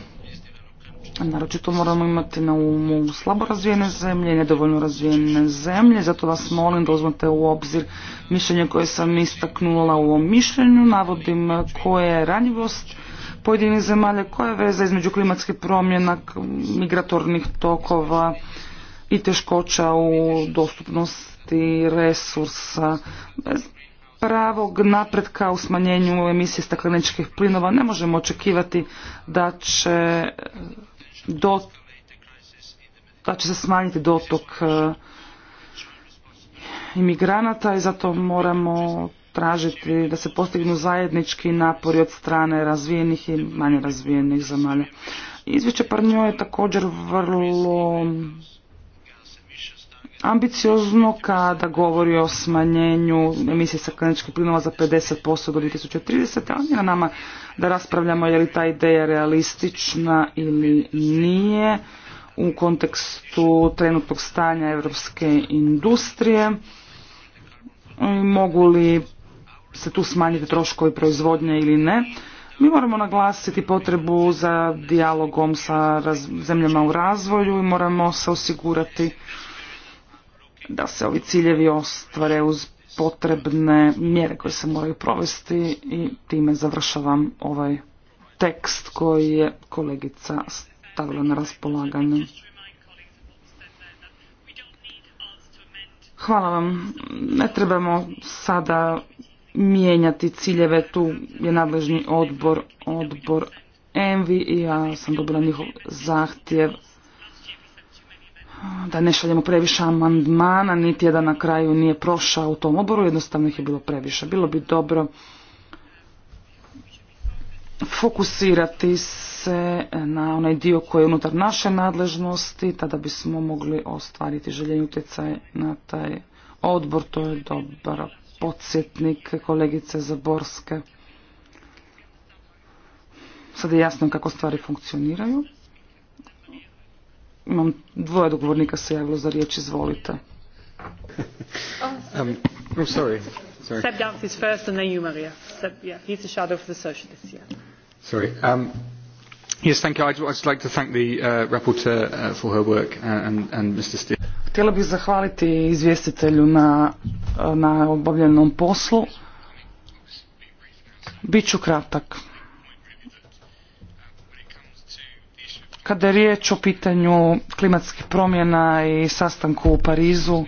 Naročito moramo imati na umu slabo razvijene zemlje, nedovoljno razvijene zemlje, zato vas molim da uzmete u obzir mišljenje koje sam istaknula u ovom mišljenju, navodim e, koja je ranjivost pojedinih zemalja, koja je veza između klimatskih promjena, migratornih tokova i teškoća u dostupnosti resursa. Bez pravog napretka u smanjenju emisije stakleničkih plinova ne možemo očekivati da će da će se smanjiti dotok eh, imigranata i zato moramo tražiti da se postignu zajednički napori od strane razvijenih i manje razvijenih zemalja. Izvješće Parnjo je također vrlo ambiciozno kada govori o smanjenju emisije stakleničkih plinova za 50% do 2030. Ali je na nama da raspravljamo je li ta ideja realistična ili nije u kontekstu trenutnog stanja europske industrije mogu li se tu smanjiti troškovi proizvodnje ili ne. Mi moramo naglasiti potrebu za dijalogom sa zemljama u razvoju i moramo se osigurati da se ovi ciljevi ostvare uz potrebne mjere koje se moraju provesti i time završavam ovaj tekst koji je kolegica stavila na raspolaganje. Hvala vam. Ne trebamo sada mijenjati ciljeve. Tu je nadležni odbor, odbor Envi i ja sam dobila njihov zahtjev da ne šaljemo previše amandmana, niti jedan na kraju nije prošao u tom odboru, jednostavno ih je bilo previše. Bilo bi dobro fokusirati se na onaj dio koji je unutar naše nadležnosti, tada bismo mogli ostvariti željenje utjecaj na taj odbor, to je dobro podsjetnik kolegice Zaborske. Sada je jasno kako stvari funkcioniraju. Imam dvoje dogovornika se javilo za riječ, izvolite. Um, oh, sorry. sorry. Seb Dance is first and then you, Maria. Seb, yeah, he's the shadow for the socialists, yeah. Sorry. Um, yes, thank you. I'd, I'd like to thank the uh, rapporteur uh, for her work uh, and, and Mr. Steele. Htjela bih zahvaliti izvjestitelju na, na obavljenom poslu. Biću kratak. Kada je riječ o pitanju klimatskih promjena i sastanku u Parizu,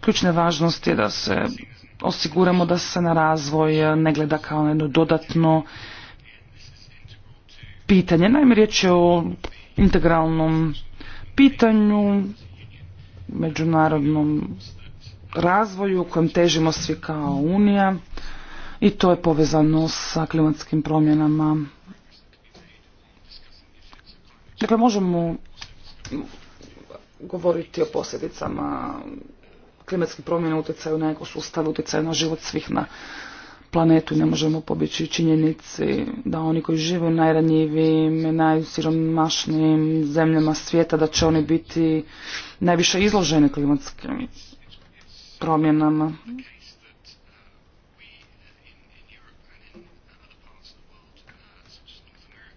ključna važnosti je da se osiguramo da se na razvoj ne gleda kao jedno dodatno pitanje. Naime, riječ je o integralnom pitanju međunarodnom razvoju kojem težimo svi kao Unija i to je povezano sa klimatskim promjenama. Dakle, možemo govoriti o posljedicama klimatskih promjena, utjecaju na ekosustav, utjecaju na život svih na planetu i ne možemo pobići činjenici da oni koji žive u najranjivijim, najsiromašnijim zemljama svijeta, da će oni biti najviše izloženi klimatskim promjenama.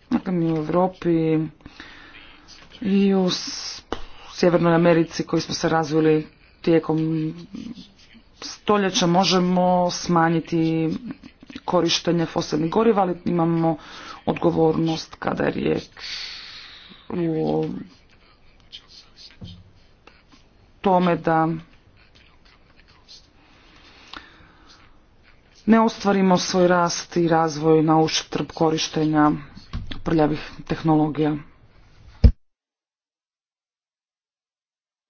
Dakle, mi u Europi i u Sjevernoj Americi koji smo se razvili tijekom stoljeća možemo smanjiti korištenje fosilnih goriva, ali imamo odgovornost kada je riječ o tome da ne ostvarimo svoj rast i razvoj na uštrb korištenja prljavih tehnologija.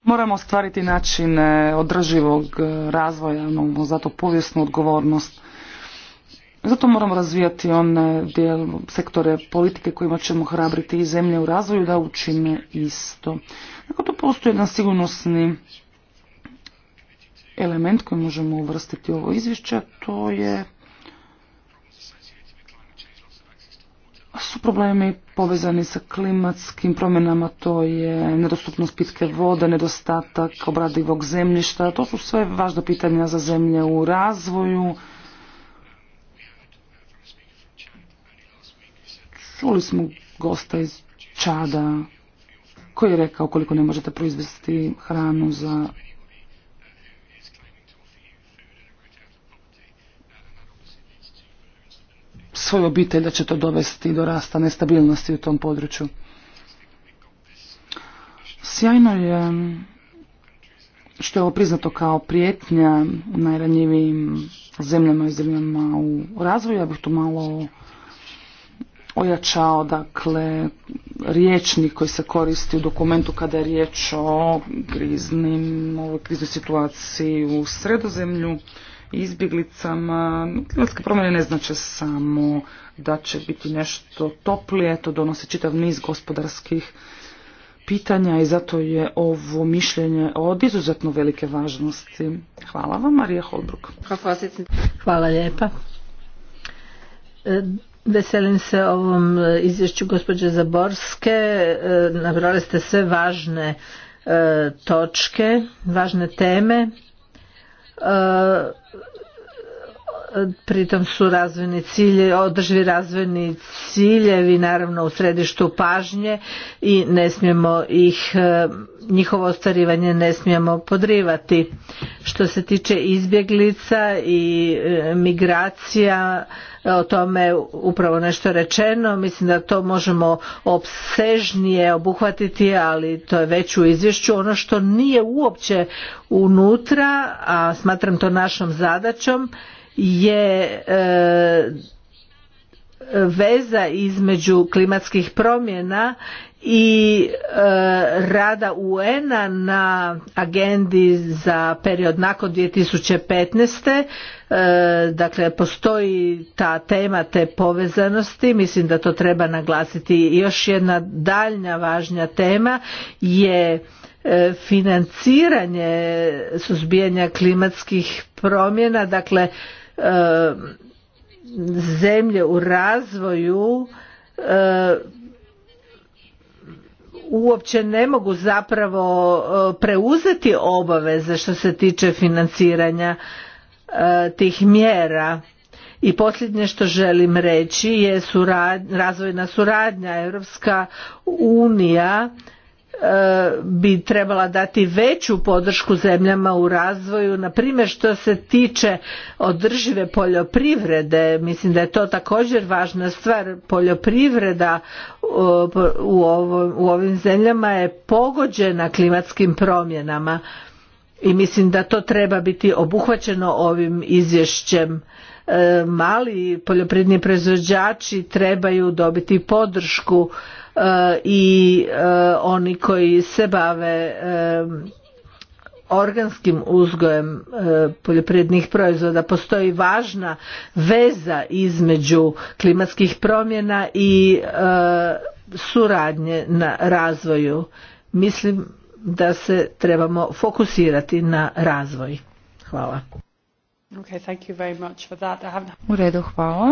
Moramo stvariti načine održivog e, razvoja, imamo zato povijesnu odgovornost. Zato moramo razvijati one dijel, sektore politike kojima ćemo hrabriti i zemlje u razvoju da učine isto. Dakle, to postoji jedan sigurnosni element koji možemo uvrstiti u ovo izvješće, to je su problemi povezani sa klimatskim promjenama, to je nedostupnost pitke vode, nedostatak obradivog zemljišta, to su sve važna pitanja za zemlje u razvoju. Čuli smo gosta iz Čada koji je rekao koliko ne možete proizvesti hranu za svoju obitelj da će to dovesti do rasta nestabilnosti u tom području. Sjajno je što je ovo priznato kao prijetnja najranjivijim zemljama i zemljama u razvoju. Ja bih tu malo ojačao, dakle, riječnik koji se koristi u dokumentu kada je riječ o kriznim, ovoj kriznoj situaciji u sredozemlju izbjeglicama. Klimatske promjene ne znače samo da će biti nešto toplije, to donosi čitav niz gospodarskih pitanja i zato je ovo mišljenje od izuzetno velike važnosti. Hvala vam, Marija Holbruk. Hvala lijepa. E, veselim se ovom izvješću gospođe Zaborske. E, nabrali ste sve važne e, točke, važne teme uh, pritom su razvojni cilje, održivi razvojni ciljevi naravno u središtu pažnje i ne smijemo ih, e, njihovo ostvarivanje ne smijemo podrivati. Što se tiče izbjeglica i e, migracija, o tome je upravo nešto rečeno, mislim da to možemo opsežnije obuhvatiti, ali to je već u izvješću. Ono što nije uopće unutra, a smatram to našom zadaćom, je e, veza između klimatskih promjena i e, rada UN-a na agendi za period nakon 2015. E, dakle, postoji ta tema te povezanosti, mislim da to treba naglasiti. još jedna daljnja važnja tema je e, financiranje suzbijanja klimatskih promjena, dakle zemlje u razvoju e, uopće ne mogu zapravo e, preuzeti obaveze što se tiče financiranja e, tih mjera. I posljednje što želim reći je razvojna suradnja Europska unija bi trebala dati veću podršku zemljama u razvoju na primjer što se tiče održive poljoprivrede mislim da je to također važna stvar poljoprivreda u ovim zemljama je pogođena klimatskim promjenama i mislim da to treba biti obuhvaćeno ovim izvješćem e, mali poljoprivredni proizvođači trebaju dobiti podršku E, i e, oni koji se bave e, organskim uzgojem poljoprivrednih proizvoda postoji važna veza između klimatskih promjena i suradnje na razvoju mislim da se trebamo fokusirati na razvoj hvala u redu hvala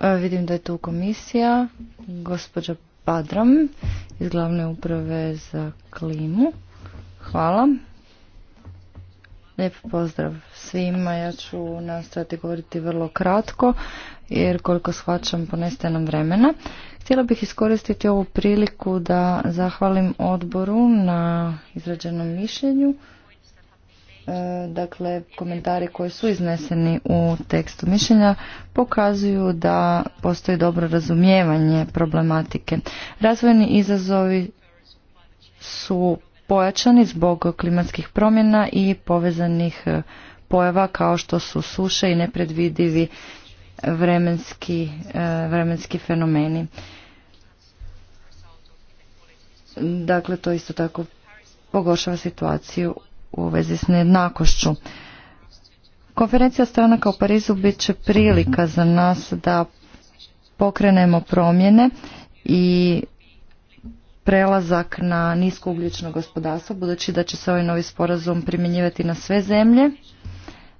E, vidim da je tu komisija, gospođa Padram iz glavne uprave za klimu. Hvala. Lijep pozdrav svima. Ja ću nastaviti govoriti vrlo kratko jer koliko shvaćam poneste nam vremena. Htjela bih iskoristiti ovu priliku da zahvalim odboru na izrađenom mišljenju. E, dakle komentari koji su izneseni u tekstu mišljenja pokazuju da postoji dobro razumijevanje problematike. Razvojni izazovi su pojačani zbog klimatskih promjena i povezanih e, pojava kao što su suše i nepredvidivi vremenski, e, vremenski fenomeni. Dakle, to isto tako pogoršava situaciju u vezi s nejednakošću. Konferencija stranaka u Parizu bit će prilika za nas da pokrenemo promjene i prelazak na niskougljično gospodarstvo, budući da će se ovaj novi sporazum primjenjivati na sve zemlje.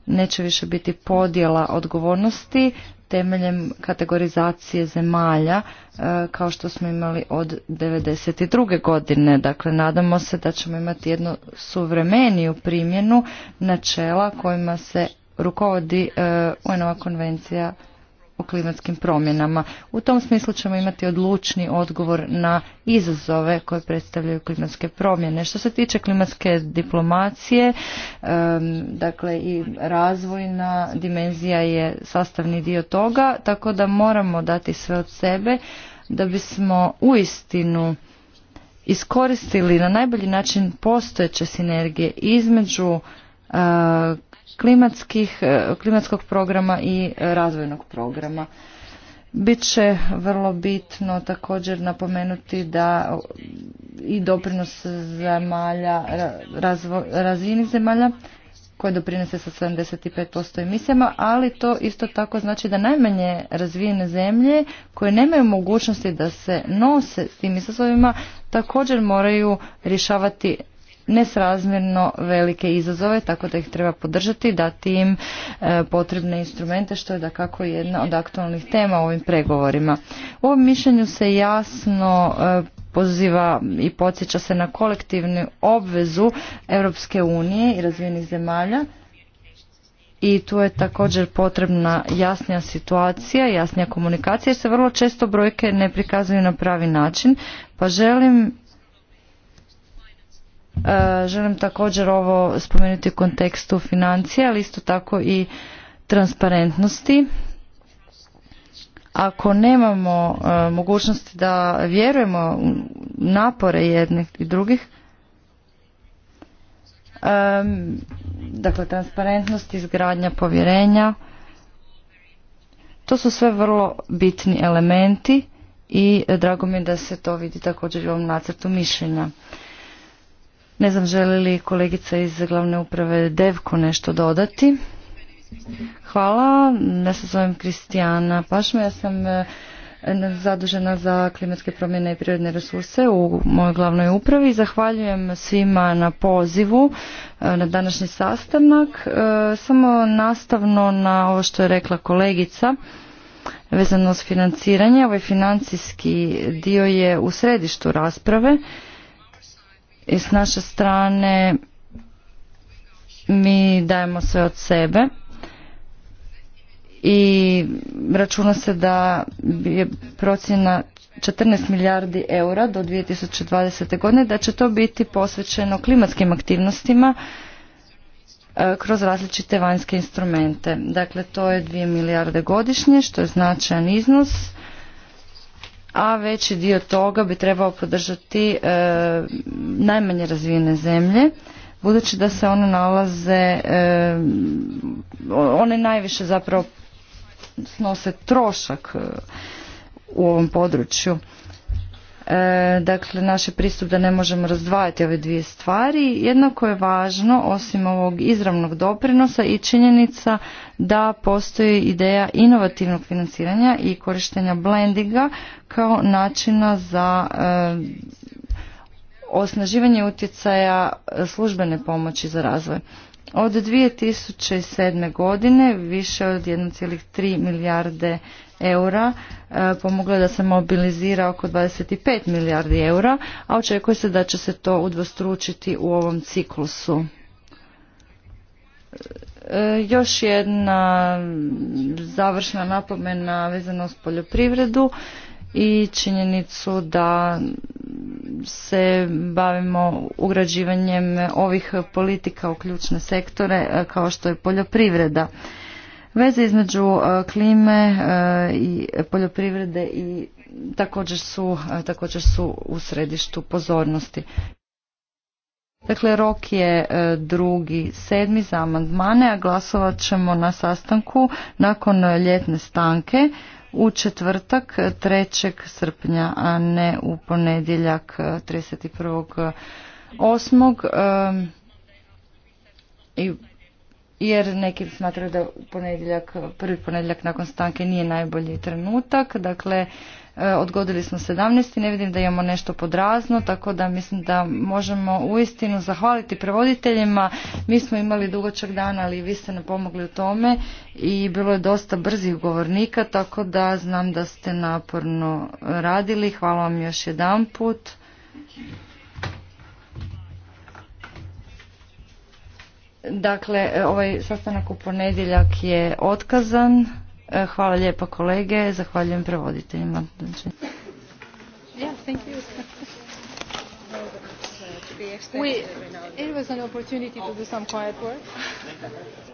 Neće više biti podjela odgovornosti temeljem kategorizacije zemalja e, kao što smo imali od 1992. godine. Dakle, nadamo se da ćemo imati jednu suvremeniju primjenu načela kojima se rukovodi e, UNOVA konvencija o klimatskim promjenama. U tom smislu ćemo imati odlučni odgovor na izazove koje predstavljaju klimatske promjene. Što se tiče klimatske diplomacije, dakle i razvojna dimenzija je sastavni dio toga, tako da moramo dati sve od sebe da bismo uistinu iskoristili na najbolji način postojeće sinergije između klimatskih, e, klimatskog programa i e, razvojnog programa. Biće vrlo bitno također napomenuti da i doprinos zemalja, razvo, razini zemalja koje doprinose sa 75% emisijama, ali to isto tako znači da najmanje razvijene zemlje koje nemaju mogućnosti da se nose s tim izazovima također moraju rješavati nesrazmjerno velike izazove, tako da ih treba podržati, dati im e, potrebne instrumente, što je da kako jedna od aktualnih tema u ovim pregovorima. U ovom mišljenju se jasno e, poziva i podsjeća se na kolektivnu obvezu Europske unije i razvijenih zemalja i tu je također potrebna jasnija situacija, jasnija komunikacija jer se vrlo često brojke ne prikazuju na pravi način pa želim E, želim također ovo spomenuti u kontekstu financija, ali isto tako i transparentnosti. Ako nemamo e, mogućnosti da vjerujemo u napore jednih i drugih, e, dakle transparentnost, izgradnja povjerenja, to su sve vrlo bitni elementi i drago mi je da se to vidi također u ovom nacrtu mišljenja. Ne znam, želi li kolegica iz glavne uprave Devko nešto dodati? Hvala, ja se zovem Kristijana Pašma, ja sam e, zadužena za klimatske promjene i prirodne resurse u mojoj glavnoj upravi. Zahvaljujem svima na pozivu e, na današnji sastanak. E, samo nastavno na ovo što je rekla kolegica vezano s financiranje, ovaj financijski dio je u središtu rasprave i s naše strane mi dajemo sve od sebe i računa se da je procjena 14 milijardi eura do 2020. godine, da će to biti posvećeno klimatskim aktivnostima e, kroz različite vanjske instrumente. Dakle, to je 2 milijarde godišnje, što je značajan iznos a veći dio toga bi trebao podržati e, najmanje razvijene zemlje budući da se one nalaze e, one najviše zapravo snose trošak e, u ovom području E, dakle naš pristup da ne možemo razdvajati ove dvije stvari. Jednako je važno, osim ovog izravnog doprinosa i činjenica da postoji ideja inovativnog financiranja i korištenja blendinga kao načina za e, osnaživanje utjecaja službene pomoći za razvoj. Od 2007. godine više od 1,3 milijarde eura e, pomoglo da se mobilizira oko 25 milijardi eura, a očekuje se da će se to udvostručiti u ovom ciklusu. E, još jedna završna napomena vezana uz poljoprivredu i činjenicu da se bavimo ugrađivanjem ovih politika u ključne sektore e, kao što je poljoprivreda. Veze između e, klime e, i poljoprivrede i također su, e, također su u središtu pozornosti. Dakle, rok je drugi sedmi za amandmane, a glasovat ćemo na sastanku nakon ljetne stanke u četvrtak 3. srpnja, a ne u ponedjeljak 31. osmog i jer neki smatraju da ponedjeljak, prvi ponedjeljak nakon stanke nije najbolji trenutak. Dakle, e, odgodili smo 17. Ne vidim da imamo nešto podrazno, tako da mislim da možemo uistinu zahvaliti prevoditeljima. Mi smo imali dugočak dan, ali vi ste nam pomogli u tome i bilo je dosta brzih govornika, tako da znam da ste naporno radili. Hvala vam još jedan put. Dakle, ovaj sastanak u ponedjeljak je otkazan. E, hvala lijepa kolege, zahvaljujem prevoditeljima. Znači- yeah, it was an opportunity to do some quiet